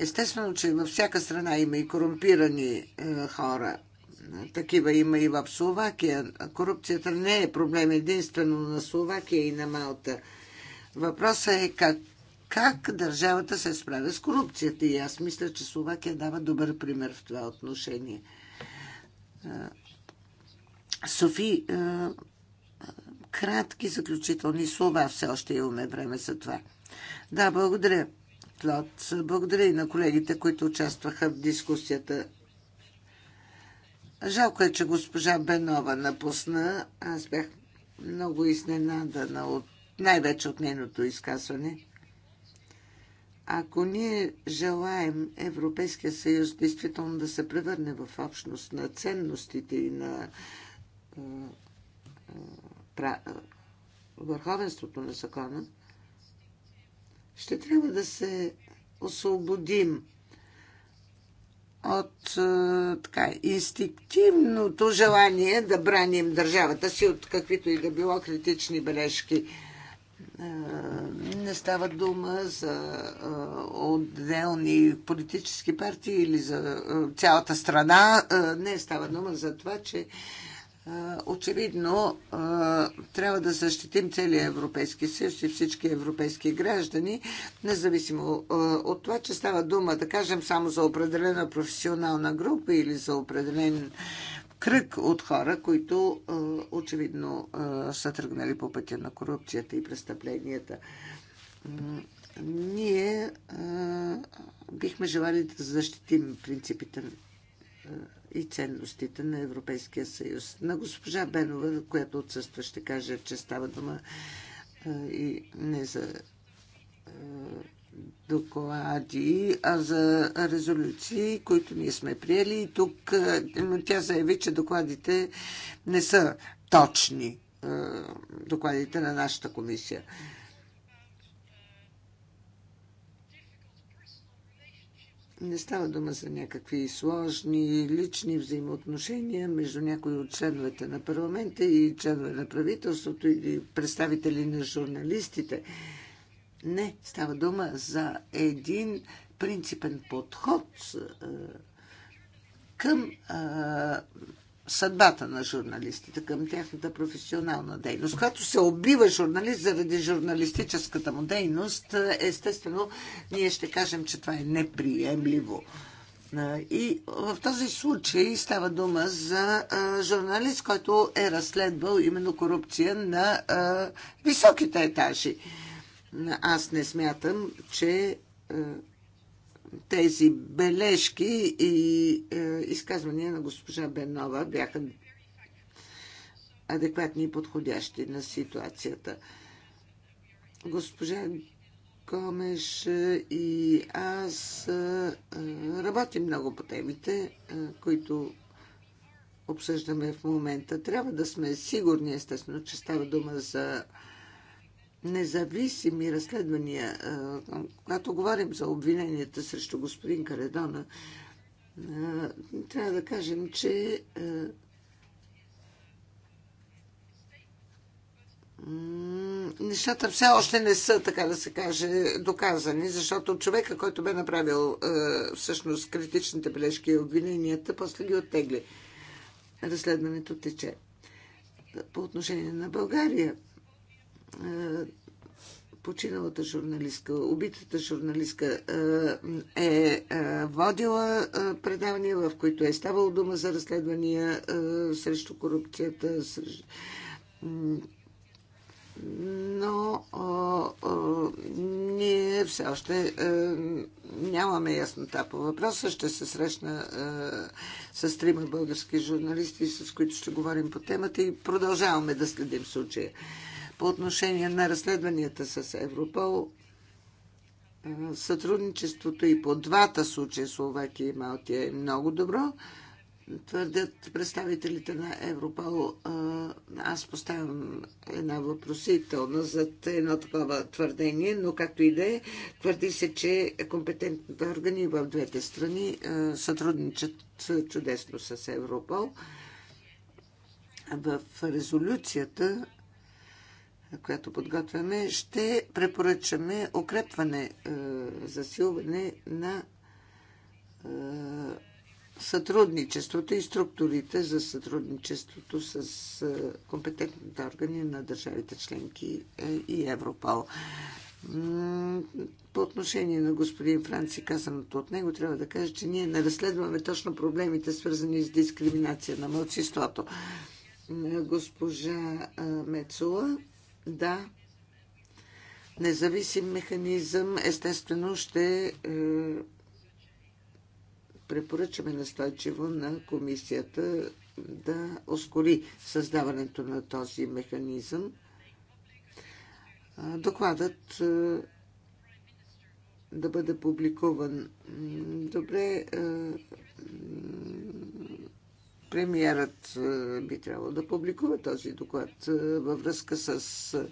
Естествено, че във всяка страна има и корумпирани е, хора. Такива има и в Словакия. Корупцията не е проблем единствено на Словакия и на Малта. Въпросът е как, как държавата се справя с корупцията. И аз мисля, че Словакия дава добър пример в това отношение. Е, Софи, е, кратки заключителни слова. Все още имаме време за това. Да, благодаря плод. Благодаря и на колегите, които участваха в дискусията. Жалко е, че госпожа Бенова напусна. Аз бях много изненадана от, най-вече от нейното изказване. Ако ние желаем Европейския съюз действително да се превърне в общност на ценностите и на е, е, е, върховенството на закона, ще трябва да се освободим от е, така, инстинктивното желание да браним държавата си от каквито и да било критични бележки. Е, не става дума за е, отделни политически партии или за цялата страна. Не става дума за това, че Очевидно трябва да защитим целия Европейски съюз и всички европейски граждани, независимо от това, че става дума, да кажем, само за определена професионална група или за определен кръг от хора, които очевидно са тръгнали по пътя на корупцията и престъпленията. Ние бихме желали да защитим принципите и ценностите на Европейския съюз. На госпожа Бенова, която отсъства, ще каже, че става дума и не за доклади, а за резолюции, които ние сме приели. И тук тя заяви, че докладите не са точни. Докладите на нашата комисия. Не става дума за някакви сложни лични взаимоотношения между някои от членовете на парламента и членове на правителството или представители на журналистите. Не, става дума за един принципен подход към съдбата на журналистите, към тяхната професионална дейност. Когато се убива журналист заради журналистическата му дейност, естествено, ние ще кажем, че това е неприемливо. И в този случай става дума за журналист, който е разследвал именно корупция на високите етажи. Аз не смятам, че тези бележки и е, изказвания на госпожа Бенова бяха адекватни и подходящи на ситуацията. Госпожа Комеш и аз е, работим много по темите, е, които обсъждаме в момента. Трябва да сме сигурни, естествено, че става дума за независими разследвания, когато говорим за обвиненията срещу господин Каредона, трябва да кажем, че нещата все още не са, така да се каже, доказани, защото човека, който бе направил всъщност критичните бележки и обвиненията, после ги оттегли. Разследването тече. По отношение на България, е, починалата журналистка, убитата журналистка е, е, е водила предавания, в които е ставало дума за разследвания срещу корупцията. Но ние все още нямаме яснота по въпроса. Ще се срещна с трима български журналисти, с които ще говорим по темата и продължаваме да следим случая по отношение на разследванията с Европол. Е, сътрудничеството и по двата случая Словакия и Малтия е много добро. Твърдят представителите на Европол. Е, аз поставям една въпросителна за едно такова твърдение, но както и да е, твърди се, че компетентните органи в двете страни е, сътрудничат чудесно с Европол. В резолюцията която подготвяме, ще препоръчаме укрепване, е, засилване на е, сътрудничеството и структурите за сътрудничеството с е, компетентните органи на държавите членки и Европол. По отношение на господин Франци, казаното от него, трябва да кажа, че ние не разследваме точно проблемите, свързани с дискриминация на младсиството. Госпожа Мецула да, независим механизъм естествено ще е, препоръчаме настойчиво на комисията да ускори създаването на този механизъм. Докладът е, да бъде публикуван. Добре, е, премиерът е, би трябвало да публикува този доклад е, във връзка с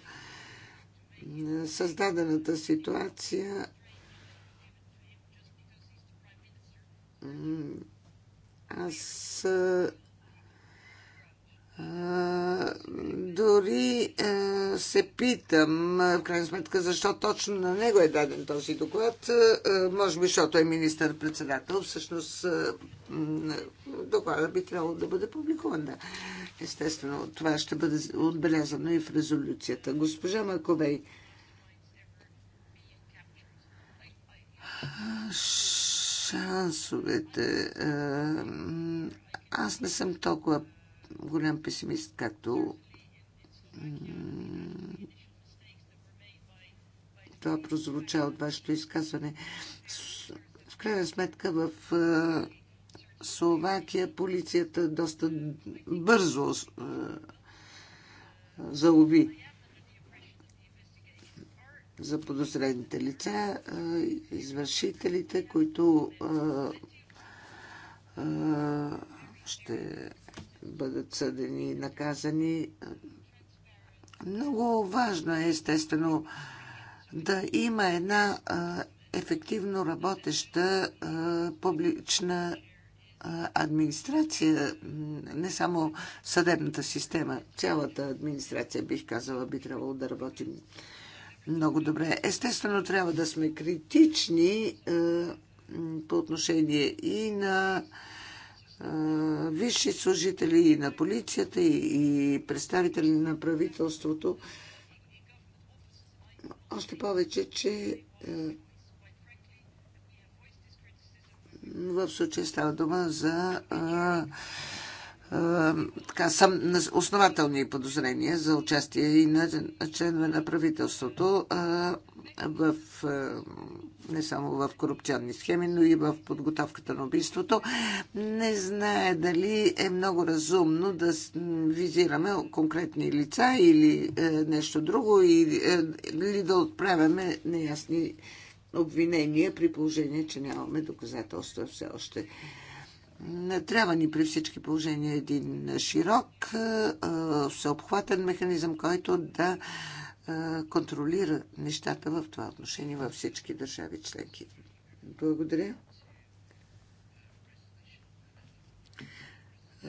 е, създадената ситуация. Аз дори се питам, в крайна сметка, защо точно на него е даден този доклад. Може би, защото е министър-председател. Всъщност, докладът би трябвало да бъде публикуван. Естествено, това ще бъде отбелязано и в резолюцията. Госпожа Маковей, шансовете. Аз не съм толкова голям песимист, както това прозвуча от вашето изказване. В крайна сметка в Словакия полицията доста бързо залови за подозрените лица, извършителите, които ще бъдат съдени и наказани. Много важно е, естествено, да има една ефективно работеща публична администрация, не само съдебната система, цялата администрация, бих казала, би трябвало да работим много добре. Естествено, трябва да сме критични по отношение и на висши служители и на полицията, и представители на правителството. Още повече, че в случая става дума за така, съм, основателни подозрения за участие и на членове на правителството в не само в корупционни схеми, но и в подготовката на убийството. Не знае дали е много разумно да визираме конкретни лица или е, нещо друго, или е, да отправяме неясни обвинения при положение, че нямаме доказателства все още. Трябва ни при всички положения един широк, е, е, всеобхватен механизъм, който да контролира нещата в това отношение във всички държави членки. Благодаря.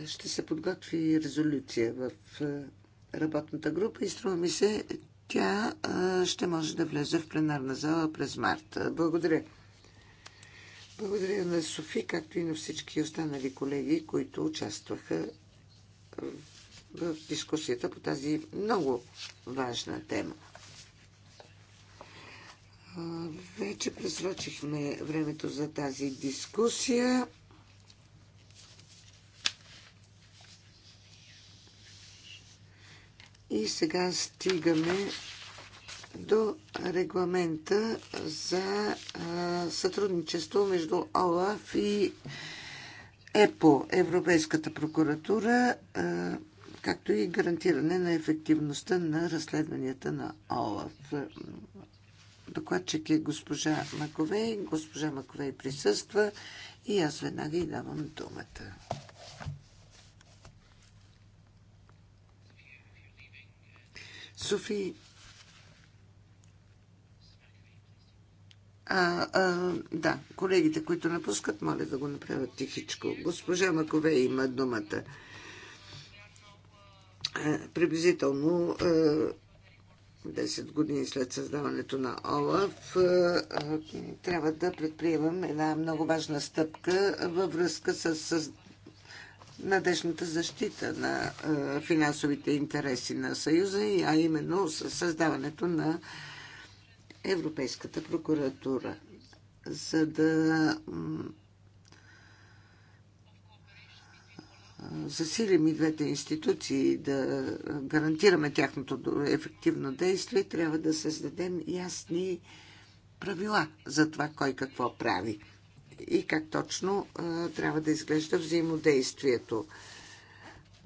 Ще се подготви резолюция в работната група и струва ми се, тя ще може да влезе в пленарна зала през март. Благодаря. Благодаря на Софи, както и на всички останали колеги, които участваха в в дискусията по тази много важна тема. Вече пресрочихме времето за тази дискусия. И сега стигаме до регламента за сътрудничество между ОЛАФ и ЕПО, Европейската прокуратура както и гарантиране на ефективността на разследванията на ОЛАФ. Докладчик е госпожа Маковей. Госпожа Маковей присъства и аз веднага й давам думата. Софи, А, а, да, колегите, които напускат, моля да го направят тихичко. Госпожа Макове има думата. Е, приблизително 10 е, години след създаването на ОЛАФ, е, трябва да предприемам една много важна стъпка във връзка с надежната защита на финансовите интереси на Съюза, а именно с създаването на Европейската прокуратура. За да засилим и двете институции, да гарантираме тяхното ефективно действие, трябва да създадем ясни правила за това кой какво прави и как точно трябва да изглежда взаимодействието.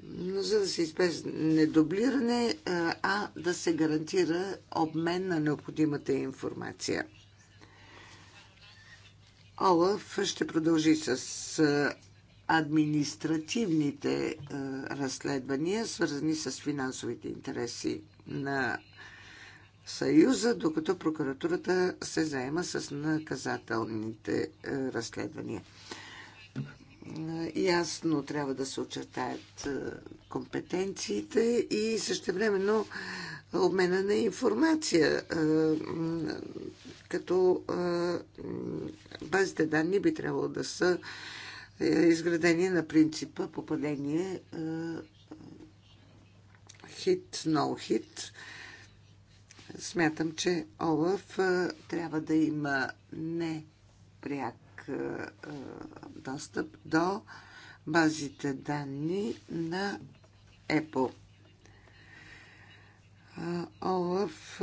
Но за да се избегне дублиране, а да се гарантира обмен на необходимата информация. Олаф ще продължи с административните е, разследвания, свързани с финансовите интереси на Съюза, докато прокуратурата се заема с наказателните е, разследвания. Е, ясно трябва да се очертаят компетенциите и същевременно обмена на информация, като базите данни би трябвало да са е, изградени на принципа попадение е, хит, но хит. Смятам, че Олаф е, трябва да има не пряк достъп до базите данни на Apple. Олаф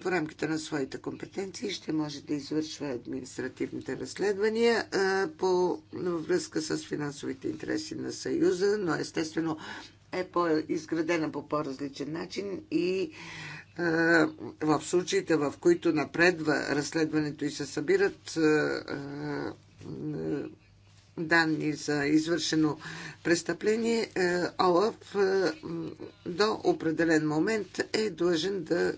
в рамките на своите компетенции ще може да извършва административните разследвания по връзка с финансовите интереси на Съюза, но естествено е по, изградена по по-различен начин и в случаите, в които напредва разследването и се събират данни за извършено престъпление, е, ОЛАФ е, до определен момент е длъжен да е,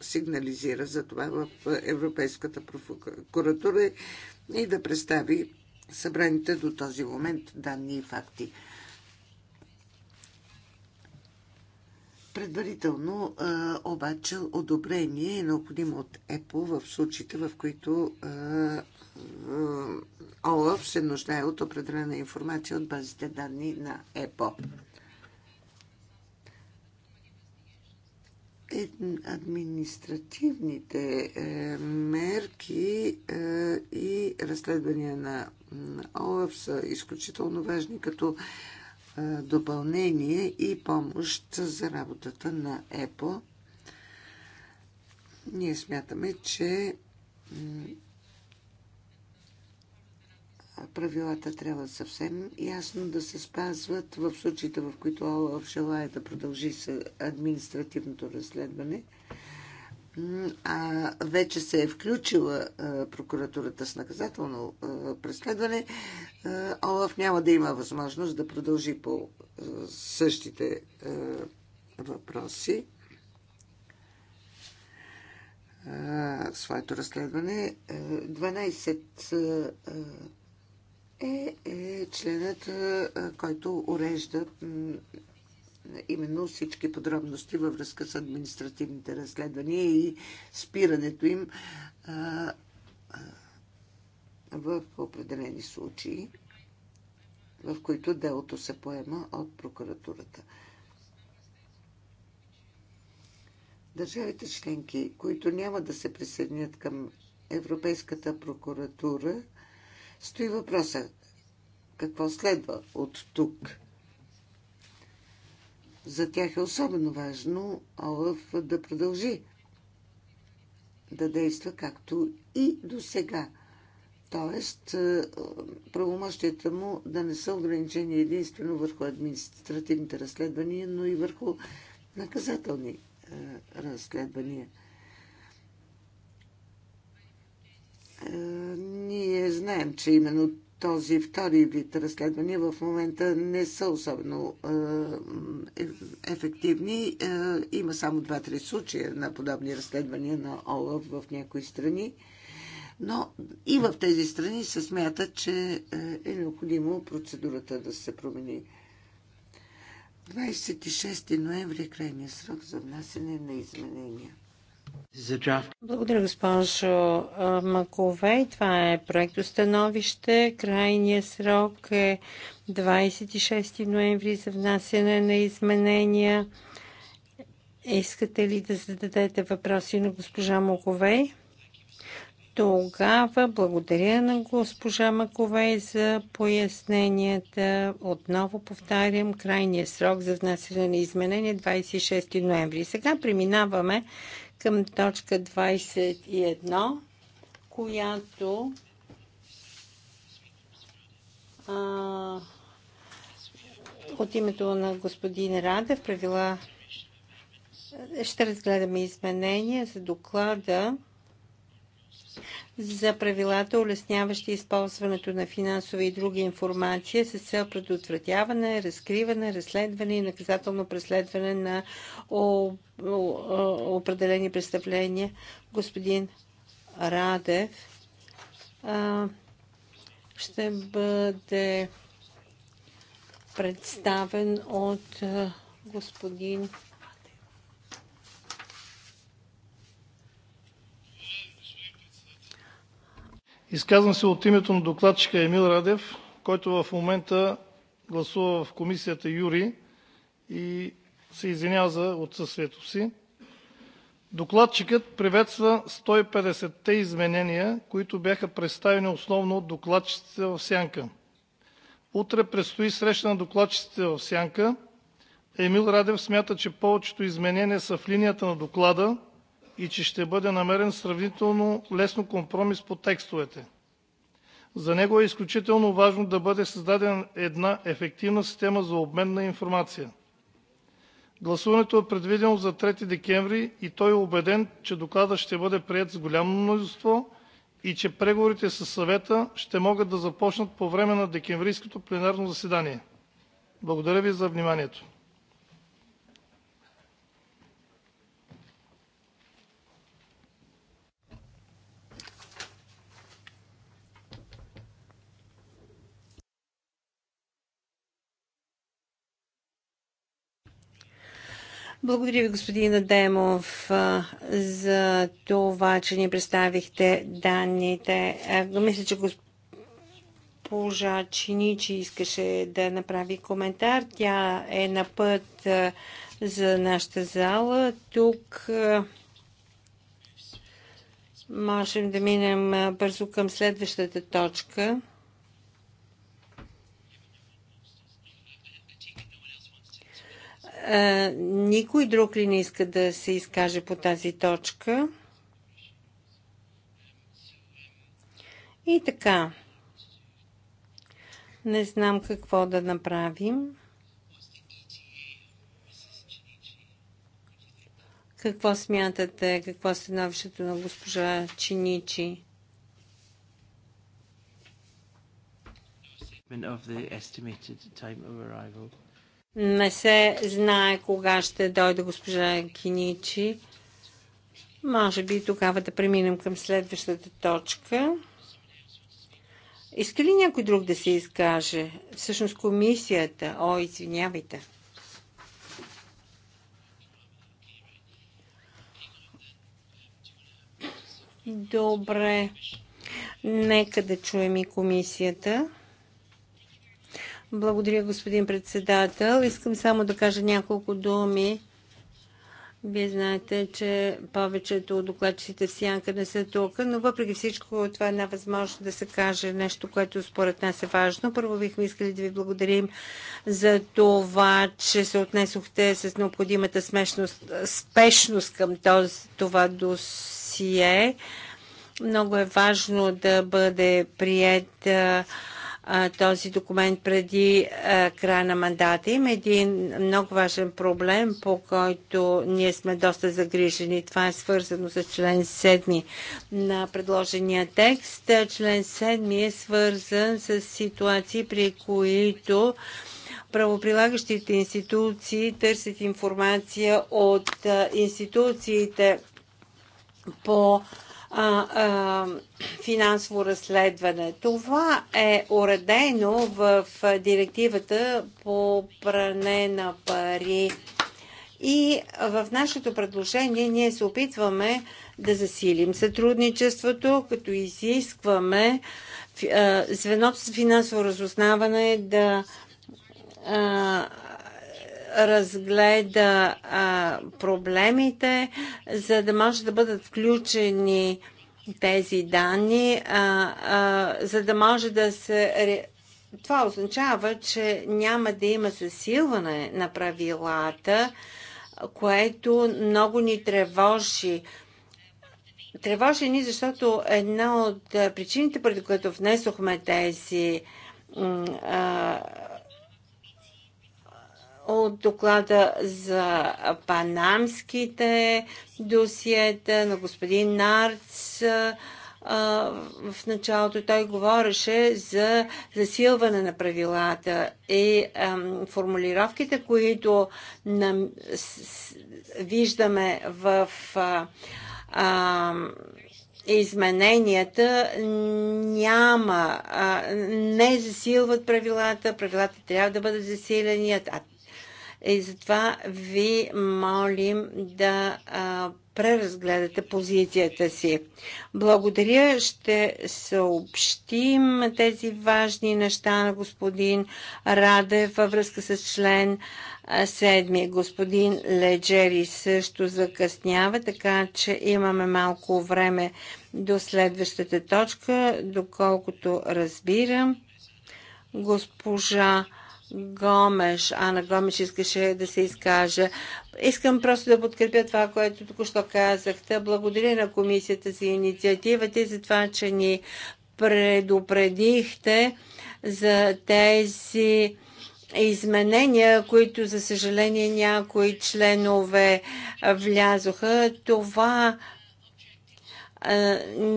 сигнализира за това в Европейската прокуратура и да представи събраните до този момент данни и факти. Предварително обаче одобрение е необходимо от ЕПО в случаите, в които ОЛАФ се нуждае от определена информация от базите данни на ЕПО. административните е, мерки е, и разследвания на ОЛАФ са изключително важни като е, допълнение и помощ за работата на ЕПО. Ние смятаме, че правилата трябва съвсем ясно да се спазват в случаите, в които ОЛАФ желая да продължи с административното разследване. А вече се е включила прокуратурата с наказателно преследване. ОЛАФ няма да има възможност да продължи по същите въпроси своето разследване. 12 е, е членът, е, който урежда именно всички подробности във връзка с административните разследвания и спирането им в определени случаи, в които делото се поема от прокуратурата. Държавите членки, които няма да се присъединят към Европейската прокуратура, стои въпроса какво следва от тук. За тях е особено важно ОЛАФ да продължи да действа както и до сега. Тоест, е, правомощията му да не са ограничени единствено върху административните разследвания, но и върху наказателни е, разследвания. Е, ние знаем, че именно този втори вид разследвания в момента не са особено е, ефективни. Е, има само 2-3 случая на подобни разследвания на ОЛАВ в някои страни. Но и в тези страни се смята, че е необходимо процедурата да се промени. 26 ноември е крайния срок за внасяне на изменения. Благодаря, госпожо Маковей. Това е становище. Крайният срок е 26 ноември за внасяне на изменения. Искате ли да зададете въпроси на госпожа Маковей? Тогава благодаря на госпожа Маковей за поясненията. Отново повтарям, крайният срок за внасяне на изменения 26 е ноември. Сега преминаваме към точка 21, която а, от името на господин Радев правила ще разгледаме изменения за доклада за правилата, улесняващи използването на финансова и други информация с цел предотвратяване, разкриване, разследване и наказателно преследване на определени престъпления. Господин Радев ще бъде представен от господин Изказвам се от името на докладчика Емил Радев, който в момента гласува в Комисията ЮРИ и се извинява за отсъствието си. Докладчикът приветства 150-те изменения, които бяха представени основно от докладчиците в сянка. Утре предстои среща на докладчиците в сянка. Емил Радев смята, че повечето изменения са в линията на Доклада и че ще бъде намерен сравнително лесно компромис по текстовете. За него е изключително важно да бъде създадена една ефективна система за обмен на информация. Гласуването е предвидено за 3 декември и той е убеден, че Докладът ще бъде прият с голямо множество и че преговорите със Съвета ще могат да започнат по време на декемврийското пленарно заседание. Благодаря Ви за вниманието. Благодаря ви, господин Адемов, за това, че ни представихте данните. Мисля, че госпожа Чиничи искаше да направи коментар. Тя е на път за нашата зала. Тук можем да минем бързо към следващата точка. Е, никой друг ли не иска да се изкаже по тази точка? И така. Не знам какво да направим. Какво смятате? Какво е становището на госпожа Чиничи? of the estimated time of arrival. Не се знае кога ще дойде госпожа Киничи. Може би тогава да преминем към следващата точка. Иска ли някой друг да се изкаже? Всъщност комисията. О, извинявайте. Добре. Нека да чуем и комисията. Благодаря, господин председател. Искам само да кажа няколко думи. Вие знаете, че повечето от докладчиците в Сянка не са тук, но въпреки всичко това е една възможност да се каже нещо, което според нас е важно. Първо бихме искали да ви благодарим за това, че се отнесохте с необходимата смешност, спешност към този, това досие. Много е важно да бъде прият този документ преди края на мандата. Има един много важен проблем, по който ние сме доста загрижени. Това е свързано с член 7 на предложения текст. Член 7 е свързан с ситуации, при които правоприлагащите институции търсят информация от институциите по а, а, финансово разследване. Това е уредено в директивата по пране на пари. И в нашето предложение ние се опитваме да засилим сътрудничеството, като изискваме звеното за финансово разузнаване да а, разгледа а, проблемите, за да може да бъдат включени тези данни, а, а, за да може да се. Това означава, че няма да има засилване на правилата, което много ни тревожи. Тревожи ни, защото една от причините, преди които внесохме тези а, от доклада за панамските досиета на господин Нарц. В началото той говореше за засилване на правилата и формулировките, които виждаме в измененията няма, а, не засилват правилата, правилата трябва да бъдат засилени, а и затова ви молим да а, преразгледате позицията си. Благодаря. Ще съобщим тези важни неща на господин Радев във връзка с член 7. Господин Леджери също закъснява, така че имаме малко време до следващата точка, доколкото разбирам. Госпожа Гомеш, Ана Гомеш искаше да се изкаже. Искам просто да подкрепя това, което току-що казахте. Благодаря на комисията за инициативата и за това, че ни предупредихте за тези изменения, които за съжаление някои членове влязоха. Това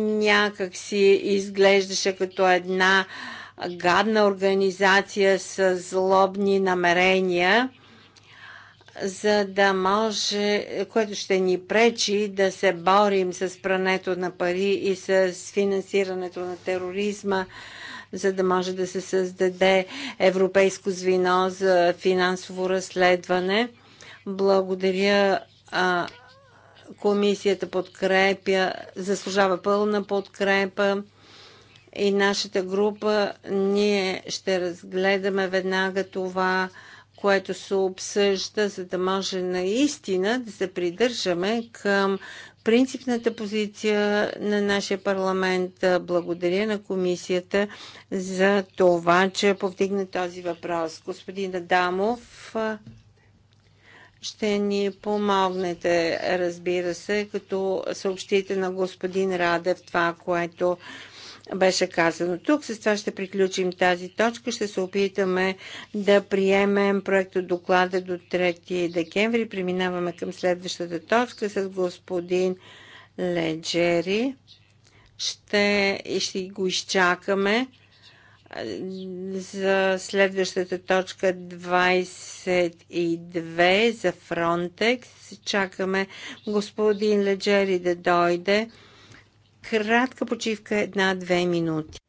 някак си изглеждаше като една а, гадна организация с злобни намерения, за да може, което ще ни пречи да се борим с прането на пари и с финансирането на тероризма, за да може да се създаде европейско звено за финансово разследване. Благодаря. Комисията подкрепя, заслужава пълна подкрепа и нашата група, ние ще разгледаме веднага това, което се обсъжда, за да може наистина да се придържаме към принципната позиция на нашия парламент. Благодаря на комисията за това, че повдигна този въпрос. Господин Адамов, ще ни помогнете, разбира се, като съобщите на господин Радев това, което беше казано. Тук с това ще приключим тази точка. Ще се опитаме да приемем проекто доклада до 3 декември. Преминаваме към следващата точка с господин Леджери. Ще, ще го изчакаме за следващата точка 22 за Фронтекс. Чакаме господин Леджери да дойде кратка почивка, една-две минути.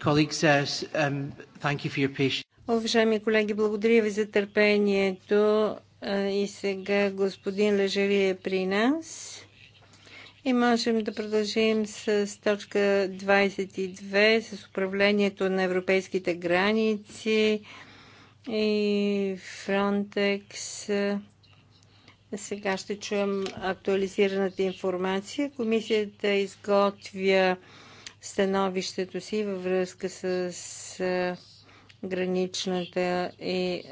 Uh, um, Уважаеми колеги, благодаря ви за търпението. И сега господин Лежери е при нас. И можем да продължим с точка 22, с управлението на европейските граници и Фронтекс. Сега ще чуем актуализираната информация. Комисията изготвя становището си във връзка с граничната и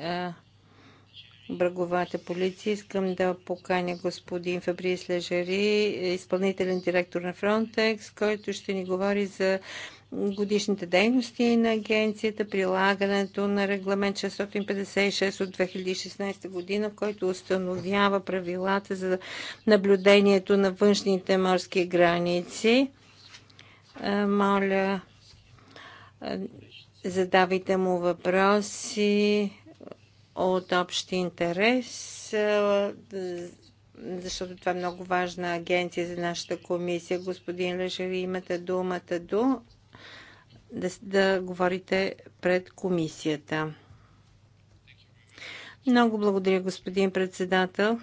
браговата полиция. Искам да поканя господин Фабрис Лежари, изпълнителен директор на Frontex, който ще ни говори за годишните дейности на агенцията, прилагането на регламент 656 от 2016 година, в който установява правилата за наблюдението на външните морски граници. Е, моля, е, задавайте му въпроси от общ интерес, е, защото това е много важна агенция за нашата комисия. Господин Лешев, имате думата до да, да говорите пред комисията. Много благодаря, господин председател.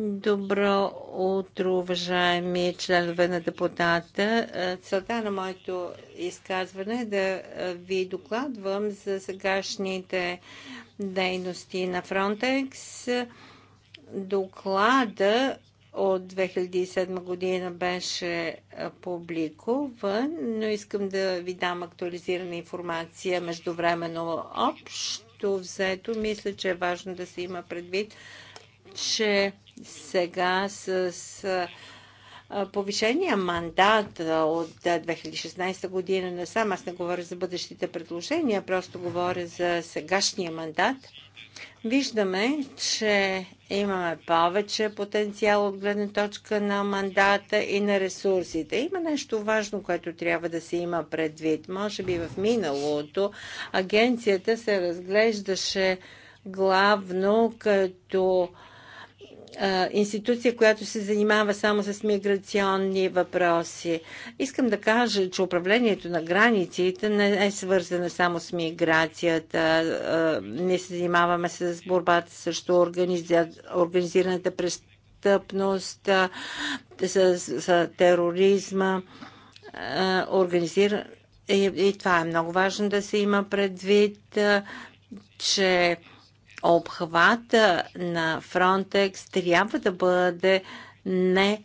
Добро утро, уважаеми членове на депутата. Е, целта на моето изказване е да е, ви докладвам за сегашните дейности на Frontex. Доклада от 2007 година беше е, публикуван, но искам да ви дам актуализирана информация междувременно. Общо взето, мисля, че е важно да се има предвид, че сега с повишения мандат от 2016 година сам. аз не говоря за бъдещите предложения, просто говоря за сегашния мандат, виждаме, че имаме повече потенциал от гледна точка на мандата и на ресурсите. Има нещо важно, което трябва да се има предвид. Може би в миналото агенцията се разглеждаше главно като институция, която се занимава само с миграционни въпроси. Искам да кажа, че управлението на границите не е свързано само с миграцията. Не се занимаваме с борбата срещу организи... организираната престъпност, с, с тероризма, организира... И, и това е много важно да се има предвид, че обхвата на Фронтекс трябва да бъде не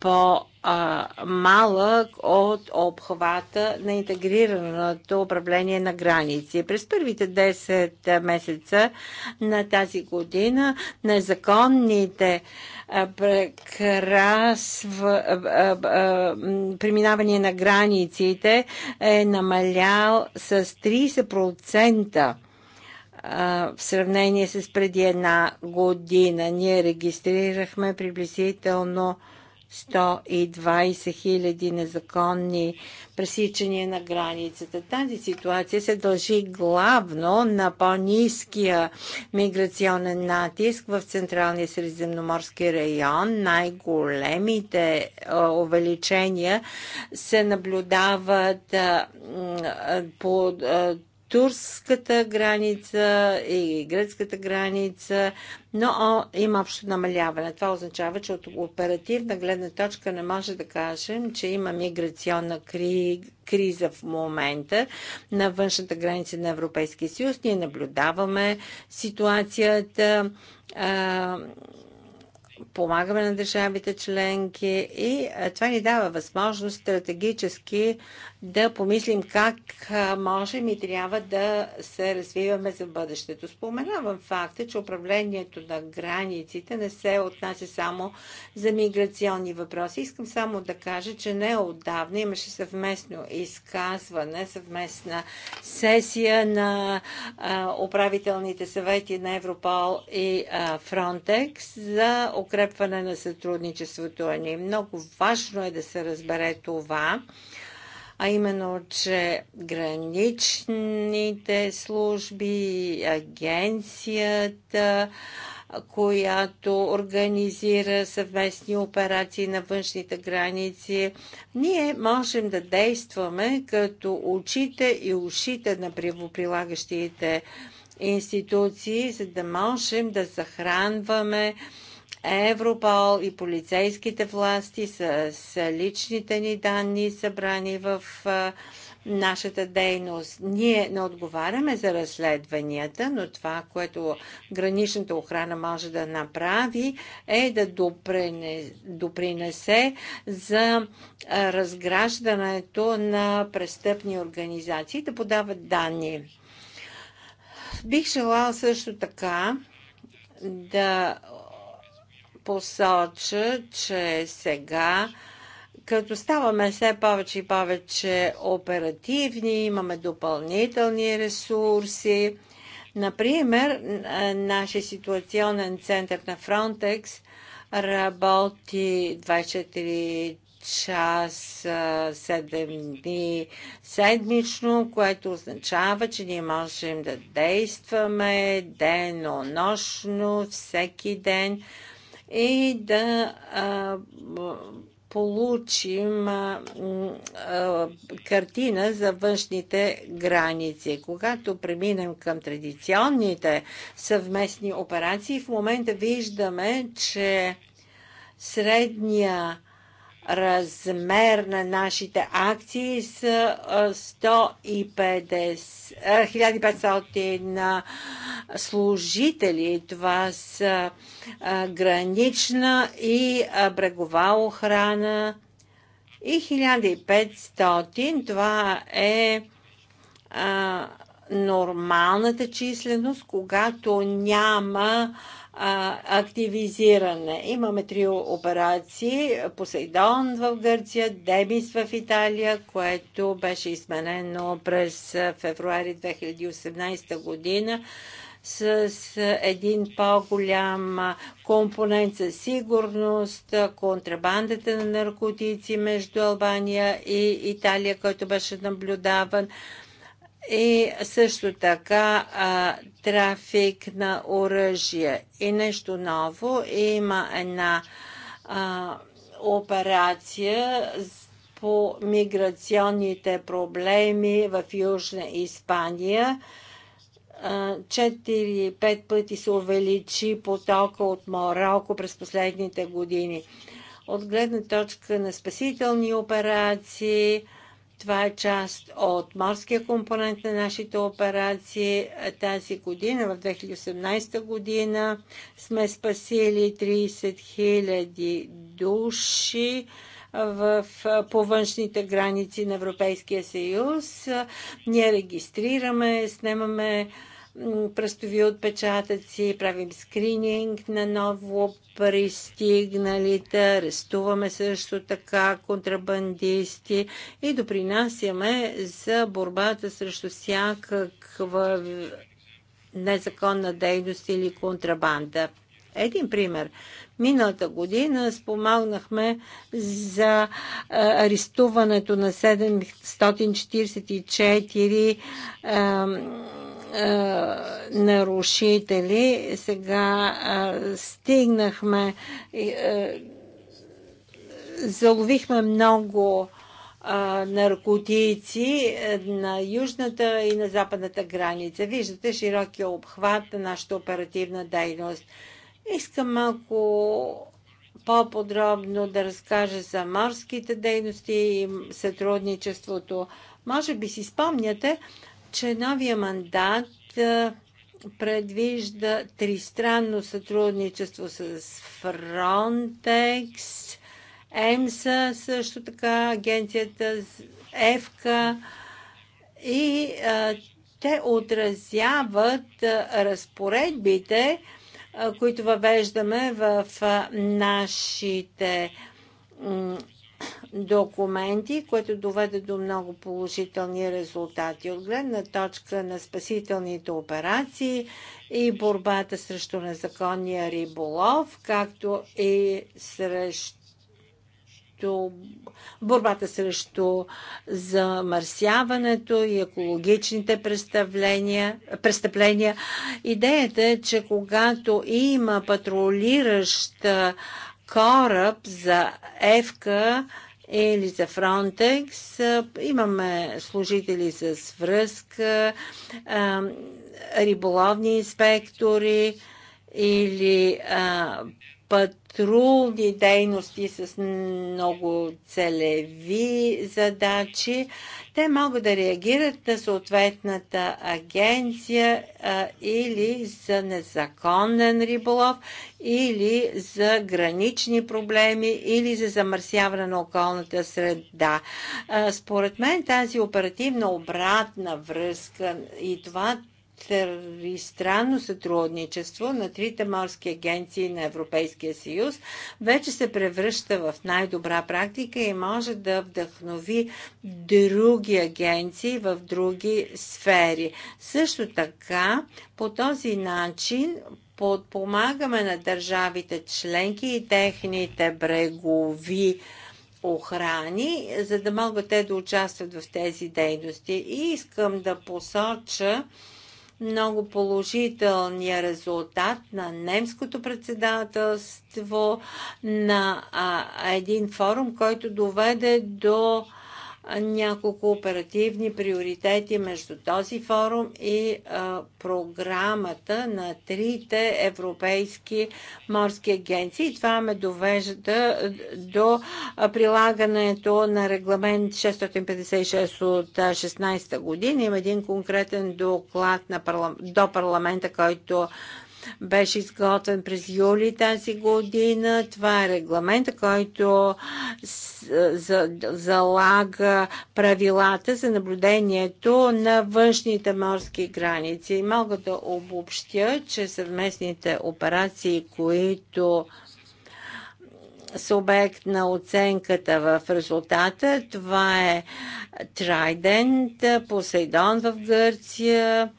по-малък от обхвата на интегрираното управление на граници. През първите 10 месеца на тази година незаконните преминавания на границите е намалял с 30% в сравнение с преди една година. Ние регистрирахме приблизително 120 хиляди незаконни пресичания на границата. Тази ситуация се дължи главно на по-низкия миграционен натиск в Централния Средиземноморски район. Най-големите увеличения се наблюдават по турската граница и гръцката граница, но има общо намаляване. Това означава, че от оперативна гледна точка не може да кажем, че има миграционна кри... криза в момента на външната граница на Европейския съюз. Ние наблюдаваме ситуацията. А помагаме на държавите членки и това ни дава възможност стратегически да помислим как можем и трябва да се развиваме за бъдещето. Споменавам факта, че управлението на границите не се отнася само за миграционни въпроси. Искам само да кажа, че не отдавна имаше съвместно изказване, съвместна сесия на управителните съвети на Европол и Фронтекс за укрепване на сътрудничеството ни. Много важно е да се разбере това а именно, че граничните служби, агенцията, която организира съвместни операции на външните граници. Ние можем да действаме като очите и ушите на правоприлагащите институции, за да можем да захранваме Европол и полицейските власти с, с личните ни данни събрани в нашата дейност. Ние не отговаряме за разследванията, но това, което граничната охрана може да направи, е да допринесе за разграждането на престъпни организации, да подават данни. Бих желала също така да посоча, че сега като ставаме все повече и повече оперативни, имаме допълнителни ресурси. Например, нашия ситуационен център на Frontex работи 24 час, 7 дни седмично, което означава, че ние можем да действаме ден. нощно всеки ден и да а, получим а, а, картина за външните граници. Когато преминем към традиционните съвместни операции, в момента виждаме, че средния размер на нашите акции с 1500 служители. Това са гранична и брегова охрана и 1500. Това е нормалната численост, когато няма а, а, активизиране. Имаме три операции Посейдон в Гърция, Демис в Италия, което беше изменено през февруари 2018 година с един по-голям компонент за сигурност, контрабандата на наркотици между Албания и Италия, който беше наблюдаван и също така а, трафик на оръжие. И нещо ново, има една а, операция по миграционните проблеми в Южна Испания. 4-5 пъти се увеличи потока от Марокко през последните години. От гледна точка на спасителни операции, това е част от морския компонент на нашите операции. Тази година, в 2018 година, сме спасили 30 000 души в, по външните граници на Европейския съюз. Ние регистрираме, снимаме пръстови отпечатъци, правим скрининг на ново пристигналите, арестуваме също така контрабандисти и допринасяме за борбата срещу всякаква незаконна дейност или контрабанда. Един пример. Миналата година спомагнахме за арестуването на 744 е, нарушители. Сега е, стигнахме, е, заловихме много наркотици на южната и на западната граница. Виждате широкия обхват на нашата оперативна дейност. Искам малко по-подробно да разкажа за морските дейности и сътрудничеството. Може би си спомняте, че новия мандат предвижда тристранно сътрудничество с Frontex, ЕМСА, също така агенцията ЕФКА и а, те отразяват а, разпоредбите, а, които въвеждаме в а, нашите документи, което доведе до много положителни резултати. От гледна точка на спасителните операции и борбата срещу незаконния риболов, както и срещу борбата срещу замърсяването и екологичните престъпления. Идеята е, че когато има патрулиращ кораб за Евка или за Фронтекс. Имаме служители с връзка, риболовни инспектори или патрулни дейности с много целеви задачи, те могат да реагират на съответната агенция а, или за незаконен риболов, или за гранични проблеми, или за замърсяване на околната среда. А, според мен тази оперативна обратна връзка и това тристранно сътрудничество на трите морски агенции на Европейския съюз вече се превръща в най-добра практика и може да вдъхнови други агенции в други сфери. Също така, по този начин подпомагаме на държавите членки и техните брегови охрани, за да могат те да участват в тези дейности. И искам да посоча много положителния резултат на немското председателство на а, един форум, който доведе до няколко оперативни приоритети между този форум и а, програмата на трите европейски морски агенции. Това ме довежда до прилагането на регламент 656 от 16 година. Има един конкретен доклад на парлам... до парламента, който беше изготвен през юли тази година. Това е регламента, който залага правилата за наблюдението на външните морски граници. Мога да обобщя, че съвместните операции, които с обект на оценката в резултата. Това е Трайдент, Посейдон в Гърция,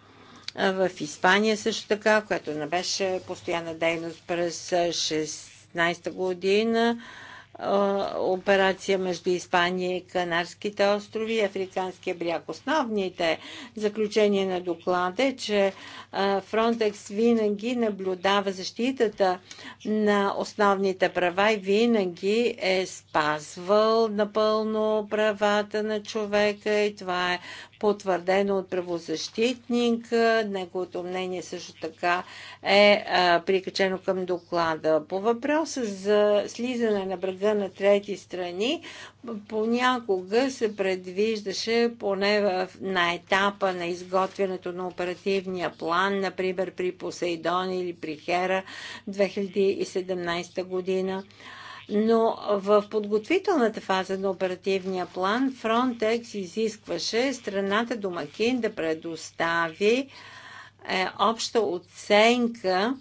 в Испания също така, която не беше постоянна дейност през 16-та година. Операция между Испания и Канарските острови и Африканския бряг. Основните заключения на доклада е, че Фронтекс винаги наблюдава защитата на основните права и винаги е спазвал напълно правата на човека и това е потвърдено от правозащитник. Неговото мнение също така е прикачено към доклада. По въпроса за слизане на брега на трети страни, понякога се предвиждаше поне в, на етапа на изготвянето на оперативния план, например при Посейдон или при Хера 2017 година. Но в подготвителната фаза на оперативния план Frontex изискваше страната домакин да предостави е, обща оценка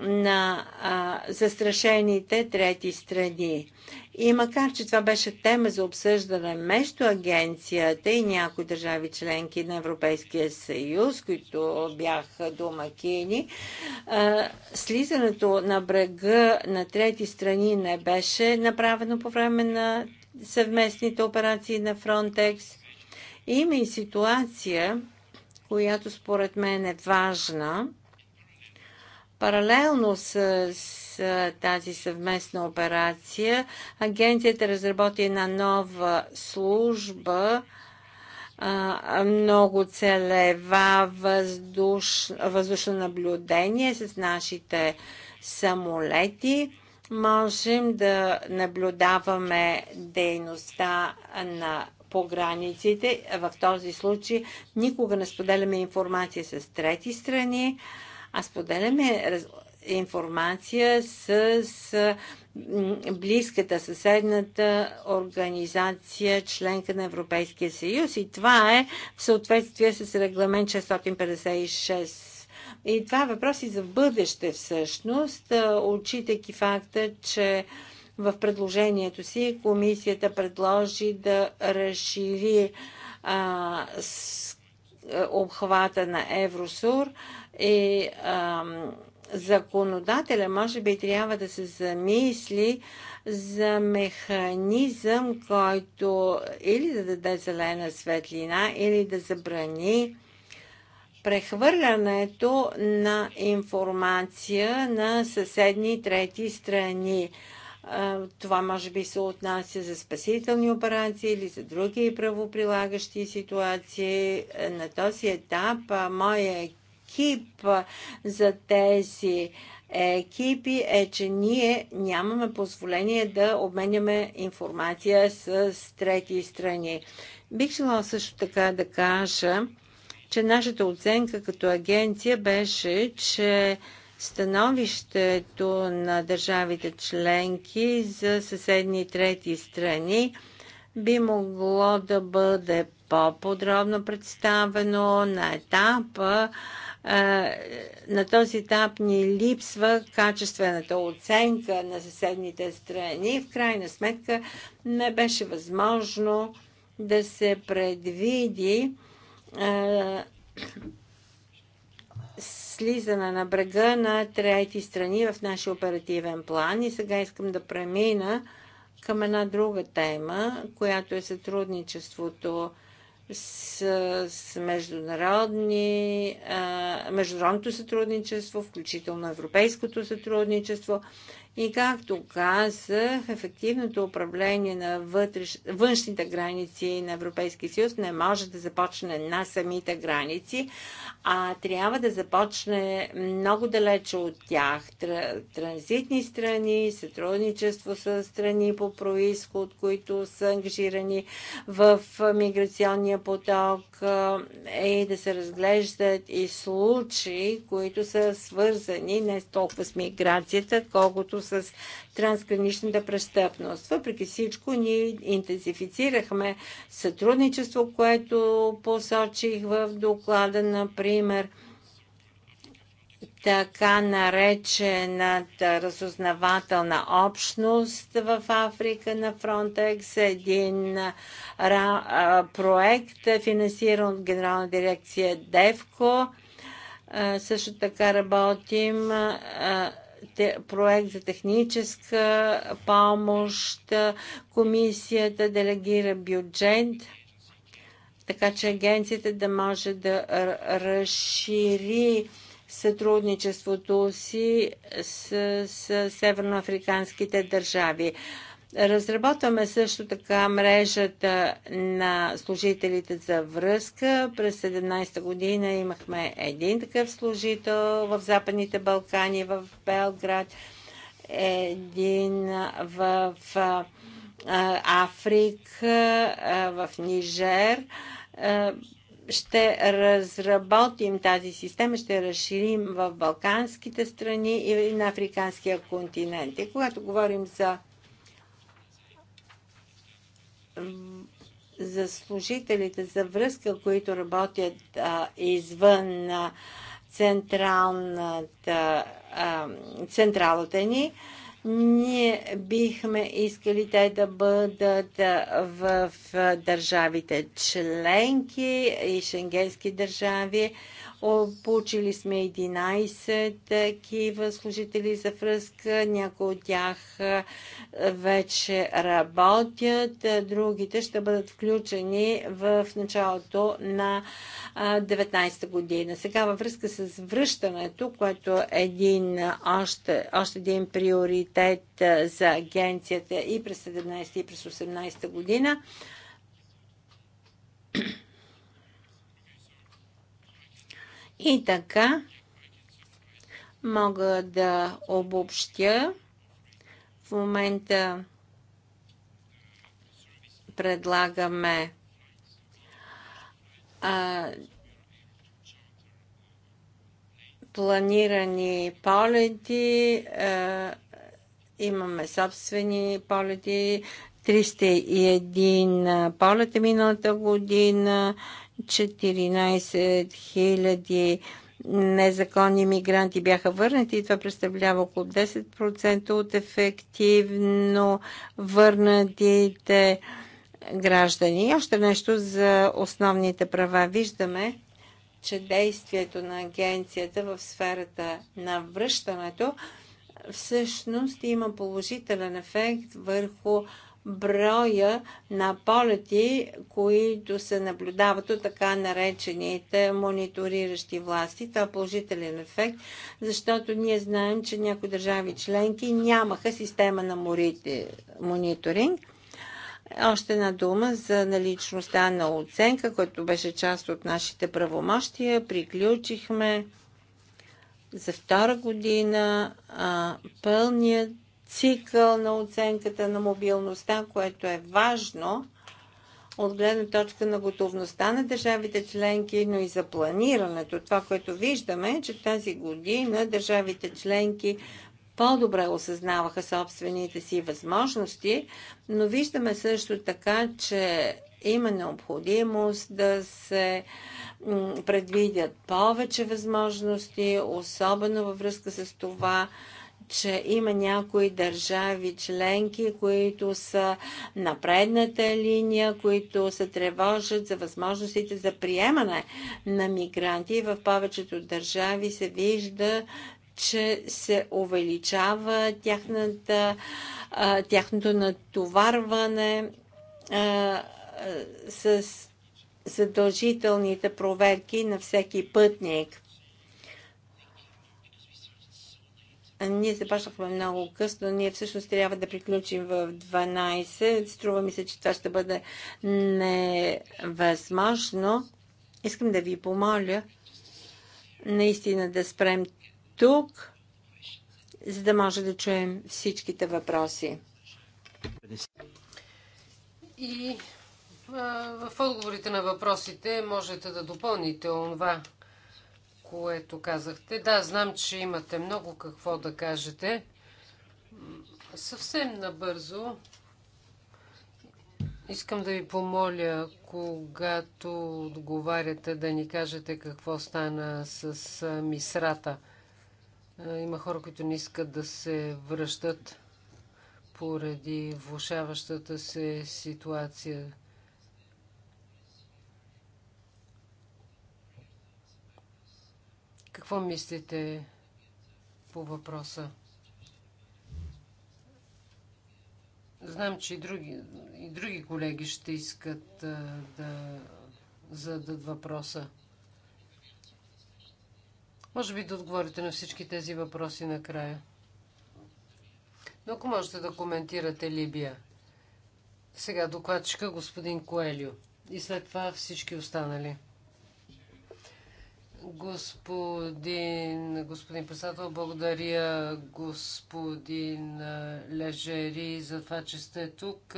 на а, застрашените трети страни. И макар, че това беше тема за обсъждане между агенцията и някои държави членки на Европейския съюз, които бяха домакини, а, слизането на брега на трети страни не беше направено по време на съвместните операции на Фронтекс, Има и ситуация, която според мен е важна – Паралелно с, с тази съвместна операция, агенцията разработи една нова служба, много целева въздуш, въздушно наблюдение с нашите самолети. Можем да наблюдаваме дейността на по границите. В този случай никога не споделяме информация с трети страни а споделяме информация с, с близката съседната организация, членка на Европейския съюз и това е в съответствие с регламент 656 и това е въпроси за бъдеще всъщност, отчитайки факта, че в предложението си комисията предложи да разшири а, е, обхвата на Евросур и ам, законодателя може би трябва да се замисли за механизъм, който или да даде зелена светлина, или да забрани прехвърлянето на информация на съседни трети страни. Това може би се отнася за спасителни операции или за други правоприлагащи ситуации. На този етап моя екип за тези екипи е, че ние нямаме позволение да обменяме информация с трети страни. Бих желала също така да кажа, че нашата оценка като агенция беше, че становището на държавите членки за съседни трети страни би могло да бъде по-подробно представено на етапа. Е, на този етап ни липсва качествената оценка на съседните страни. В крайна сметка не беше възможно да се предвиди е, слизане на брега на трети страни в нашия оперативен план. И сега искам да премина към една друга тема, която е сътрудничеството с, с международни, а, международното сътрудничество, включително европейското сътрудничество. И както казах, ефективното управление на вътреш, външните граници на Европейския съюз не може да започне на самите граници, а трябва да започне много далече от тях. Транзитни страни, сътрудничество с страни по происход, които са ангажирани в миграционния поток и е да се разглеждат и случаи, които са свързани не толкова с миграцията, колкото с трансграничната престъпност. Въпреки всичко, ние интенсифицирахме сътрудничество, което посочих в доклада, например, така наречената разузнавателна общност в Африка на Фронтекс, един проект, финансиран от Генерална дирекция ДЕВКО. Също така работим проект за техническа помощ, комисията делегира бюджет, така че агенцията да може да разшири сътрудничеството си с, с северноафриканските държави. Разработваме също така мрежата на служителите за връзка. През 17-та година имахме един такъв служител в Западните Балкани, в Белград, един в Африка, в Нижер ще разработим тази система, ще разширим в балканските страни и на африканския континент. И когато говорим за за служителите за връзка, които работят а, извън а, централната, а, централата ни, ние бихме искали те да бъдат в държавите членки и шенгенски държави. Получили сме 11 такива служители за връзка. Някои от тях вече работят, другите ще бъдат включени в началото на 19-та година. Сега във връзка с връщането, което е един, още, още един приоритет приоритет за агенцията и през 17 и през 18 година. И така мога да обобщя. В момента предлагаме а, планирани полети, а, Имаме собствени полети. 301 полета миналата година, 14 000 незаконни мигранти бяха върнати и това представлява около 10% от ефективно върнатите граждани. И още нещо за основните права. Виждаме, че действието на агенцията в сферата на връщането всъщност има положителен ефект върху броя на полети, които се наблюдават от така наречените мониториращи власти. Това е положителен ефект, защото ние знаем, че някои държави членки нямаха система на морите мониторинг. Още една дума за наличността на оценка, която беше част от нашите правомощия. Приключихме за втора година а, пълният цикъл на оценката на мобилността, което е важно от гледна точка на готовността на държавите членки, но и за планирането. Това, което виждаме е, че тази година държавите членки по-добре осъзнаваха собствените си възможности, но виждаме също така, че има необходимост да се предвидят повече възможности, особено във връзка с това, че има някои държави членки, които са на предната линия, които се тревожат за възможностите за приемане на мигранти. В повечето държави се вижда, че се увеличава тяхната, тяхното натоварване с задължителните проверки на всеки пътник. Ние започнахме много късно. Ние всъщност трябва да приключим в 12. Струва ми се, че това ще бъде невъзможно. Искам да ви помоля наистина да спрем тук, за да може да чуем всичките въпроси. И в отговорите на въпросите можете да допълните онова, което казахте. Да, знам, че имате много какво да кажете. Съвсем набързо искам да ви помоля, когато отговаряте, да ни кажете какво стана с мисрата. Има хора, които не искат да се връщат поради влушаващата се ситуация Какво мислите по въпроса? Знам, че и други, и други колеги ще искат а, да зададат въпроса. Може би да отговорите на всички тези въпроси накрая. Но ако можете да коментирате Либия. Сега докладчика господин Коелио и след това всички останали. Господин, господин председател, благодаря господин Лежери за това, че сте тук.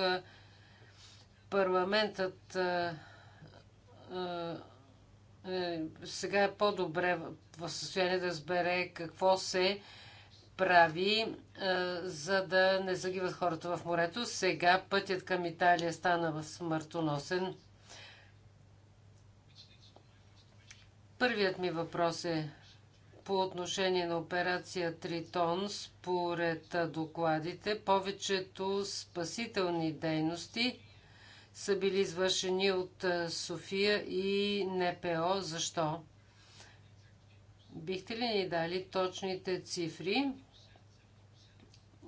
Парламентът е, сега е по-добре в състояние да разбере какво се прави, за да не загиват хората в морето. Сега пътят към Италия стана смъртоносен. Първият ми въпрос е по отношение на операция Тритон, според докладите, повечето спасителни дейности са били извършени от София и НПО. Защо? Бихте ли ни дали точните цифри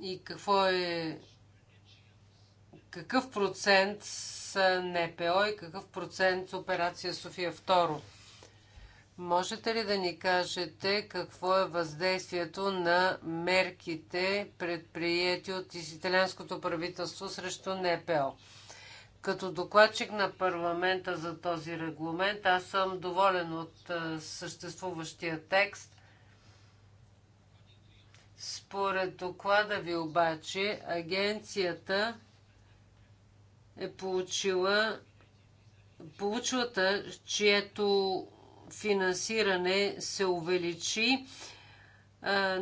и какво е какъв процент са НПО и какъв процент операция София? Второ, Можете ли да ни кажете какво е въздействието на мерките, предприяти от италянското правителство срещу НПО? Като докладчик на парламента за този регламент, аз съм доволен от съществуващия текст. Според доклада ви обаче, агенцията е получила получилата, чието финансиране се увеличи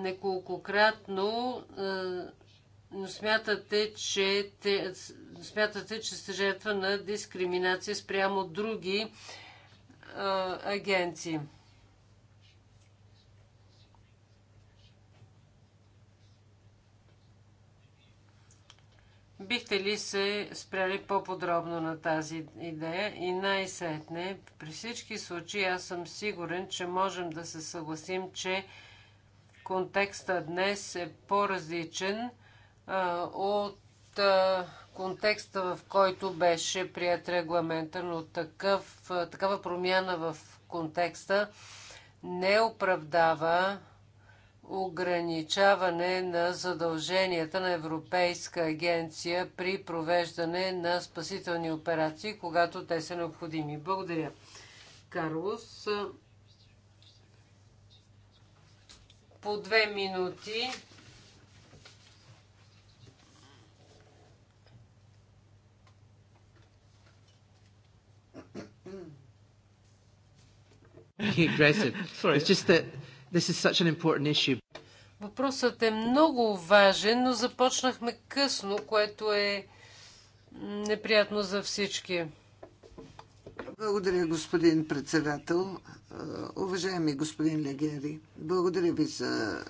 неколкократно, но смятате, че, те, смятате, че сте жертва на дискриминация спрямо други агенции. Бихте ли се спряли по-подробно на тази идея и най-сетне, при всички случаи аз съм сигурен, че можем да се съгласим, че контекста днес е по-различен от а, контекста, в който беше прият регламента, но такъв, такава промяна в контекста не оправдава ограничаване на задълженията на Европейска агенция при провеждане на спасителни операции, когато те са необходими. Благодаря. Карлос, по две минути. Sorry. It's just that This is such an important issue. Въпросът е много важен, но започнахме късно, което е неприятно за всички. Благодаря, господин председател. Е, уважаеми господин Легери, благодаря ви за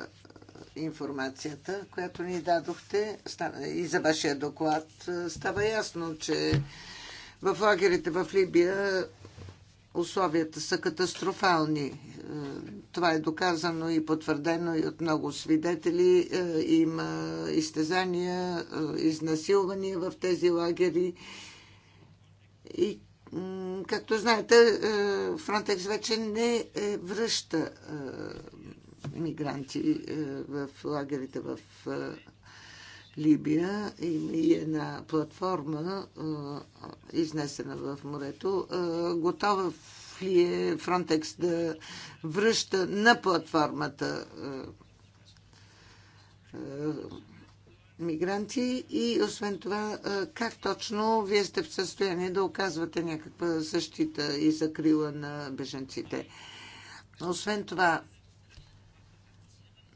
информацията, която ни дадохте и за вашия доклад. Е, става ясно, че в лагерите в Либия условията са катастрофални. Е, това е доказано и потвърдено и от много свидетели. Е, има изтезания, е, изнасилвания в тези лагери. И, както знаете, Фронтекс вече не връща мигранти в лагерите в Либия има и една платформа, изнесена в морето. Готова ли е Фронтекс да връща на платформата мигранти и освен това как точно вие сте в състояние да оказвате някаква защита и закрила на беженците? Освен това,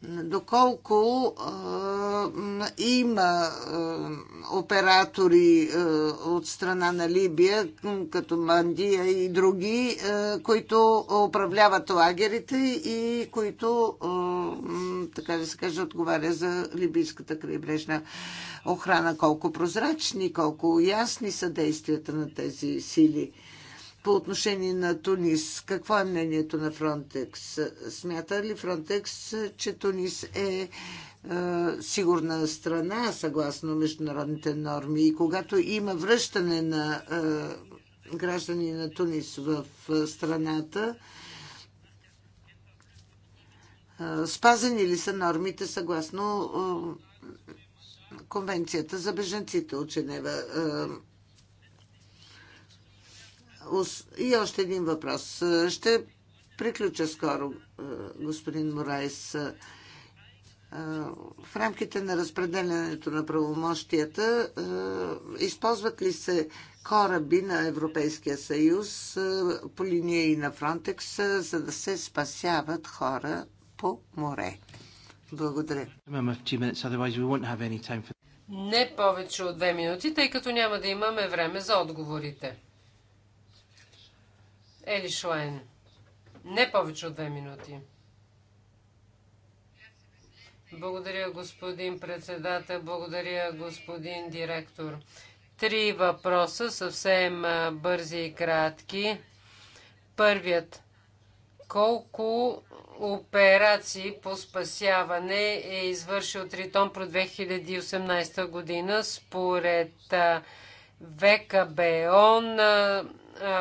доколко а, има а, оператори а, от страна на Либия, като Мандия и други, а, които управляват лагерите и които, а, така да се каже, отговаря за либийската крайбрежна охрана. Колко прозрачни, колко ясни са действията на тези сили по отношение на Тунис. Какво е мнението на Фронтекс? Смята ли Фронтекс, че Тунис е, е сигурна страна, съгласно международните норми. И когато има връщане на е, граждани на Тунис в е, страната, спазени ли са нормите съгласно Конвенцията за беженците от Женева? И още един въпрос. Е, ще приключа скоро, е, господин Морайс. Е, в рамките на разпределянето на правомощията, използват ли се кораби на Европейския съюз по линия и на Фронтекс, за да се спасяват хора по море? Благодаря. Не повече от две минути, тъй като няма да имаме време за отговорите. Ели Шлайн. Не повече от две минути. Благодаря, господин председател. Благодаря, господин директор. Три въпроса, съвсем бързи и кратки. Първият. Колко операции по спасяване е извършил Тритон про 2018 година според ВКБОН?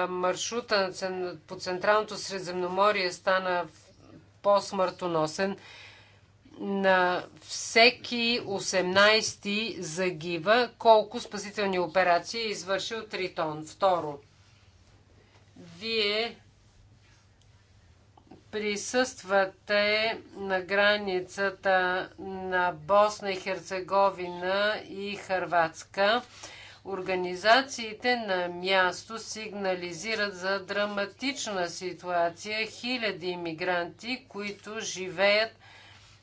маршрута по Централното Средземноморие стана по-смъртоносен. На всеки 18 загива колко спасителни операции е извършил Тритон. Второ, вие присъствате на границата на Босна и Херцеговина и Харватска Организациите на място сигнализират за драматична ситуация хиляди иммигранти, които живеят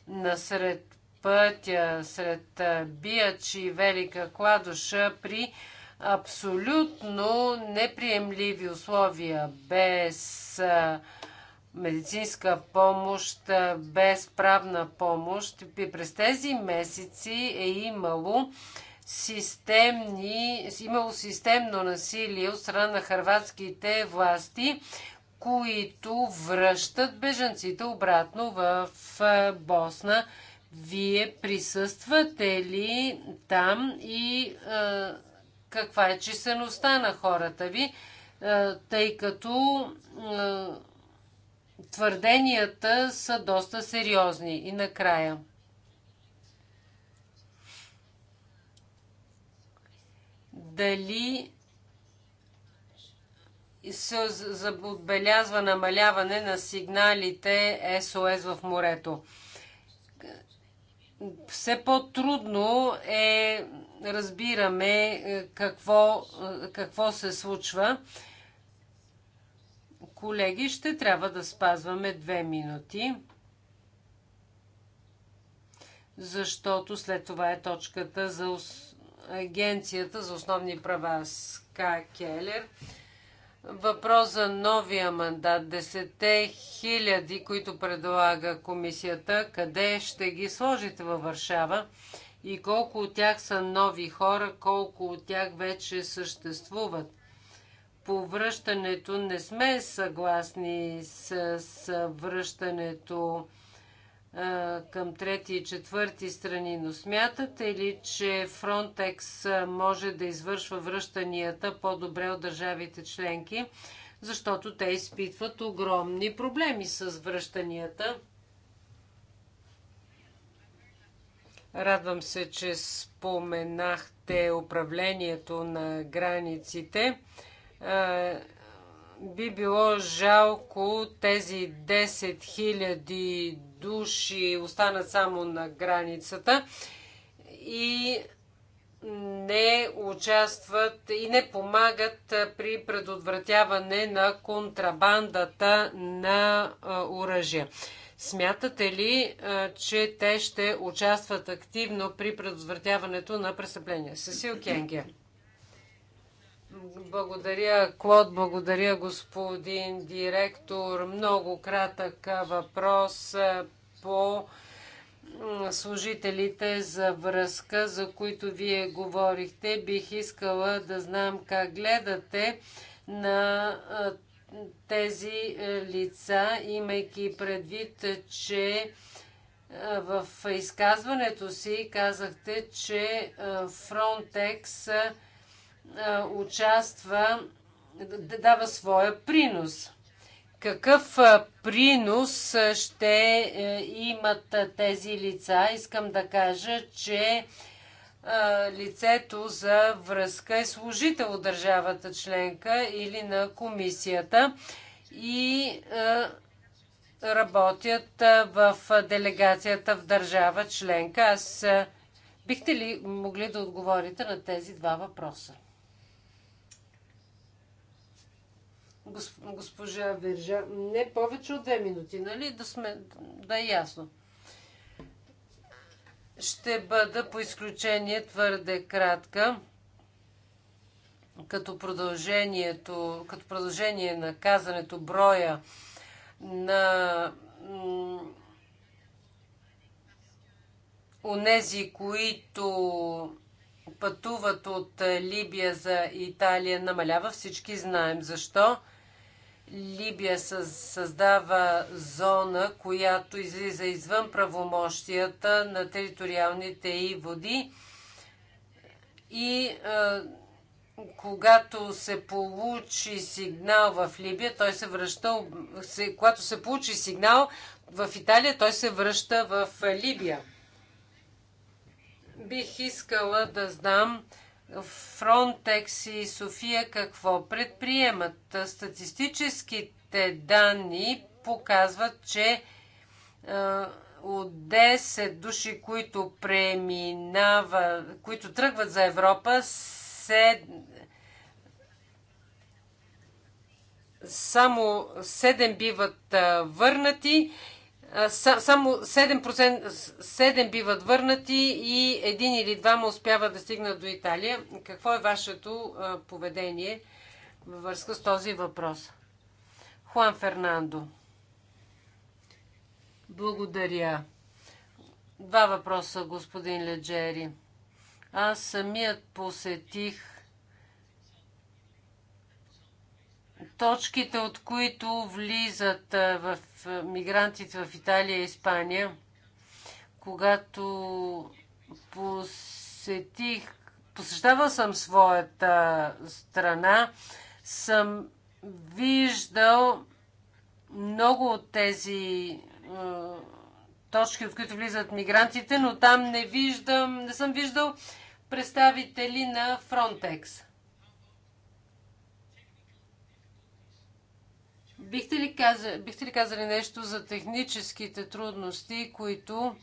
насред пътя, сред Биач и Велика Кладоша при абсолютно неприемливи условия, без медицинска помощ, без правна помощ. през тези месеци е имало системни, имало системно насилие от страна на хрватските власти, които връщат бежанците обратно в е, Босна. Вие присъствате ли там и а, е, каква е числеността на хората ви, а, е, тъй като а, твърденията са доста сериозни. И накрая – дали се отбелязва намаляване на сигналите СОС в морето. Все по-трудно е разбираме е, какво, е, какво се случва. Колеги, ще трябва да спазваме две минути, защото след това е точката за Агенцията за основни права Ска Келер. Въпрос за новия мандат. Десете хиляди, които предлага комисията, къде ще ги сложите във Варшава? И колко от тях са нови хора, колко от тях вече съществуват? По връщането не сме съгласни с връщането към трети и четвърти страни, но смятате ли, че Frontex може да извършва връщанията по-добре от държавите членки, защото те изпитват огромни проблеми с връщанията? Радвам се, че споменахте управлението на границите би било жалко тези 10 000 души останат само на границата и не участват и не помагат при предотвратяване на контрабандата на оръжия. Смятате ли, че те ще участват активно при предотвратяването на престъпления? Сесил Кенгия. Благодаря, Клод, благодаря, господин директор. Много кратък въпрос по служителите за връзка, за които вие говорихте. Бих искала да знам как гледате на тези лица, имайки предвид, че в изказването си казахте, че Frontex участва, да дава своя принос. Какъв принос ще е, имат тези лица? Искам да кажа, че лицето за връзка е служител от държавата членка или на комисията и работят в делегацията в държава членка. Аз бихте ли могли да отговорите на тези два въпроса? госпожа Вержа. Не повече от две минути, нали? Да, сме, да е ясно. Ще бъда по изключение твърде кратка. Като, продължението, като продължение на казането броя на онези, които пътуват от е, Либия за Италия, намалява. Всички знаем защо. Либия създава зона, която излиза извън правомощията на териториалните и води. И а, когато се получи сигнал в Либия, той се връща. Се, когато се получи сигнал в Италия, той се връща в Либия. Бих искала да знам Frontex и София какво предприемат? Статистическите данни показват, че от 10 души, които преминава, които тръгват за Европа, се... само 7 биват върнати само 7%, 7 биват върнати и един или двама успяват да стигнат до Италия. Какво е вашето поведение във връзка с този въпрос? Хуан Фернандо. Благодаря. Два въпроса, господин Леджери. Аз самият посетих точките, от които влизат в мигрантите в Италия и Испания, когато посетих, посещавал съм своята страна, съм виждал много от тези точки, от които влизат мигрантите, но там не виждам, не съм виждал представители на Фронтекс. Бихте ли, казали, бихте ли казали нещо за техническите трудности, които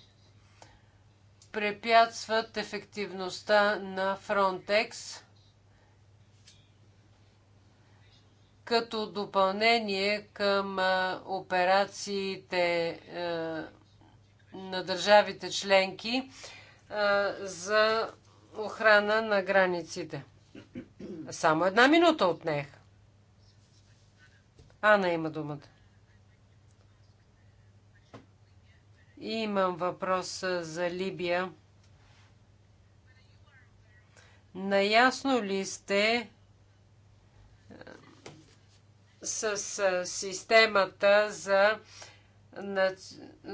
препятстват ефективността на Frontex като допълнение към операциите на държавите членки за охрана на границите? Само една минута отнех. Ана има думата. имам въпрос за Либия. Наясно ли сте с системата за на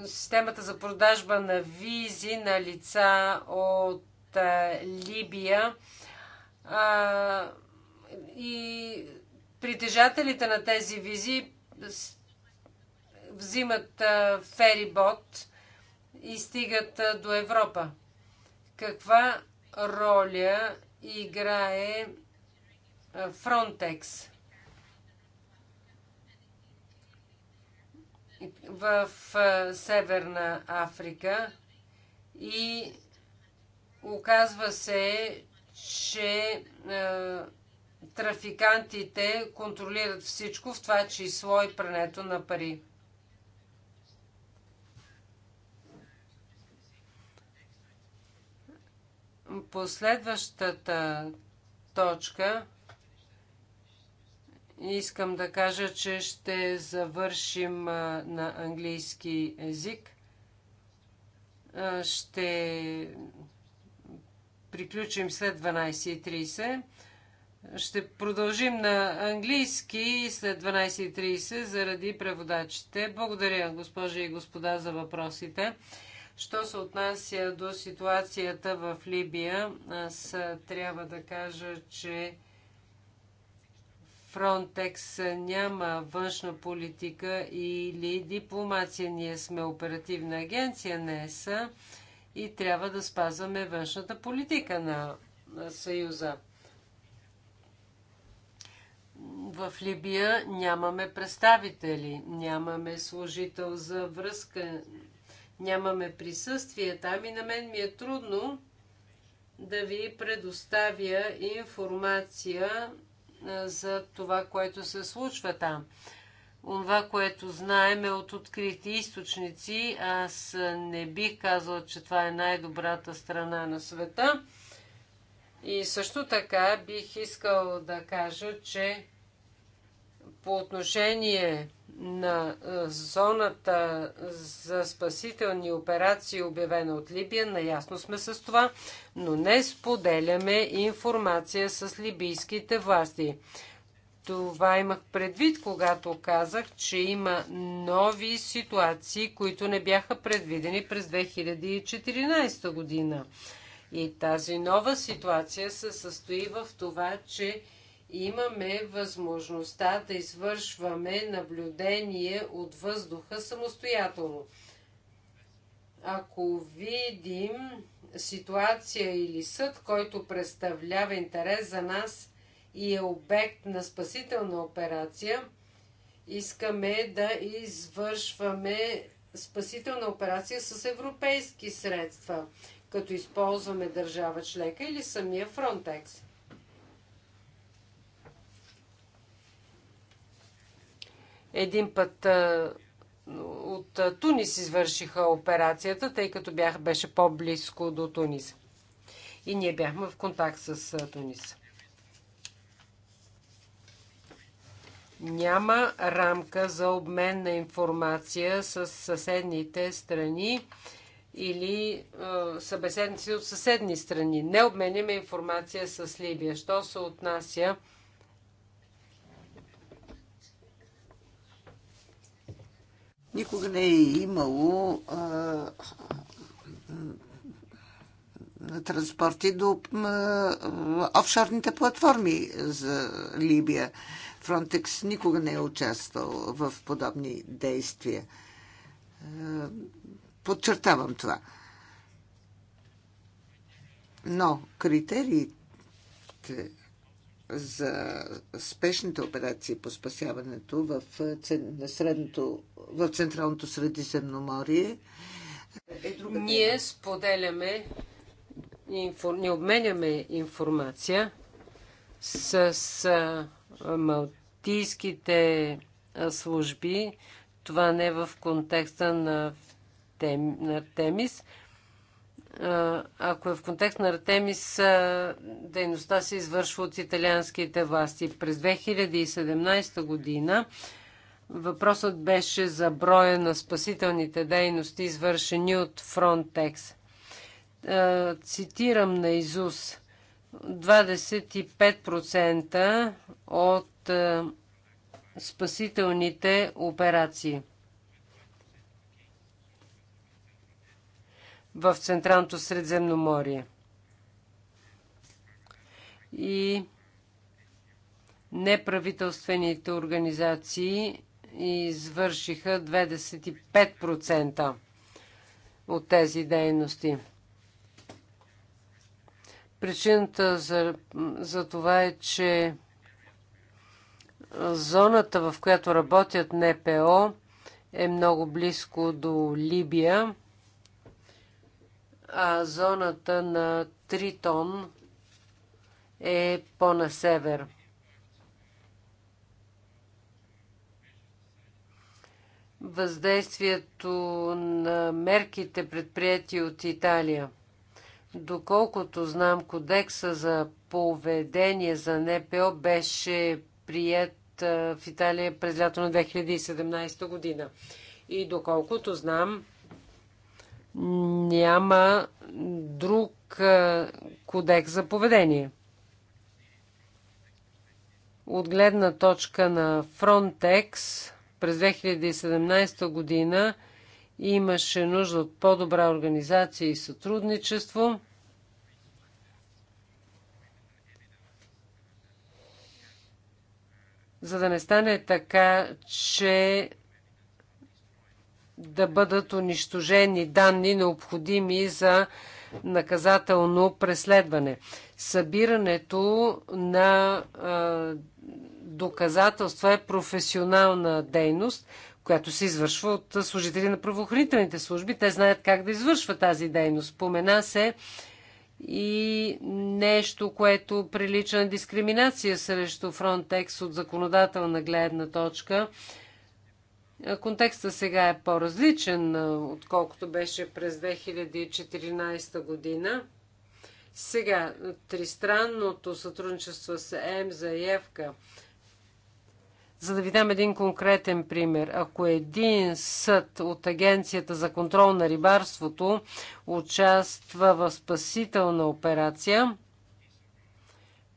системата за продажба на визи на лица от Либия а, и Притежателите на тези визи взимат ферибот и стигат до Европа. Каква роля играе Фронтекс? в Северна Африка и оказва се, че трафикантите контролират всичко, в това число и прането на пари. Последващата точка искам да кажа, че ще завършим на английски език. Ще приключим след 12.30. Ще продължим на английски след 12.30 заради преводачите. Благодаря, госпожи и господа, за въпросите. Що се отнася до ситуацията в Либия, аз трябва да кажа, че Фронтекс няма външна политика или дипломация. Ние сме оперативна агенция на ЕСА и трябва да спазваме външната политика на Съюза в Либия нямаме представители, нямаме служител за връзка, нямаме присъствие там и на мен ми е трудно да ви предоставя информация за това, което се случва там. Това, което знаем е от открити източници. Аз не бих казал, че това е най-добрата страна на света. И също така бих искал да кажа, че по отношение на е, зоната за спасителни операции, обявена от Либия, наясно сме с това, но не споделяме информация с либийските власти. Това имах предвид, когато казах, че има нови ситуации, които не бяха предвидени през 2014 година. И тази нова ситуация се състои в това, че имаме възможността да извършваме наблюдение от въздуха самостоятелно. Ако видим ситуация или съд, който представлява интерес за нас и е обект на спасителна операция, искаме да извършваме спасителна операция с европейски средства като използваме държава члека или самия Frontex. Един път от Тунис извършиха операцията, тъй като бях, беше по-близко до Тунис. И ние бяхме в контакт с Тунис. Няма рамка за обмен на информация с съседните страни или а, събеседници от съседни страни. Не обменяме информация с Либия. Що се отнася Никога не е имало а, транспорти до офшорните платформи за Либия. Фронтекс никога не е участвал в подобни действия. Подчертавам това. Но критериите за спешните операции по спасяването в, средното, в Централното Средиземноморие е друга Ние споделяме, не обменяме информация с малтийските служби. Това не е в контекста на Артем, на Артемис. Ако е в контекст на Артемис, дейността се извършва от италианските власти. През 2017 година въпросът беше за броя на спасителните дейности, извършени от Frontex. Цитирам на Изус. 25% от спасителните операции. в Централното Средземноморие. И неправителствените организации извършиха 25% от тези дейности. Причината за, за това е, че зоната, в която работят НПО, е много близко до Либия а зоната на Тритон е по-на север. Въздействието на мерките предприяти от Италия. Доколкото знам, кодекса за поведение за НПО беше прият в Италия през лято на 2017 година. И доколкото знам, няма друг е, кодекс за поведение. От гледна точка на Frontex през 2017 година имаше нужда от по-добра организация и сътрудничество. За да не стане така, че да бъдат унищожени данни, необходими за наказателно преследване. Събирането на а, доказателства е професионална дейност, която се извършва от служители на правоохранителните служби. Те знаят как да извършва тази дейност. Спомена се и нещо, което прилича на дискриминация срещу Фронтекс от законодателна гледна точка – Контекста сега е по-различен, отколкото беше през 2014 година. Сега, тристранното сътрудничество с ЕМЗА и Евка. За да ви дам един конкретен пример. Ако един съд от Агенцията за контрол на рибарството участва в спасителна операция,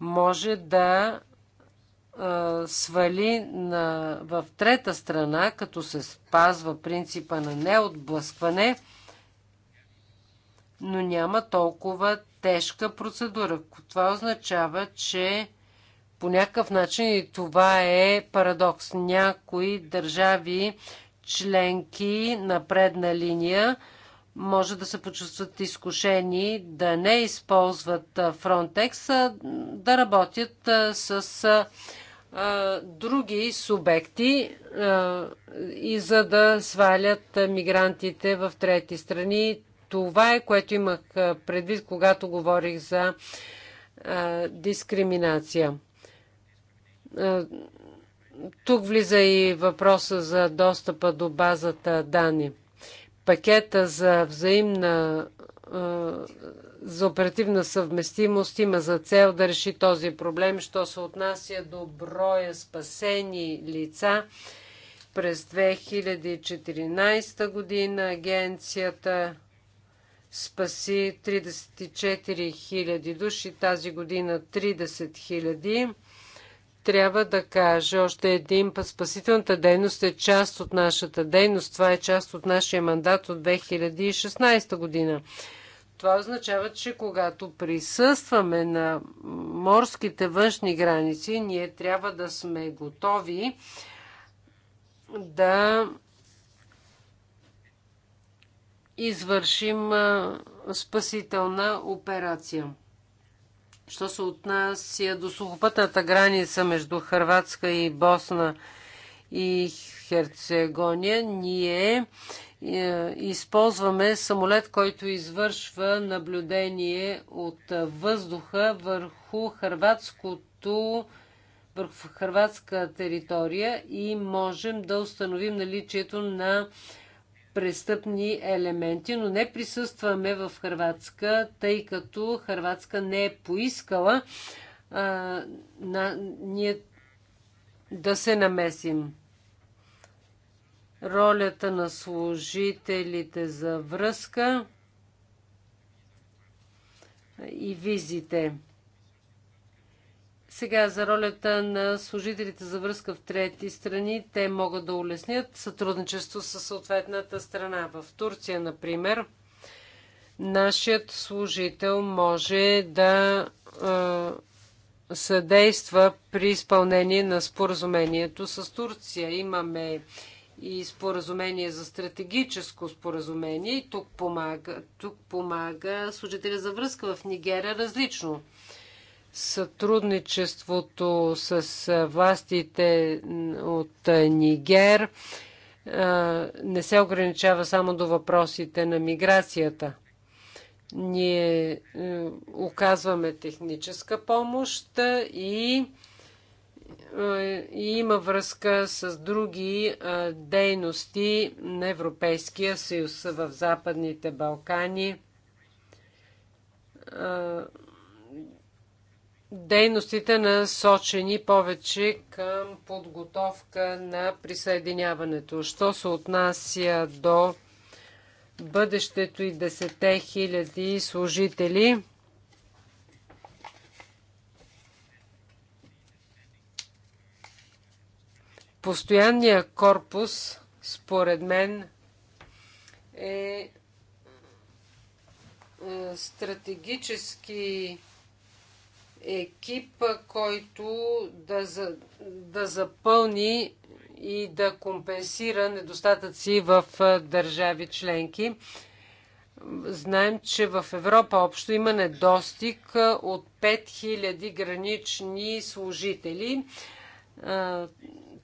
може да свали на, в трета страна, като се спазва принципа на неотблъскване, но няма толкова тежка процедура. Това означава, че по някакъв начин и това е парадокс. Някои държави членки на предна линия може да се почувстват изкушени да не използват Frontex, да работят с други субекти а, и за да свалят мигрантите в трети страни. Това е което имах предвид, когато говорих за а, дискриминация. Тук влиза и въпроса за достъпа до базата данни. Пакета за взаимна за оперативна съвместимост има за цел да реши този проблем, що се отнася до броя спасени лица. През 2014 година агенцията спаси 34 000 души, тази година 30 000 трябва да кажа още един път. Спасителната дейност е част от нашата дейност. Това е част от нашия мандат от 2016 година. Това означава, че когато присъстваме на морските външни граници, ние трябва да сме готови да извършим спасителна операция. Що се отнася до сухопътната граница между Харватска и Босна и Херцегония, ние е, използваме самолет, който извършва наблюдение от въздуха върху харватското върху хрватска територия и можем да установим наличието на престъпни елементи, но не присъстваме в Хрватска, тъй като Хрватска не е поискала а, на, ние да се намесим. Ролята на служителите за връзка и визите. Сега за ролята на служителите за връзка в трети страни, те могат да улеснят сътрудничество с съответната страна. В Турция, например, нашият служител може да е, съдейства при изпълнение на споразумението с Турция. Имаме и споразумение за стратегическо споразумение тук помага, тук помага служителя за връзка в Нигерия различно сътрудничеството с властите от Нигер не се ограничава само до въпросите на миграцията. Ние е, оказваме техническа помощ и, е, и има връзка с други дейности на Европейския съюз в Западните Балкани дейностите насочени повече към подготовка на присъединяването. Що се отнася до бъдещето и 10 хиляди служители, Постоянният корпус, според мен, е, е стратегически екип, който да, за, да запълни и да компенсира недостатъци в държави членки. Знаем, че в Европа общо има недостиг от 5000 гранични служители.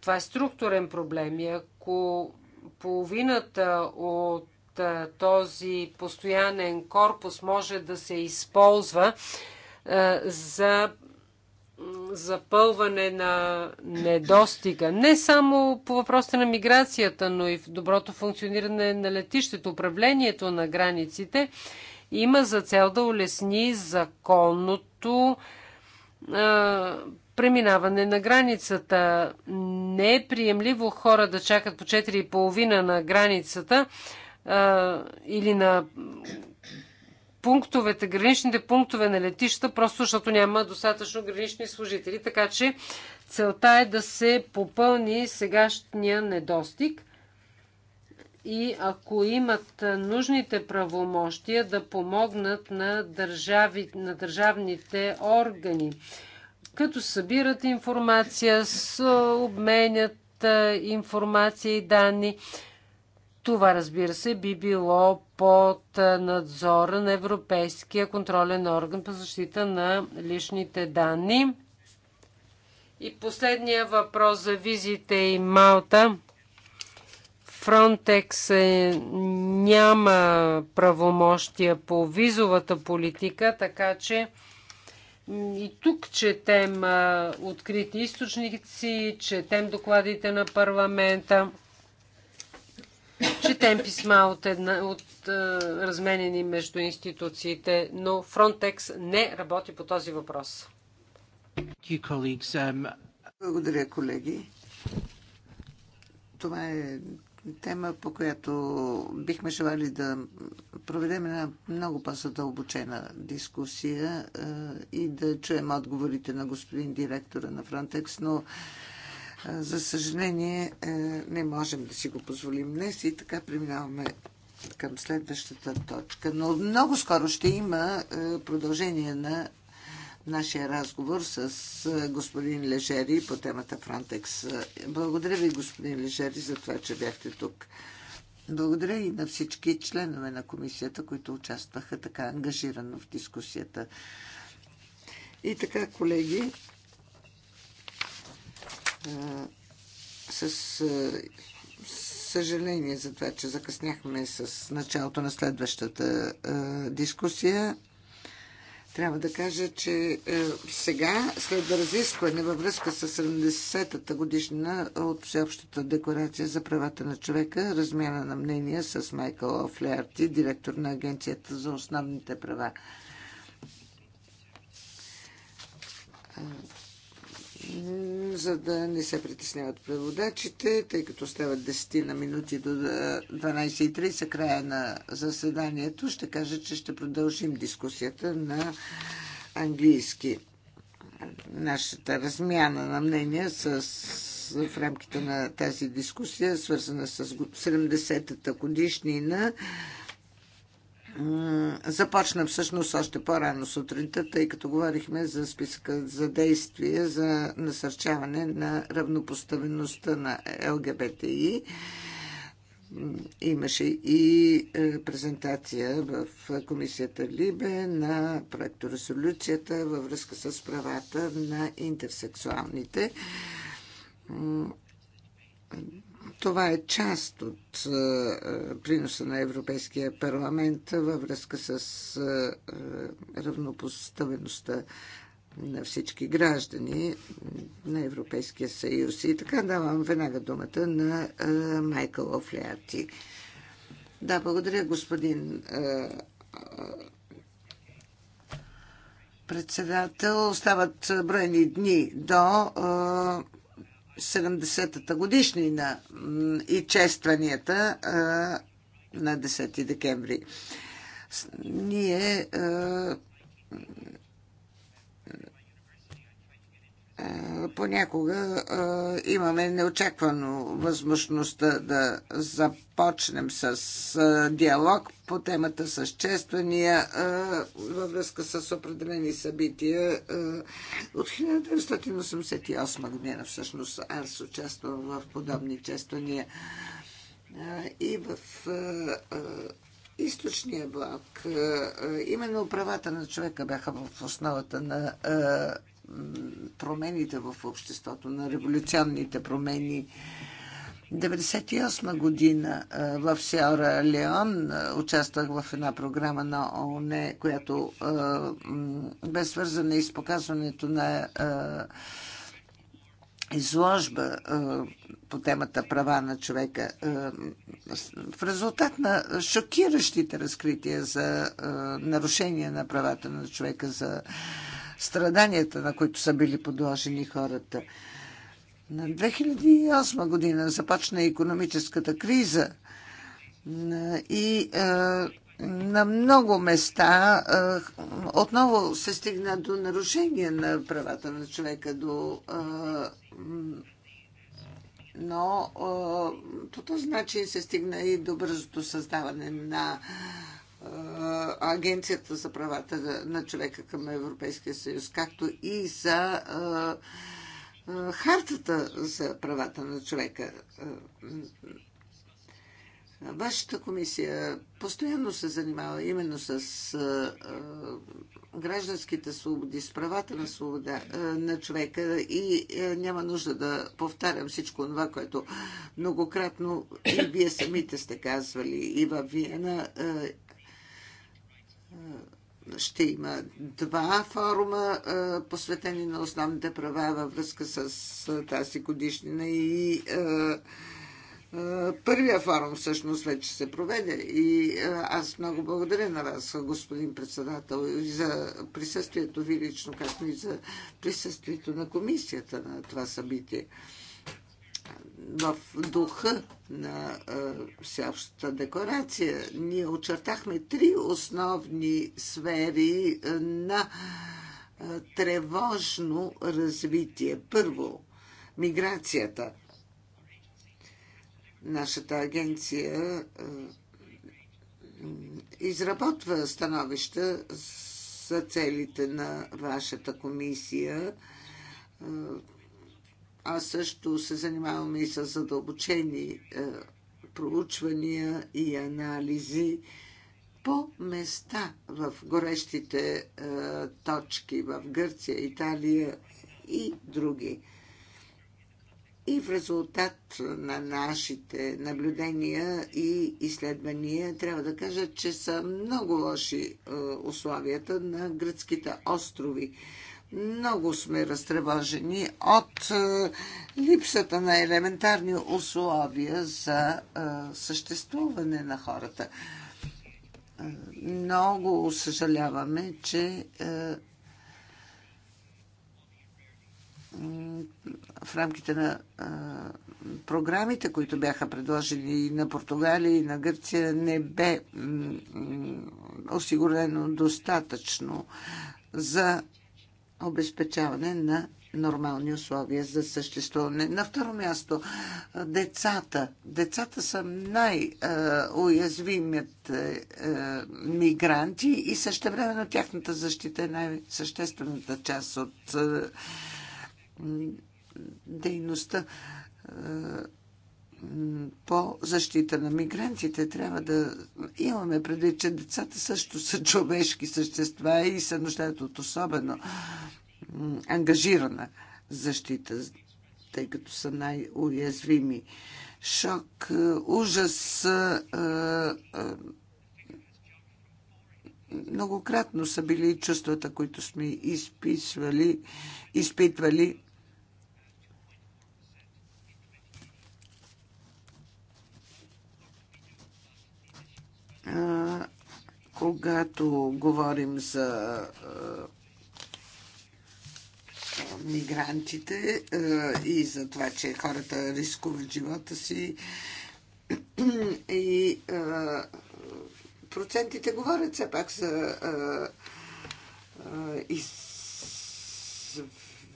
Това е структурен проблем. И ако половината от този постоянен корпус може да се използва, е, за запълване на недостига. Не само по въпросите на миграцията, но и в доброто функциониране на летището, управлението на границите, има за цел да улесни законното а, е, преминаване на границата. Не е приемливо хора да чакат по 4,5 на границата а, е, или на пунктовете, граничните пунктове на летища, просто защото няма достатъчно гранични служители. Така че целта е да се попълни сегашния недостиг и ако имат нужните правомощия да помогнат на, държави, на държавните органи, като събират информация, обменят информация и данни. Това, разбира се, би било под надзора на Европейския контролен орган по защита на личните данни. И последния въпрос за визите и Малта. Фронтекс е, няма правомощия по визовата политика, така че и тук четем открити източници, четем докладите на парламента. Четем писма от, една, от е, разменени между институциите, но Frontex не работи по този въпрос. Um, Благодаря, колеги. Това е тема, по която бихме желали да проведем една много по-задълбочена дискусия е, и да чуем отговорите на господин директора на Фронтекс, но за съжаление, е, не можем да си го позволим днес и така преминаваме към следващата точка. Но много скоро ще има е, продължение на нашия разговор с е, господин Лежери по темата Франтекс. Благодаря ви, господин Лежери, за това, че бяхте тук. Благодаря и на всички членове на комисията, които участваха така ангажирано в дискусията. И така, колеги, с съжаление за това, че закъсняхме с началото на следващата дискусия. Трябва да кажа, че сега, след разискване във връзка с 70-та годишна от Всеобщата декларация за правата на човека, размяна на мнения с Майкъл Офлеарти, директор на Агенцията за основните права за да не се притесняват преводачите, тъй като стават 10 на минути до 12.30 края на заседанието, ще кажа, че ще продължим дискусията на английски. Нашата размяна на мнения с в рамките на тази дискусия, свързана с 70-та годишнина започна всъщност още по-рано сутринта, тъй като говорихме за списъка за действие за насърчаване на равнопоставеността на ЛГБТИ. Имаше и е, презентация в комисията Либе на резолюцията във връзка с правата на интерсексуалните това е част от е, е, приноса на Европейския парламент във връзка с е, равнопоставеността на всички граждани на Европейския съюз. И така давам веднага думата на Майкъл Офлеати. Да, благодаря, господин председател. Остават броени дни до 70-та годишнина и честванията на 10 декември. Ние е, понякога е, имаме неочаквано възможността да започнем с е, диалог по темата с чествания във връзка с определени събития. От 1988 година всъщност аз участвам в подобни чествания и в източния блок. Именно правата на човека бяха в основата на промените в обществото, на революционните промени. 1998 година в Сиора Леон участвах в една програма на ООН, която бе свързана и с показването на изложба по темата права на човека. В резултат на шокиращите разкрития за нарушение на правата на човека, за страданията, на които са били подложени хората. На 2008 година започна економическата криза и на много места отново се стигна до нарушение на правата на човека, до но по този начин се стигна и до бързото създаване на Агенцията за правата на човека към Европейския съюз, както и за Хартата за правата на човека. Вашата комисия постоянно се занимава именно с гражданските свободи, с правата на, свобода, на човека и няма нужда да повтарям всичко това, което многократно и вие самите сте казвали и във Виена, ще има два форума, посветени на основните права във връзка с тази годишнина и първия форум всъщност вече се проведе и аз много благодаря на вас, господин председател, и за присъствието ви лично, както и за присъствието на комисията на това събитие в духа на всеобщата декларация ние очертахме три основни сфери на тревожно развитие. Първо, миграцията. Нашата агенция изработва становища за целите на вашата комисия а също се занимаваме и с задълбочени е, проучвания и анализи по места в горещите е, точки в Гърция, Италия и други. И в резултат на нашите наблюдения и изследвания трябва да кажа, че са много лоши е, условията на гръцките острови. Много сме разтревожени от е, липсата на елементарни условия за е, съществуване на хората. Е, много съжаляваме, че в рамките на програмите, които бяха предложени и на Португалия, и на Гърция, не бе осигурено достатъчно за обезпечаване на нормални условия за съществуване. На второ място, децата. Децата са най-уязвимият е, е, мигранти и същевременно тяхната защита е най-съществената част от е, дейността по защита на мигрантите. Трябва да имаме предвид, че децата също са човешки същества и се нуждаят от особено ангажирана защита, тъй като са най-уязвими. Шок, е, ужас. Е, е, многократно са били чувствата, които сме изписвали, изпитвали когато говорим за мигрантите и за това, че хората рискуват живота си. И процентите говорят все пак за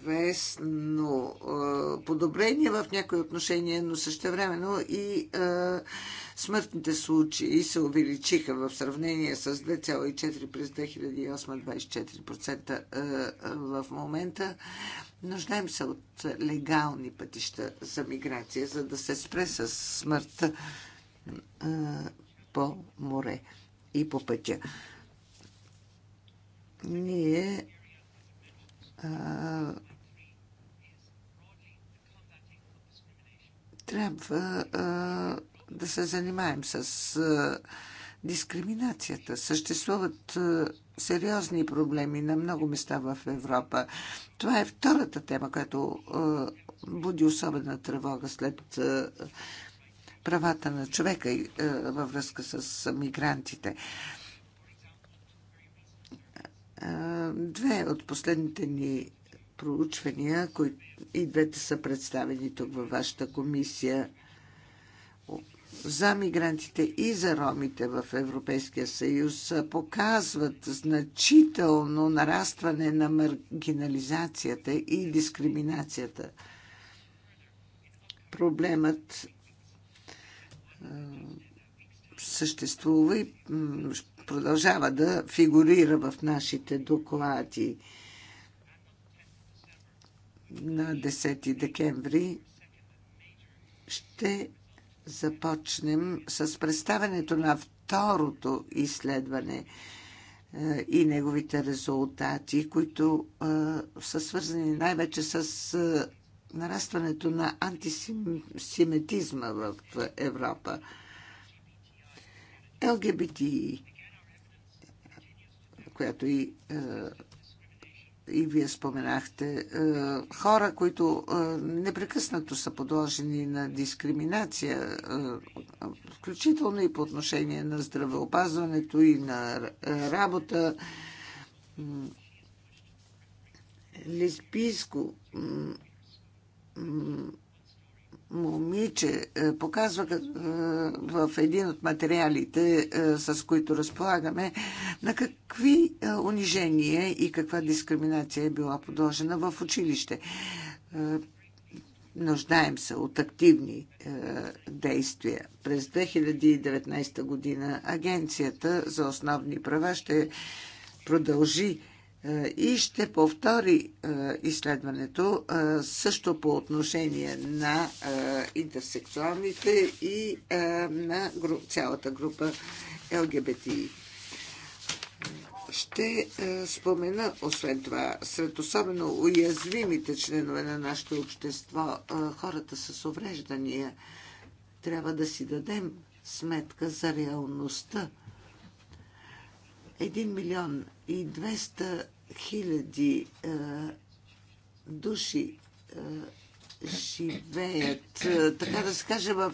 известно подобрение в някои отношения, но времено и смъртните случаи се увеличиха в сравнение с 2,4 през 2008 24% в момента. Нуждаем се от легални пътища за миграция, за да се спре с смъртта по море и по пътя. Ние а, трябва да се занимаем с дискриминацията. Съществуват сериозни проблеми на много места в Европа. Това е втората тема, която буди особена тревога след правата на човека във връзка с мигрантите. Две от последните ни проучвания, които и двете са представени тук във вашата комисия за мигрантите и за ромите в Европейския съюз показват значително нарастване на маргинализацията и дискриминацията. Проблемът съществува и продължава да фигурира в нашите доклади на 10 декември ще започнем с представенето на второто изследване е, и неговите резултати, които е, са свързани най-вече с е, нарастването на антисемитизма в Европа. ЛГБТ, която и и вие споменахте, е, хора, които е, непрекъснато са подложени на дискриминация, е, включително и по отношение на здравеопазването и на работа, лесбийско момиче е, показва е, в един от материалите, е, с които разполагаме, на какви унижения и каква дискриминация е била подложена в училище. Нуждаем се от активни действия. През 2019 година Агенцията за основни права ще продължи и ще повтори изследването също по отношение на интерсексуалните и на цялата група ЛГБТИ. Ще спомена, освен това, сред особено уязвимите членове на нашето общество, хората с увреждания, трябва да си дадем сметка за реалността. Един милион и 200 хиляди души живеят, така да се каже, в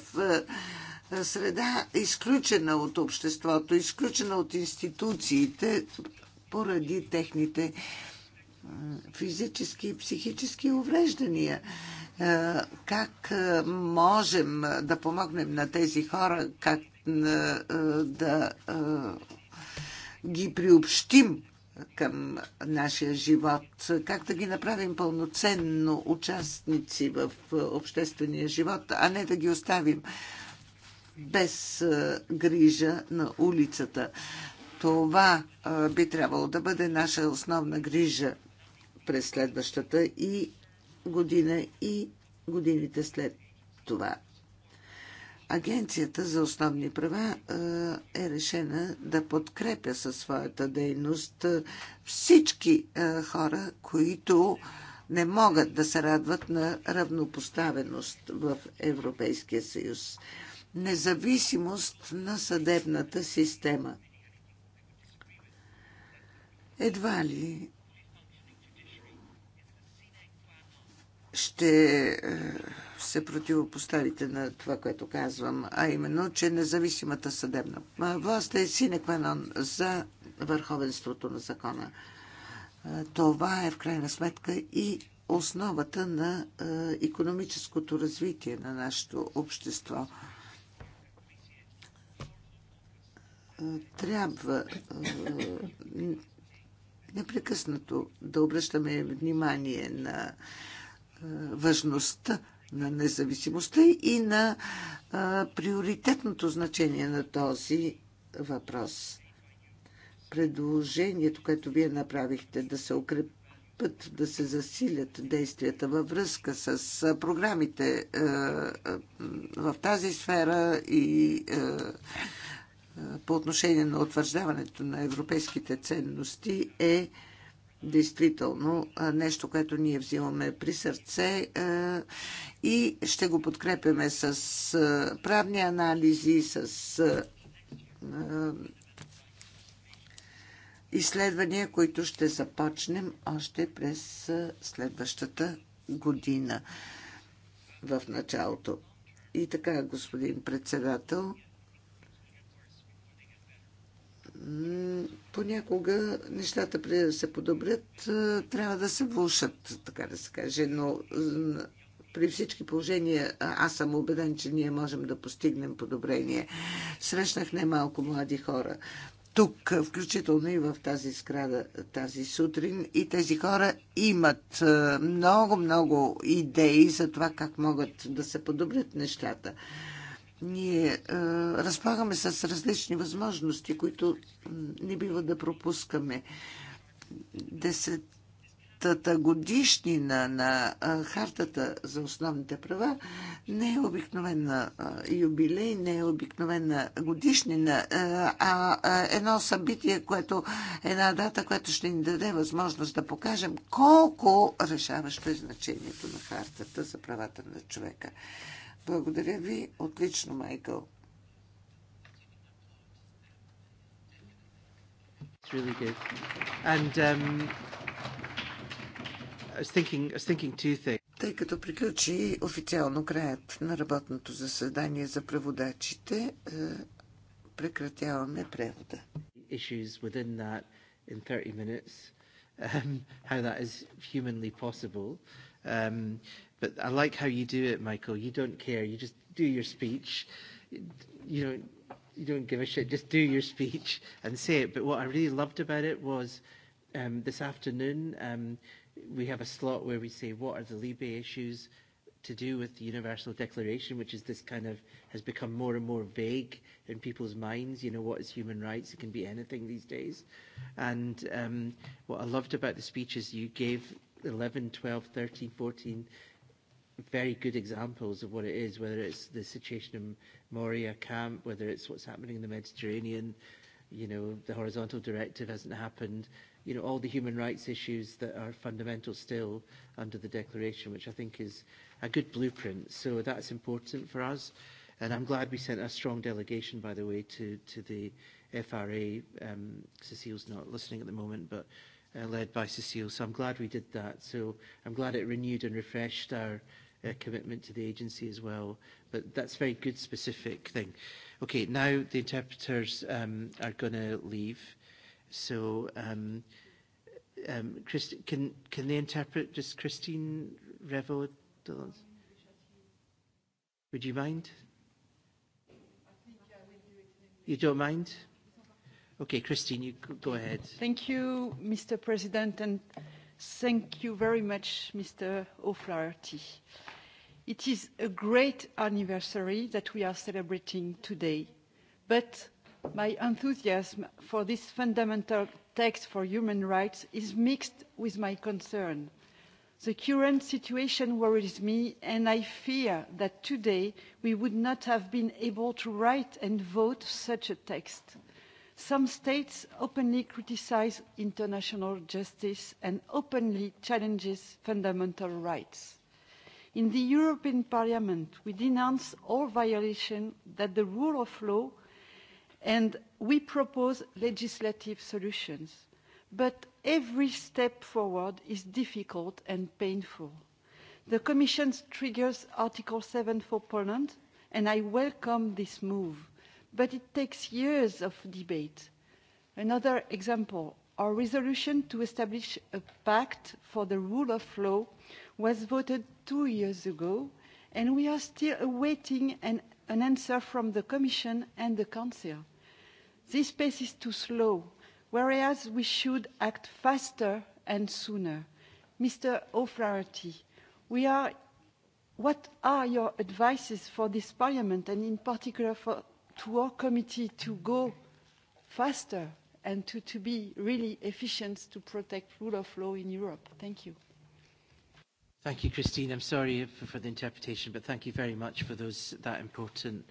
среда, изключена от обществото, изключена от институциите поради техните физически и психически увреждания. Как можем да помогнем на тези хора, как да ги приобщим към нашия живот, как да ги направим пълноценно участници в е, обществения живот, а не да ги оставим без е, грижа на улицата. Това е, би трябвало да бъде наша основна грижа през следващата и година и годините след това. Агенцията за основни права е, е решена да подкрепя със своята дейност е, всички е, хора, които не могат да се радват на равнопоставеност в Европейския съюз. Независимост на съдебната система. Едва ли ще се противопоставите на това, което казвам, а именно, че независимата съдебна власт е синекванон за върховенството на закона. Това е в крайна сметка и основата на економическото развитие на нашето общество. Трябва непрекъснато да обръщаме внимание на важността на независимостта и на а, приоритетното значение на този въпрос. Предложението, което вие направихте да се укрепи да се засилят действията във връзка с програмите в тази сфера и по отношение на утвърждаването на европейските ценности е действително нещо, което ние взимаме при сърце и ще го подкрепяме с правни анализи, с изследвания, които ще започнем още през следващата година в началото. И така, господин председател, понякога нещата преди да се подобрят, трябва да се влушат, така да се каже. Но при всички положения аз съм убеден, че ние можем да постигнем подобрение. Срещнах немалко млади хора тук, включително и в тази сграда тази сутрин. И тези хора имат много-много идеи за това как могат да се подобрят нещата. Ние а, е, разполагаме с различни възможности, които не бива да пропускаме. Десетата годишнина на а, е, Хартата за основните права не е обикновена а, е, юбилей, не е обикновена годишнина, а, а едно събитие, което една дата, която ще ни даде възможност да покажем колко решаващо е значението на Хартата за правата на човека. Благодаря ви. Отлично, Майкъл. really good. And um, I was thinking, I was thinking two things. Тъй като приключи официално краят на работното заседание за преводачите, е, прекратяваме превода. Issues within that in 30 minutes, um, how that is humanly possible. Um, But I like how you do it, Michael. You don't care. You just do your speech. You don't, you don't give a shit. Just do your speech and say it. But what I really loved about it was um, this afternoon um, we have a slot where we say what are the Libe issues to do with the Universal Declaration, which is this kind of has become more and more vague in people's minds. You know, what is human rights? It can be anything these days. And um, what I loved about the speeches you gave 11, 12, 13, 14 very good examples of what it is, whether it's the situation in Moria camp, whether it's what's happening in the Mediterranean, you know, the horizontal directive hasn't happened, you know, all the human rights issues that are fundamental still under the declaration, which I think is a good blueprint. So that's important for us. And I'm glad we sent a strong delegation, by the way, to, to the FRA. Um, Cecile's not listening at the moment, but uh, led by Cecile. So I'm glad we did that. So I'm glad it renewed and refreshed our uh, commitment to the agency as well. But that's a very good specific thing. Okay, now the interpreters um, are going to leave. So, um, um, Christ- can, can they interpret just Christine Revel? Would you mind? You don't mind? Okay, Christine, you go ahead. Thank you, Mr. President, and thank you very much, Mr. O'Flaherty. Uh, It is a great anniversary that we are celebrating today, but my enthusiasm for this fundamental text for human rights is mixed with my concern. The current situation worries me, and I fear that today we would not have been able to write and vote such a text. Some states openly criticise international justice and openly challenges fundamental rights In the European Parliament, we denounce all violation that the rule of law and we propose legislative solutions. But every step forward is difficult and painful. The Commission triggers Article 7 for Poland, and I welcome this move. But it takes years of debate. Another example, our resolution to establish a pact for the rule of law was voted two years ago, and we are still awaiting an, an answer from the Commission and the Council. This pace is too slow, whereas we should act faster and sooner. Mr. O'Flaherty, we are, what are your advices for this Parliament and in particular for, to our committee to go faster and to, to be really efficient to protect rule of law in Europe? Thank you. Thank you, Christine. I'm sorry for, for the interpretation, but thank you very much for those that important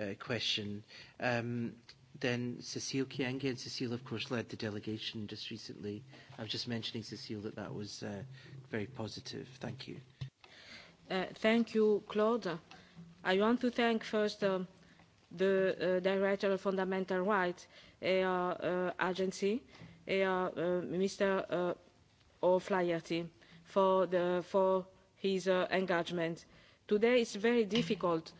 uh, question. Um, then Cecile Kienge, and Cecile, of course, led the delegation just recently. I was just mentioning, Cecile, that that was uh, very positive. Thank you. Uh, thank you, Claude. I want to thank first um, the uh, Director of Fundamental Rights uh, uh, Agency, uh, uh, Mr. Uh, O'Flaherty for, the, for his uh, engagement. Today it's very difficult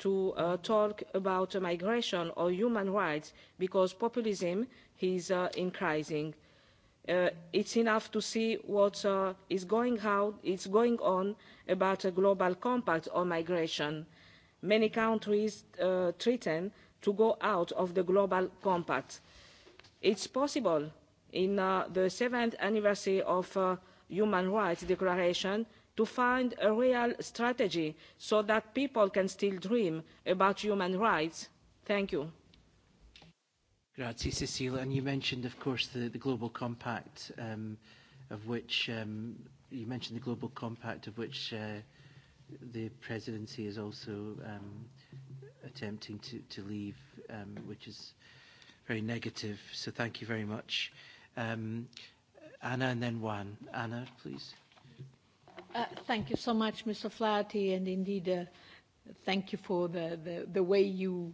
to uh, talk about migration or human rights because populism is uh, increasing. Uh, it's enough to see what uh, is going out it's going on about a global compact on migration. Many countries uh, threaten to go out of the global compact. It's possible in uh, the seventh anniversary of uh, human rights declaration to find a real strategy so that people can still dream about human rights. Thank you. Grazie, Cecile. And you mentioned, of course, the, the Global Compact, um, of which um, you mentioned the Global Compact, of which uh, the presidency is also um, attempting to, to leave, um, which is very negative. So thank you very much. Um, Anna and then Juan. Anna, please. Uh, thank you so much, Mr. Flaherty, and indeed, uh, thank you for the, the, the way you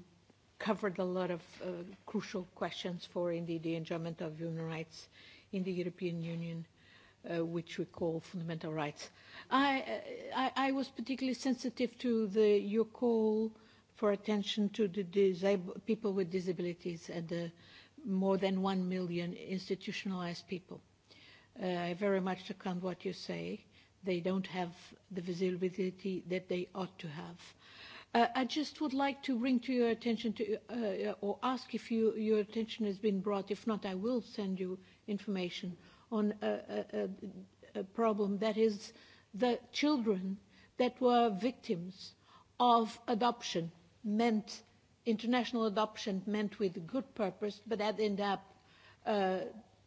covered a lot of uh, crucial questions for indeed the enjoyment of human rights in the European Union, uh, which we call fundamental rights. I, I, I was particularly sensitive to the, your call for attention to the disabled, people with disabilities and the more than one million institutionalized people uh, I very much second what you say. They don't have the visibility that they ought to have. Uh, I just would like to bring to your attention to, uh, or ask if you, your attention has been brought. If not, I will send you information on a, a, a, a problem that is the children that were victims of adoption meant international adoption meant with good purpose, but that end up uh,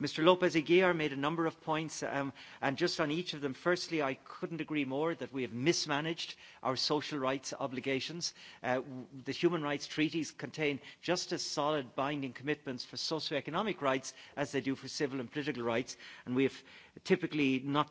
Mr. Lopez Aguilar made a number of points, um, and just on each of them, firstly, I couldn't agree more that we have mismanaged our social rights obligations. Uh, the human rights treaties contain just as solid binding commitments for socioeconomic rights as they do for civil and political rights, and we have typically not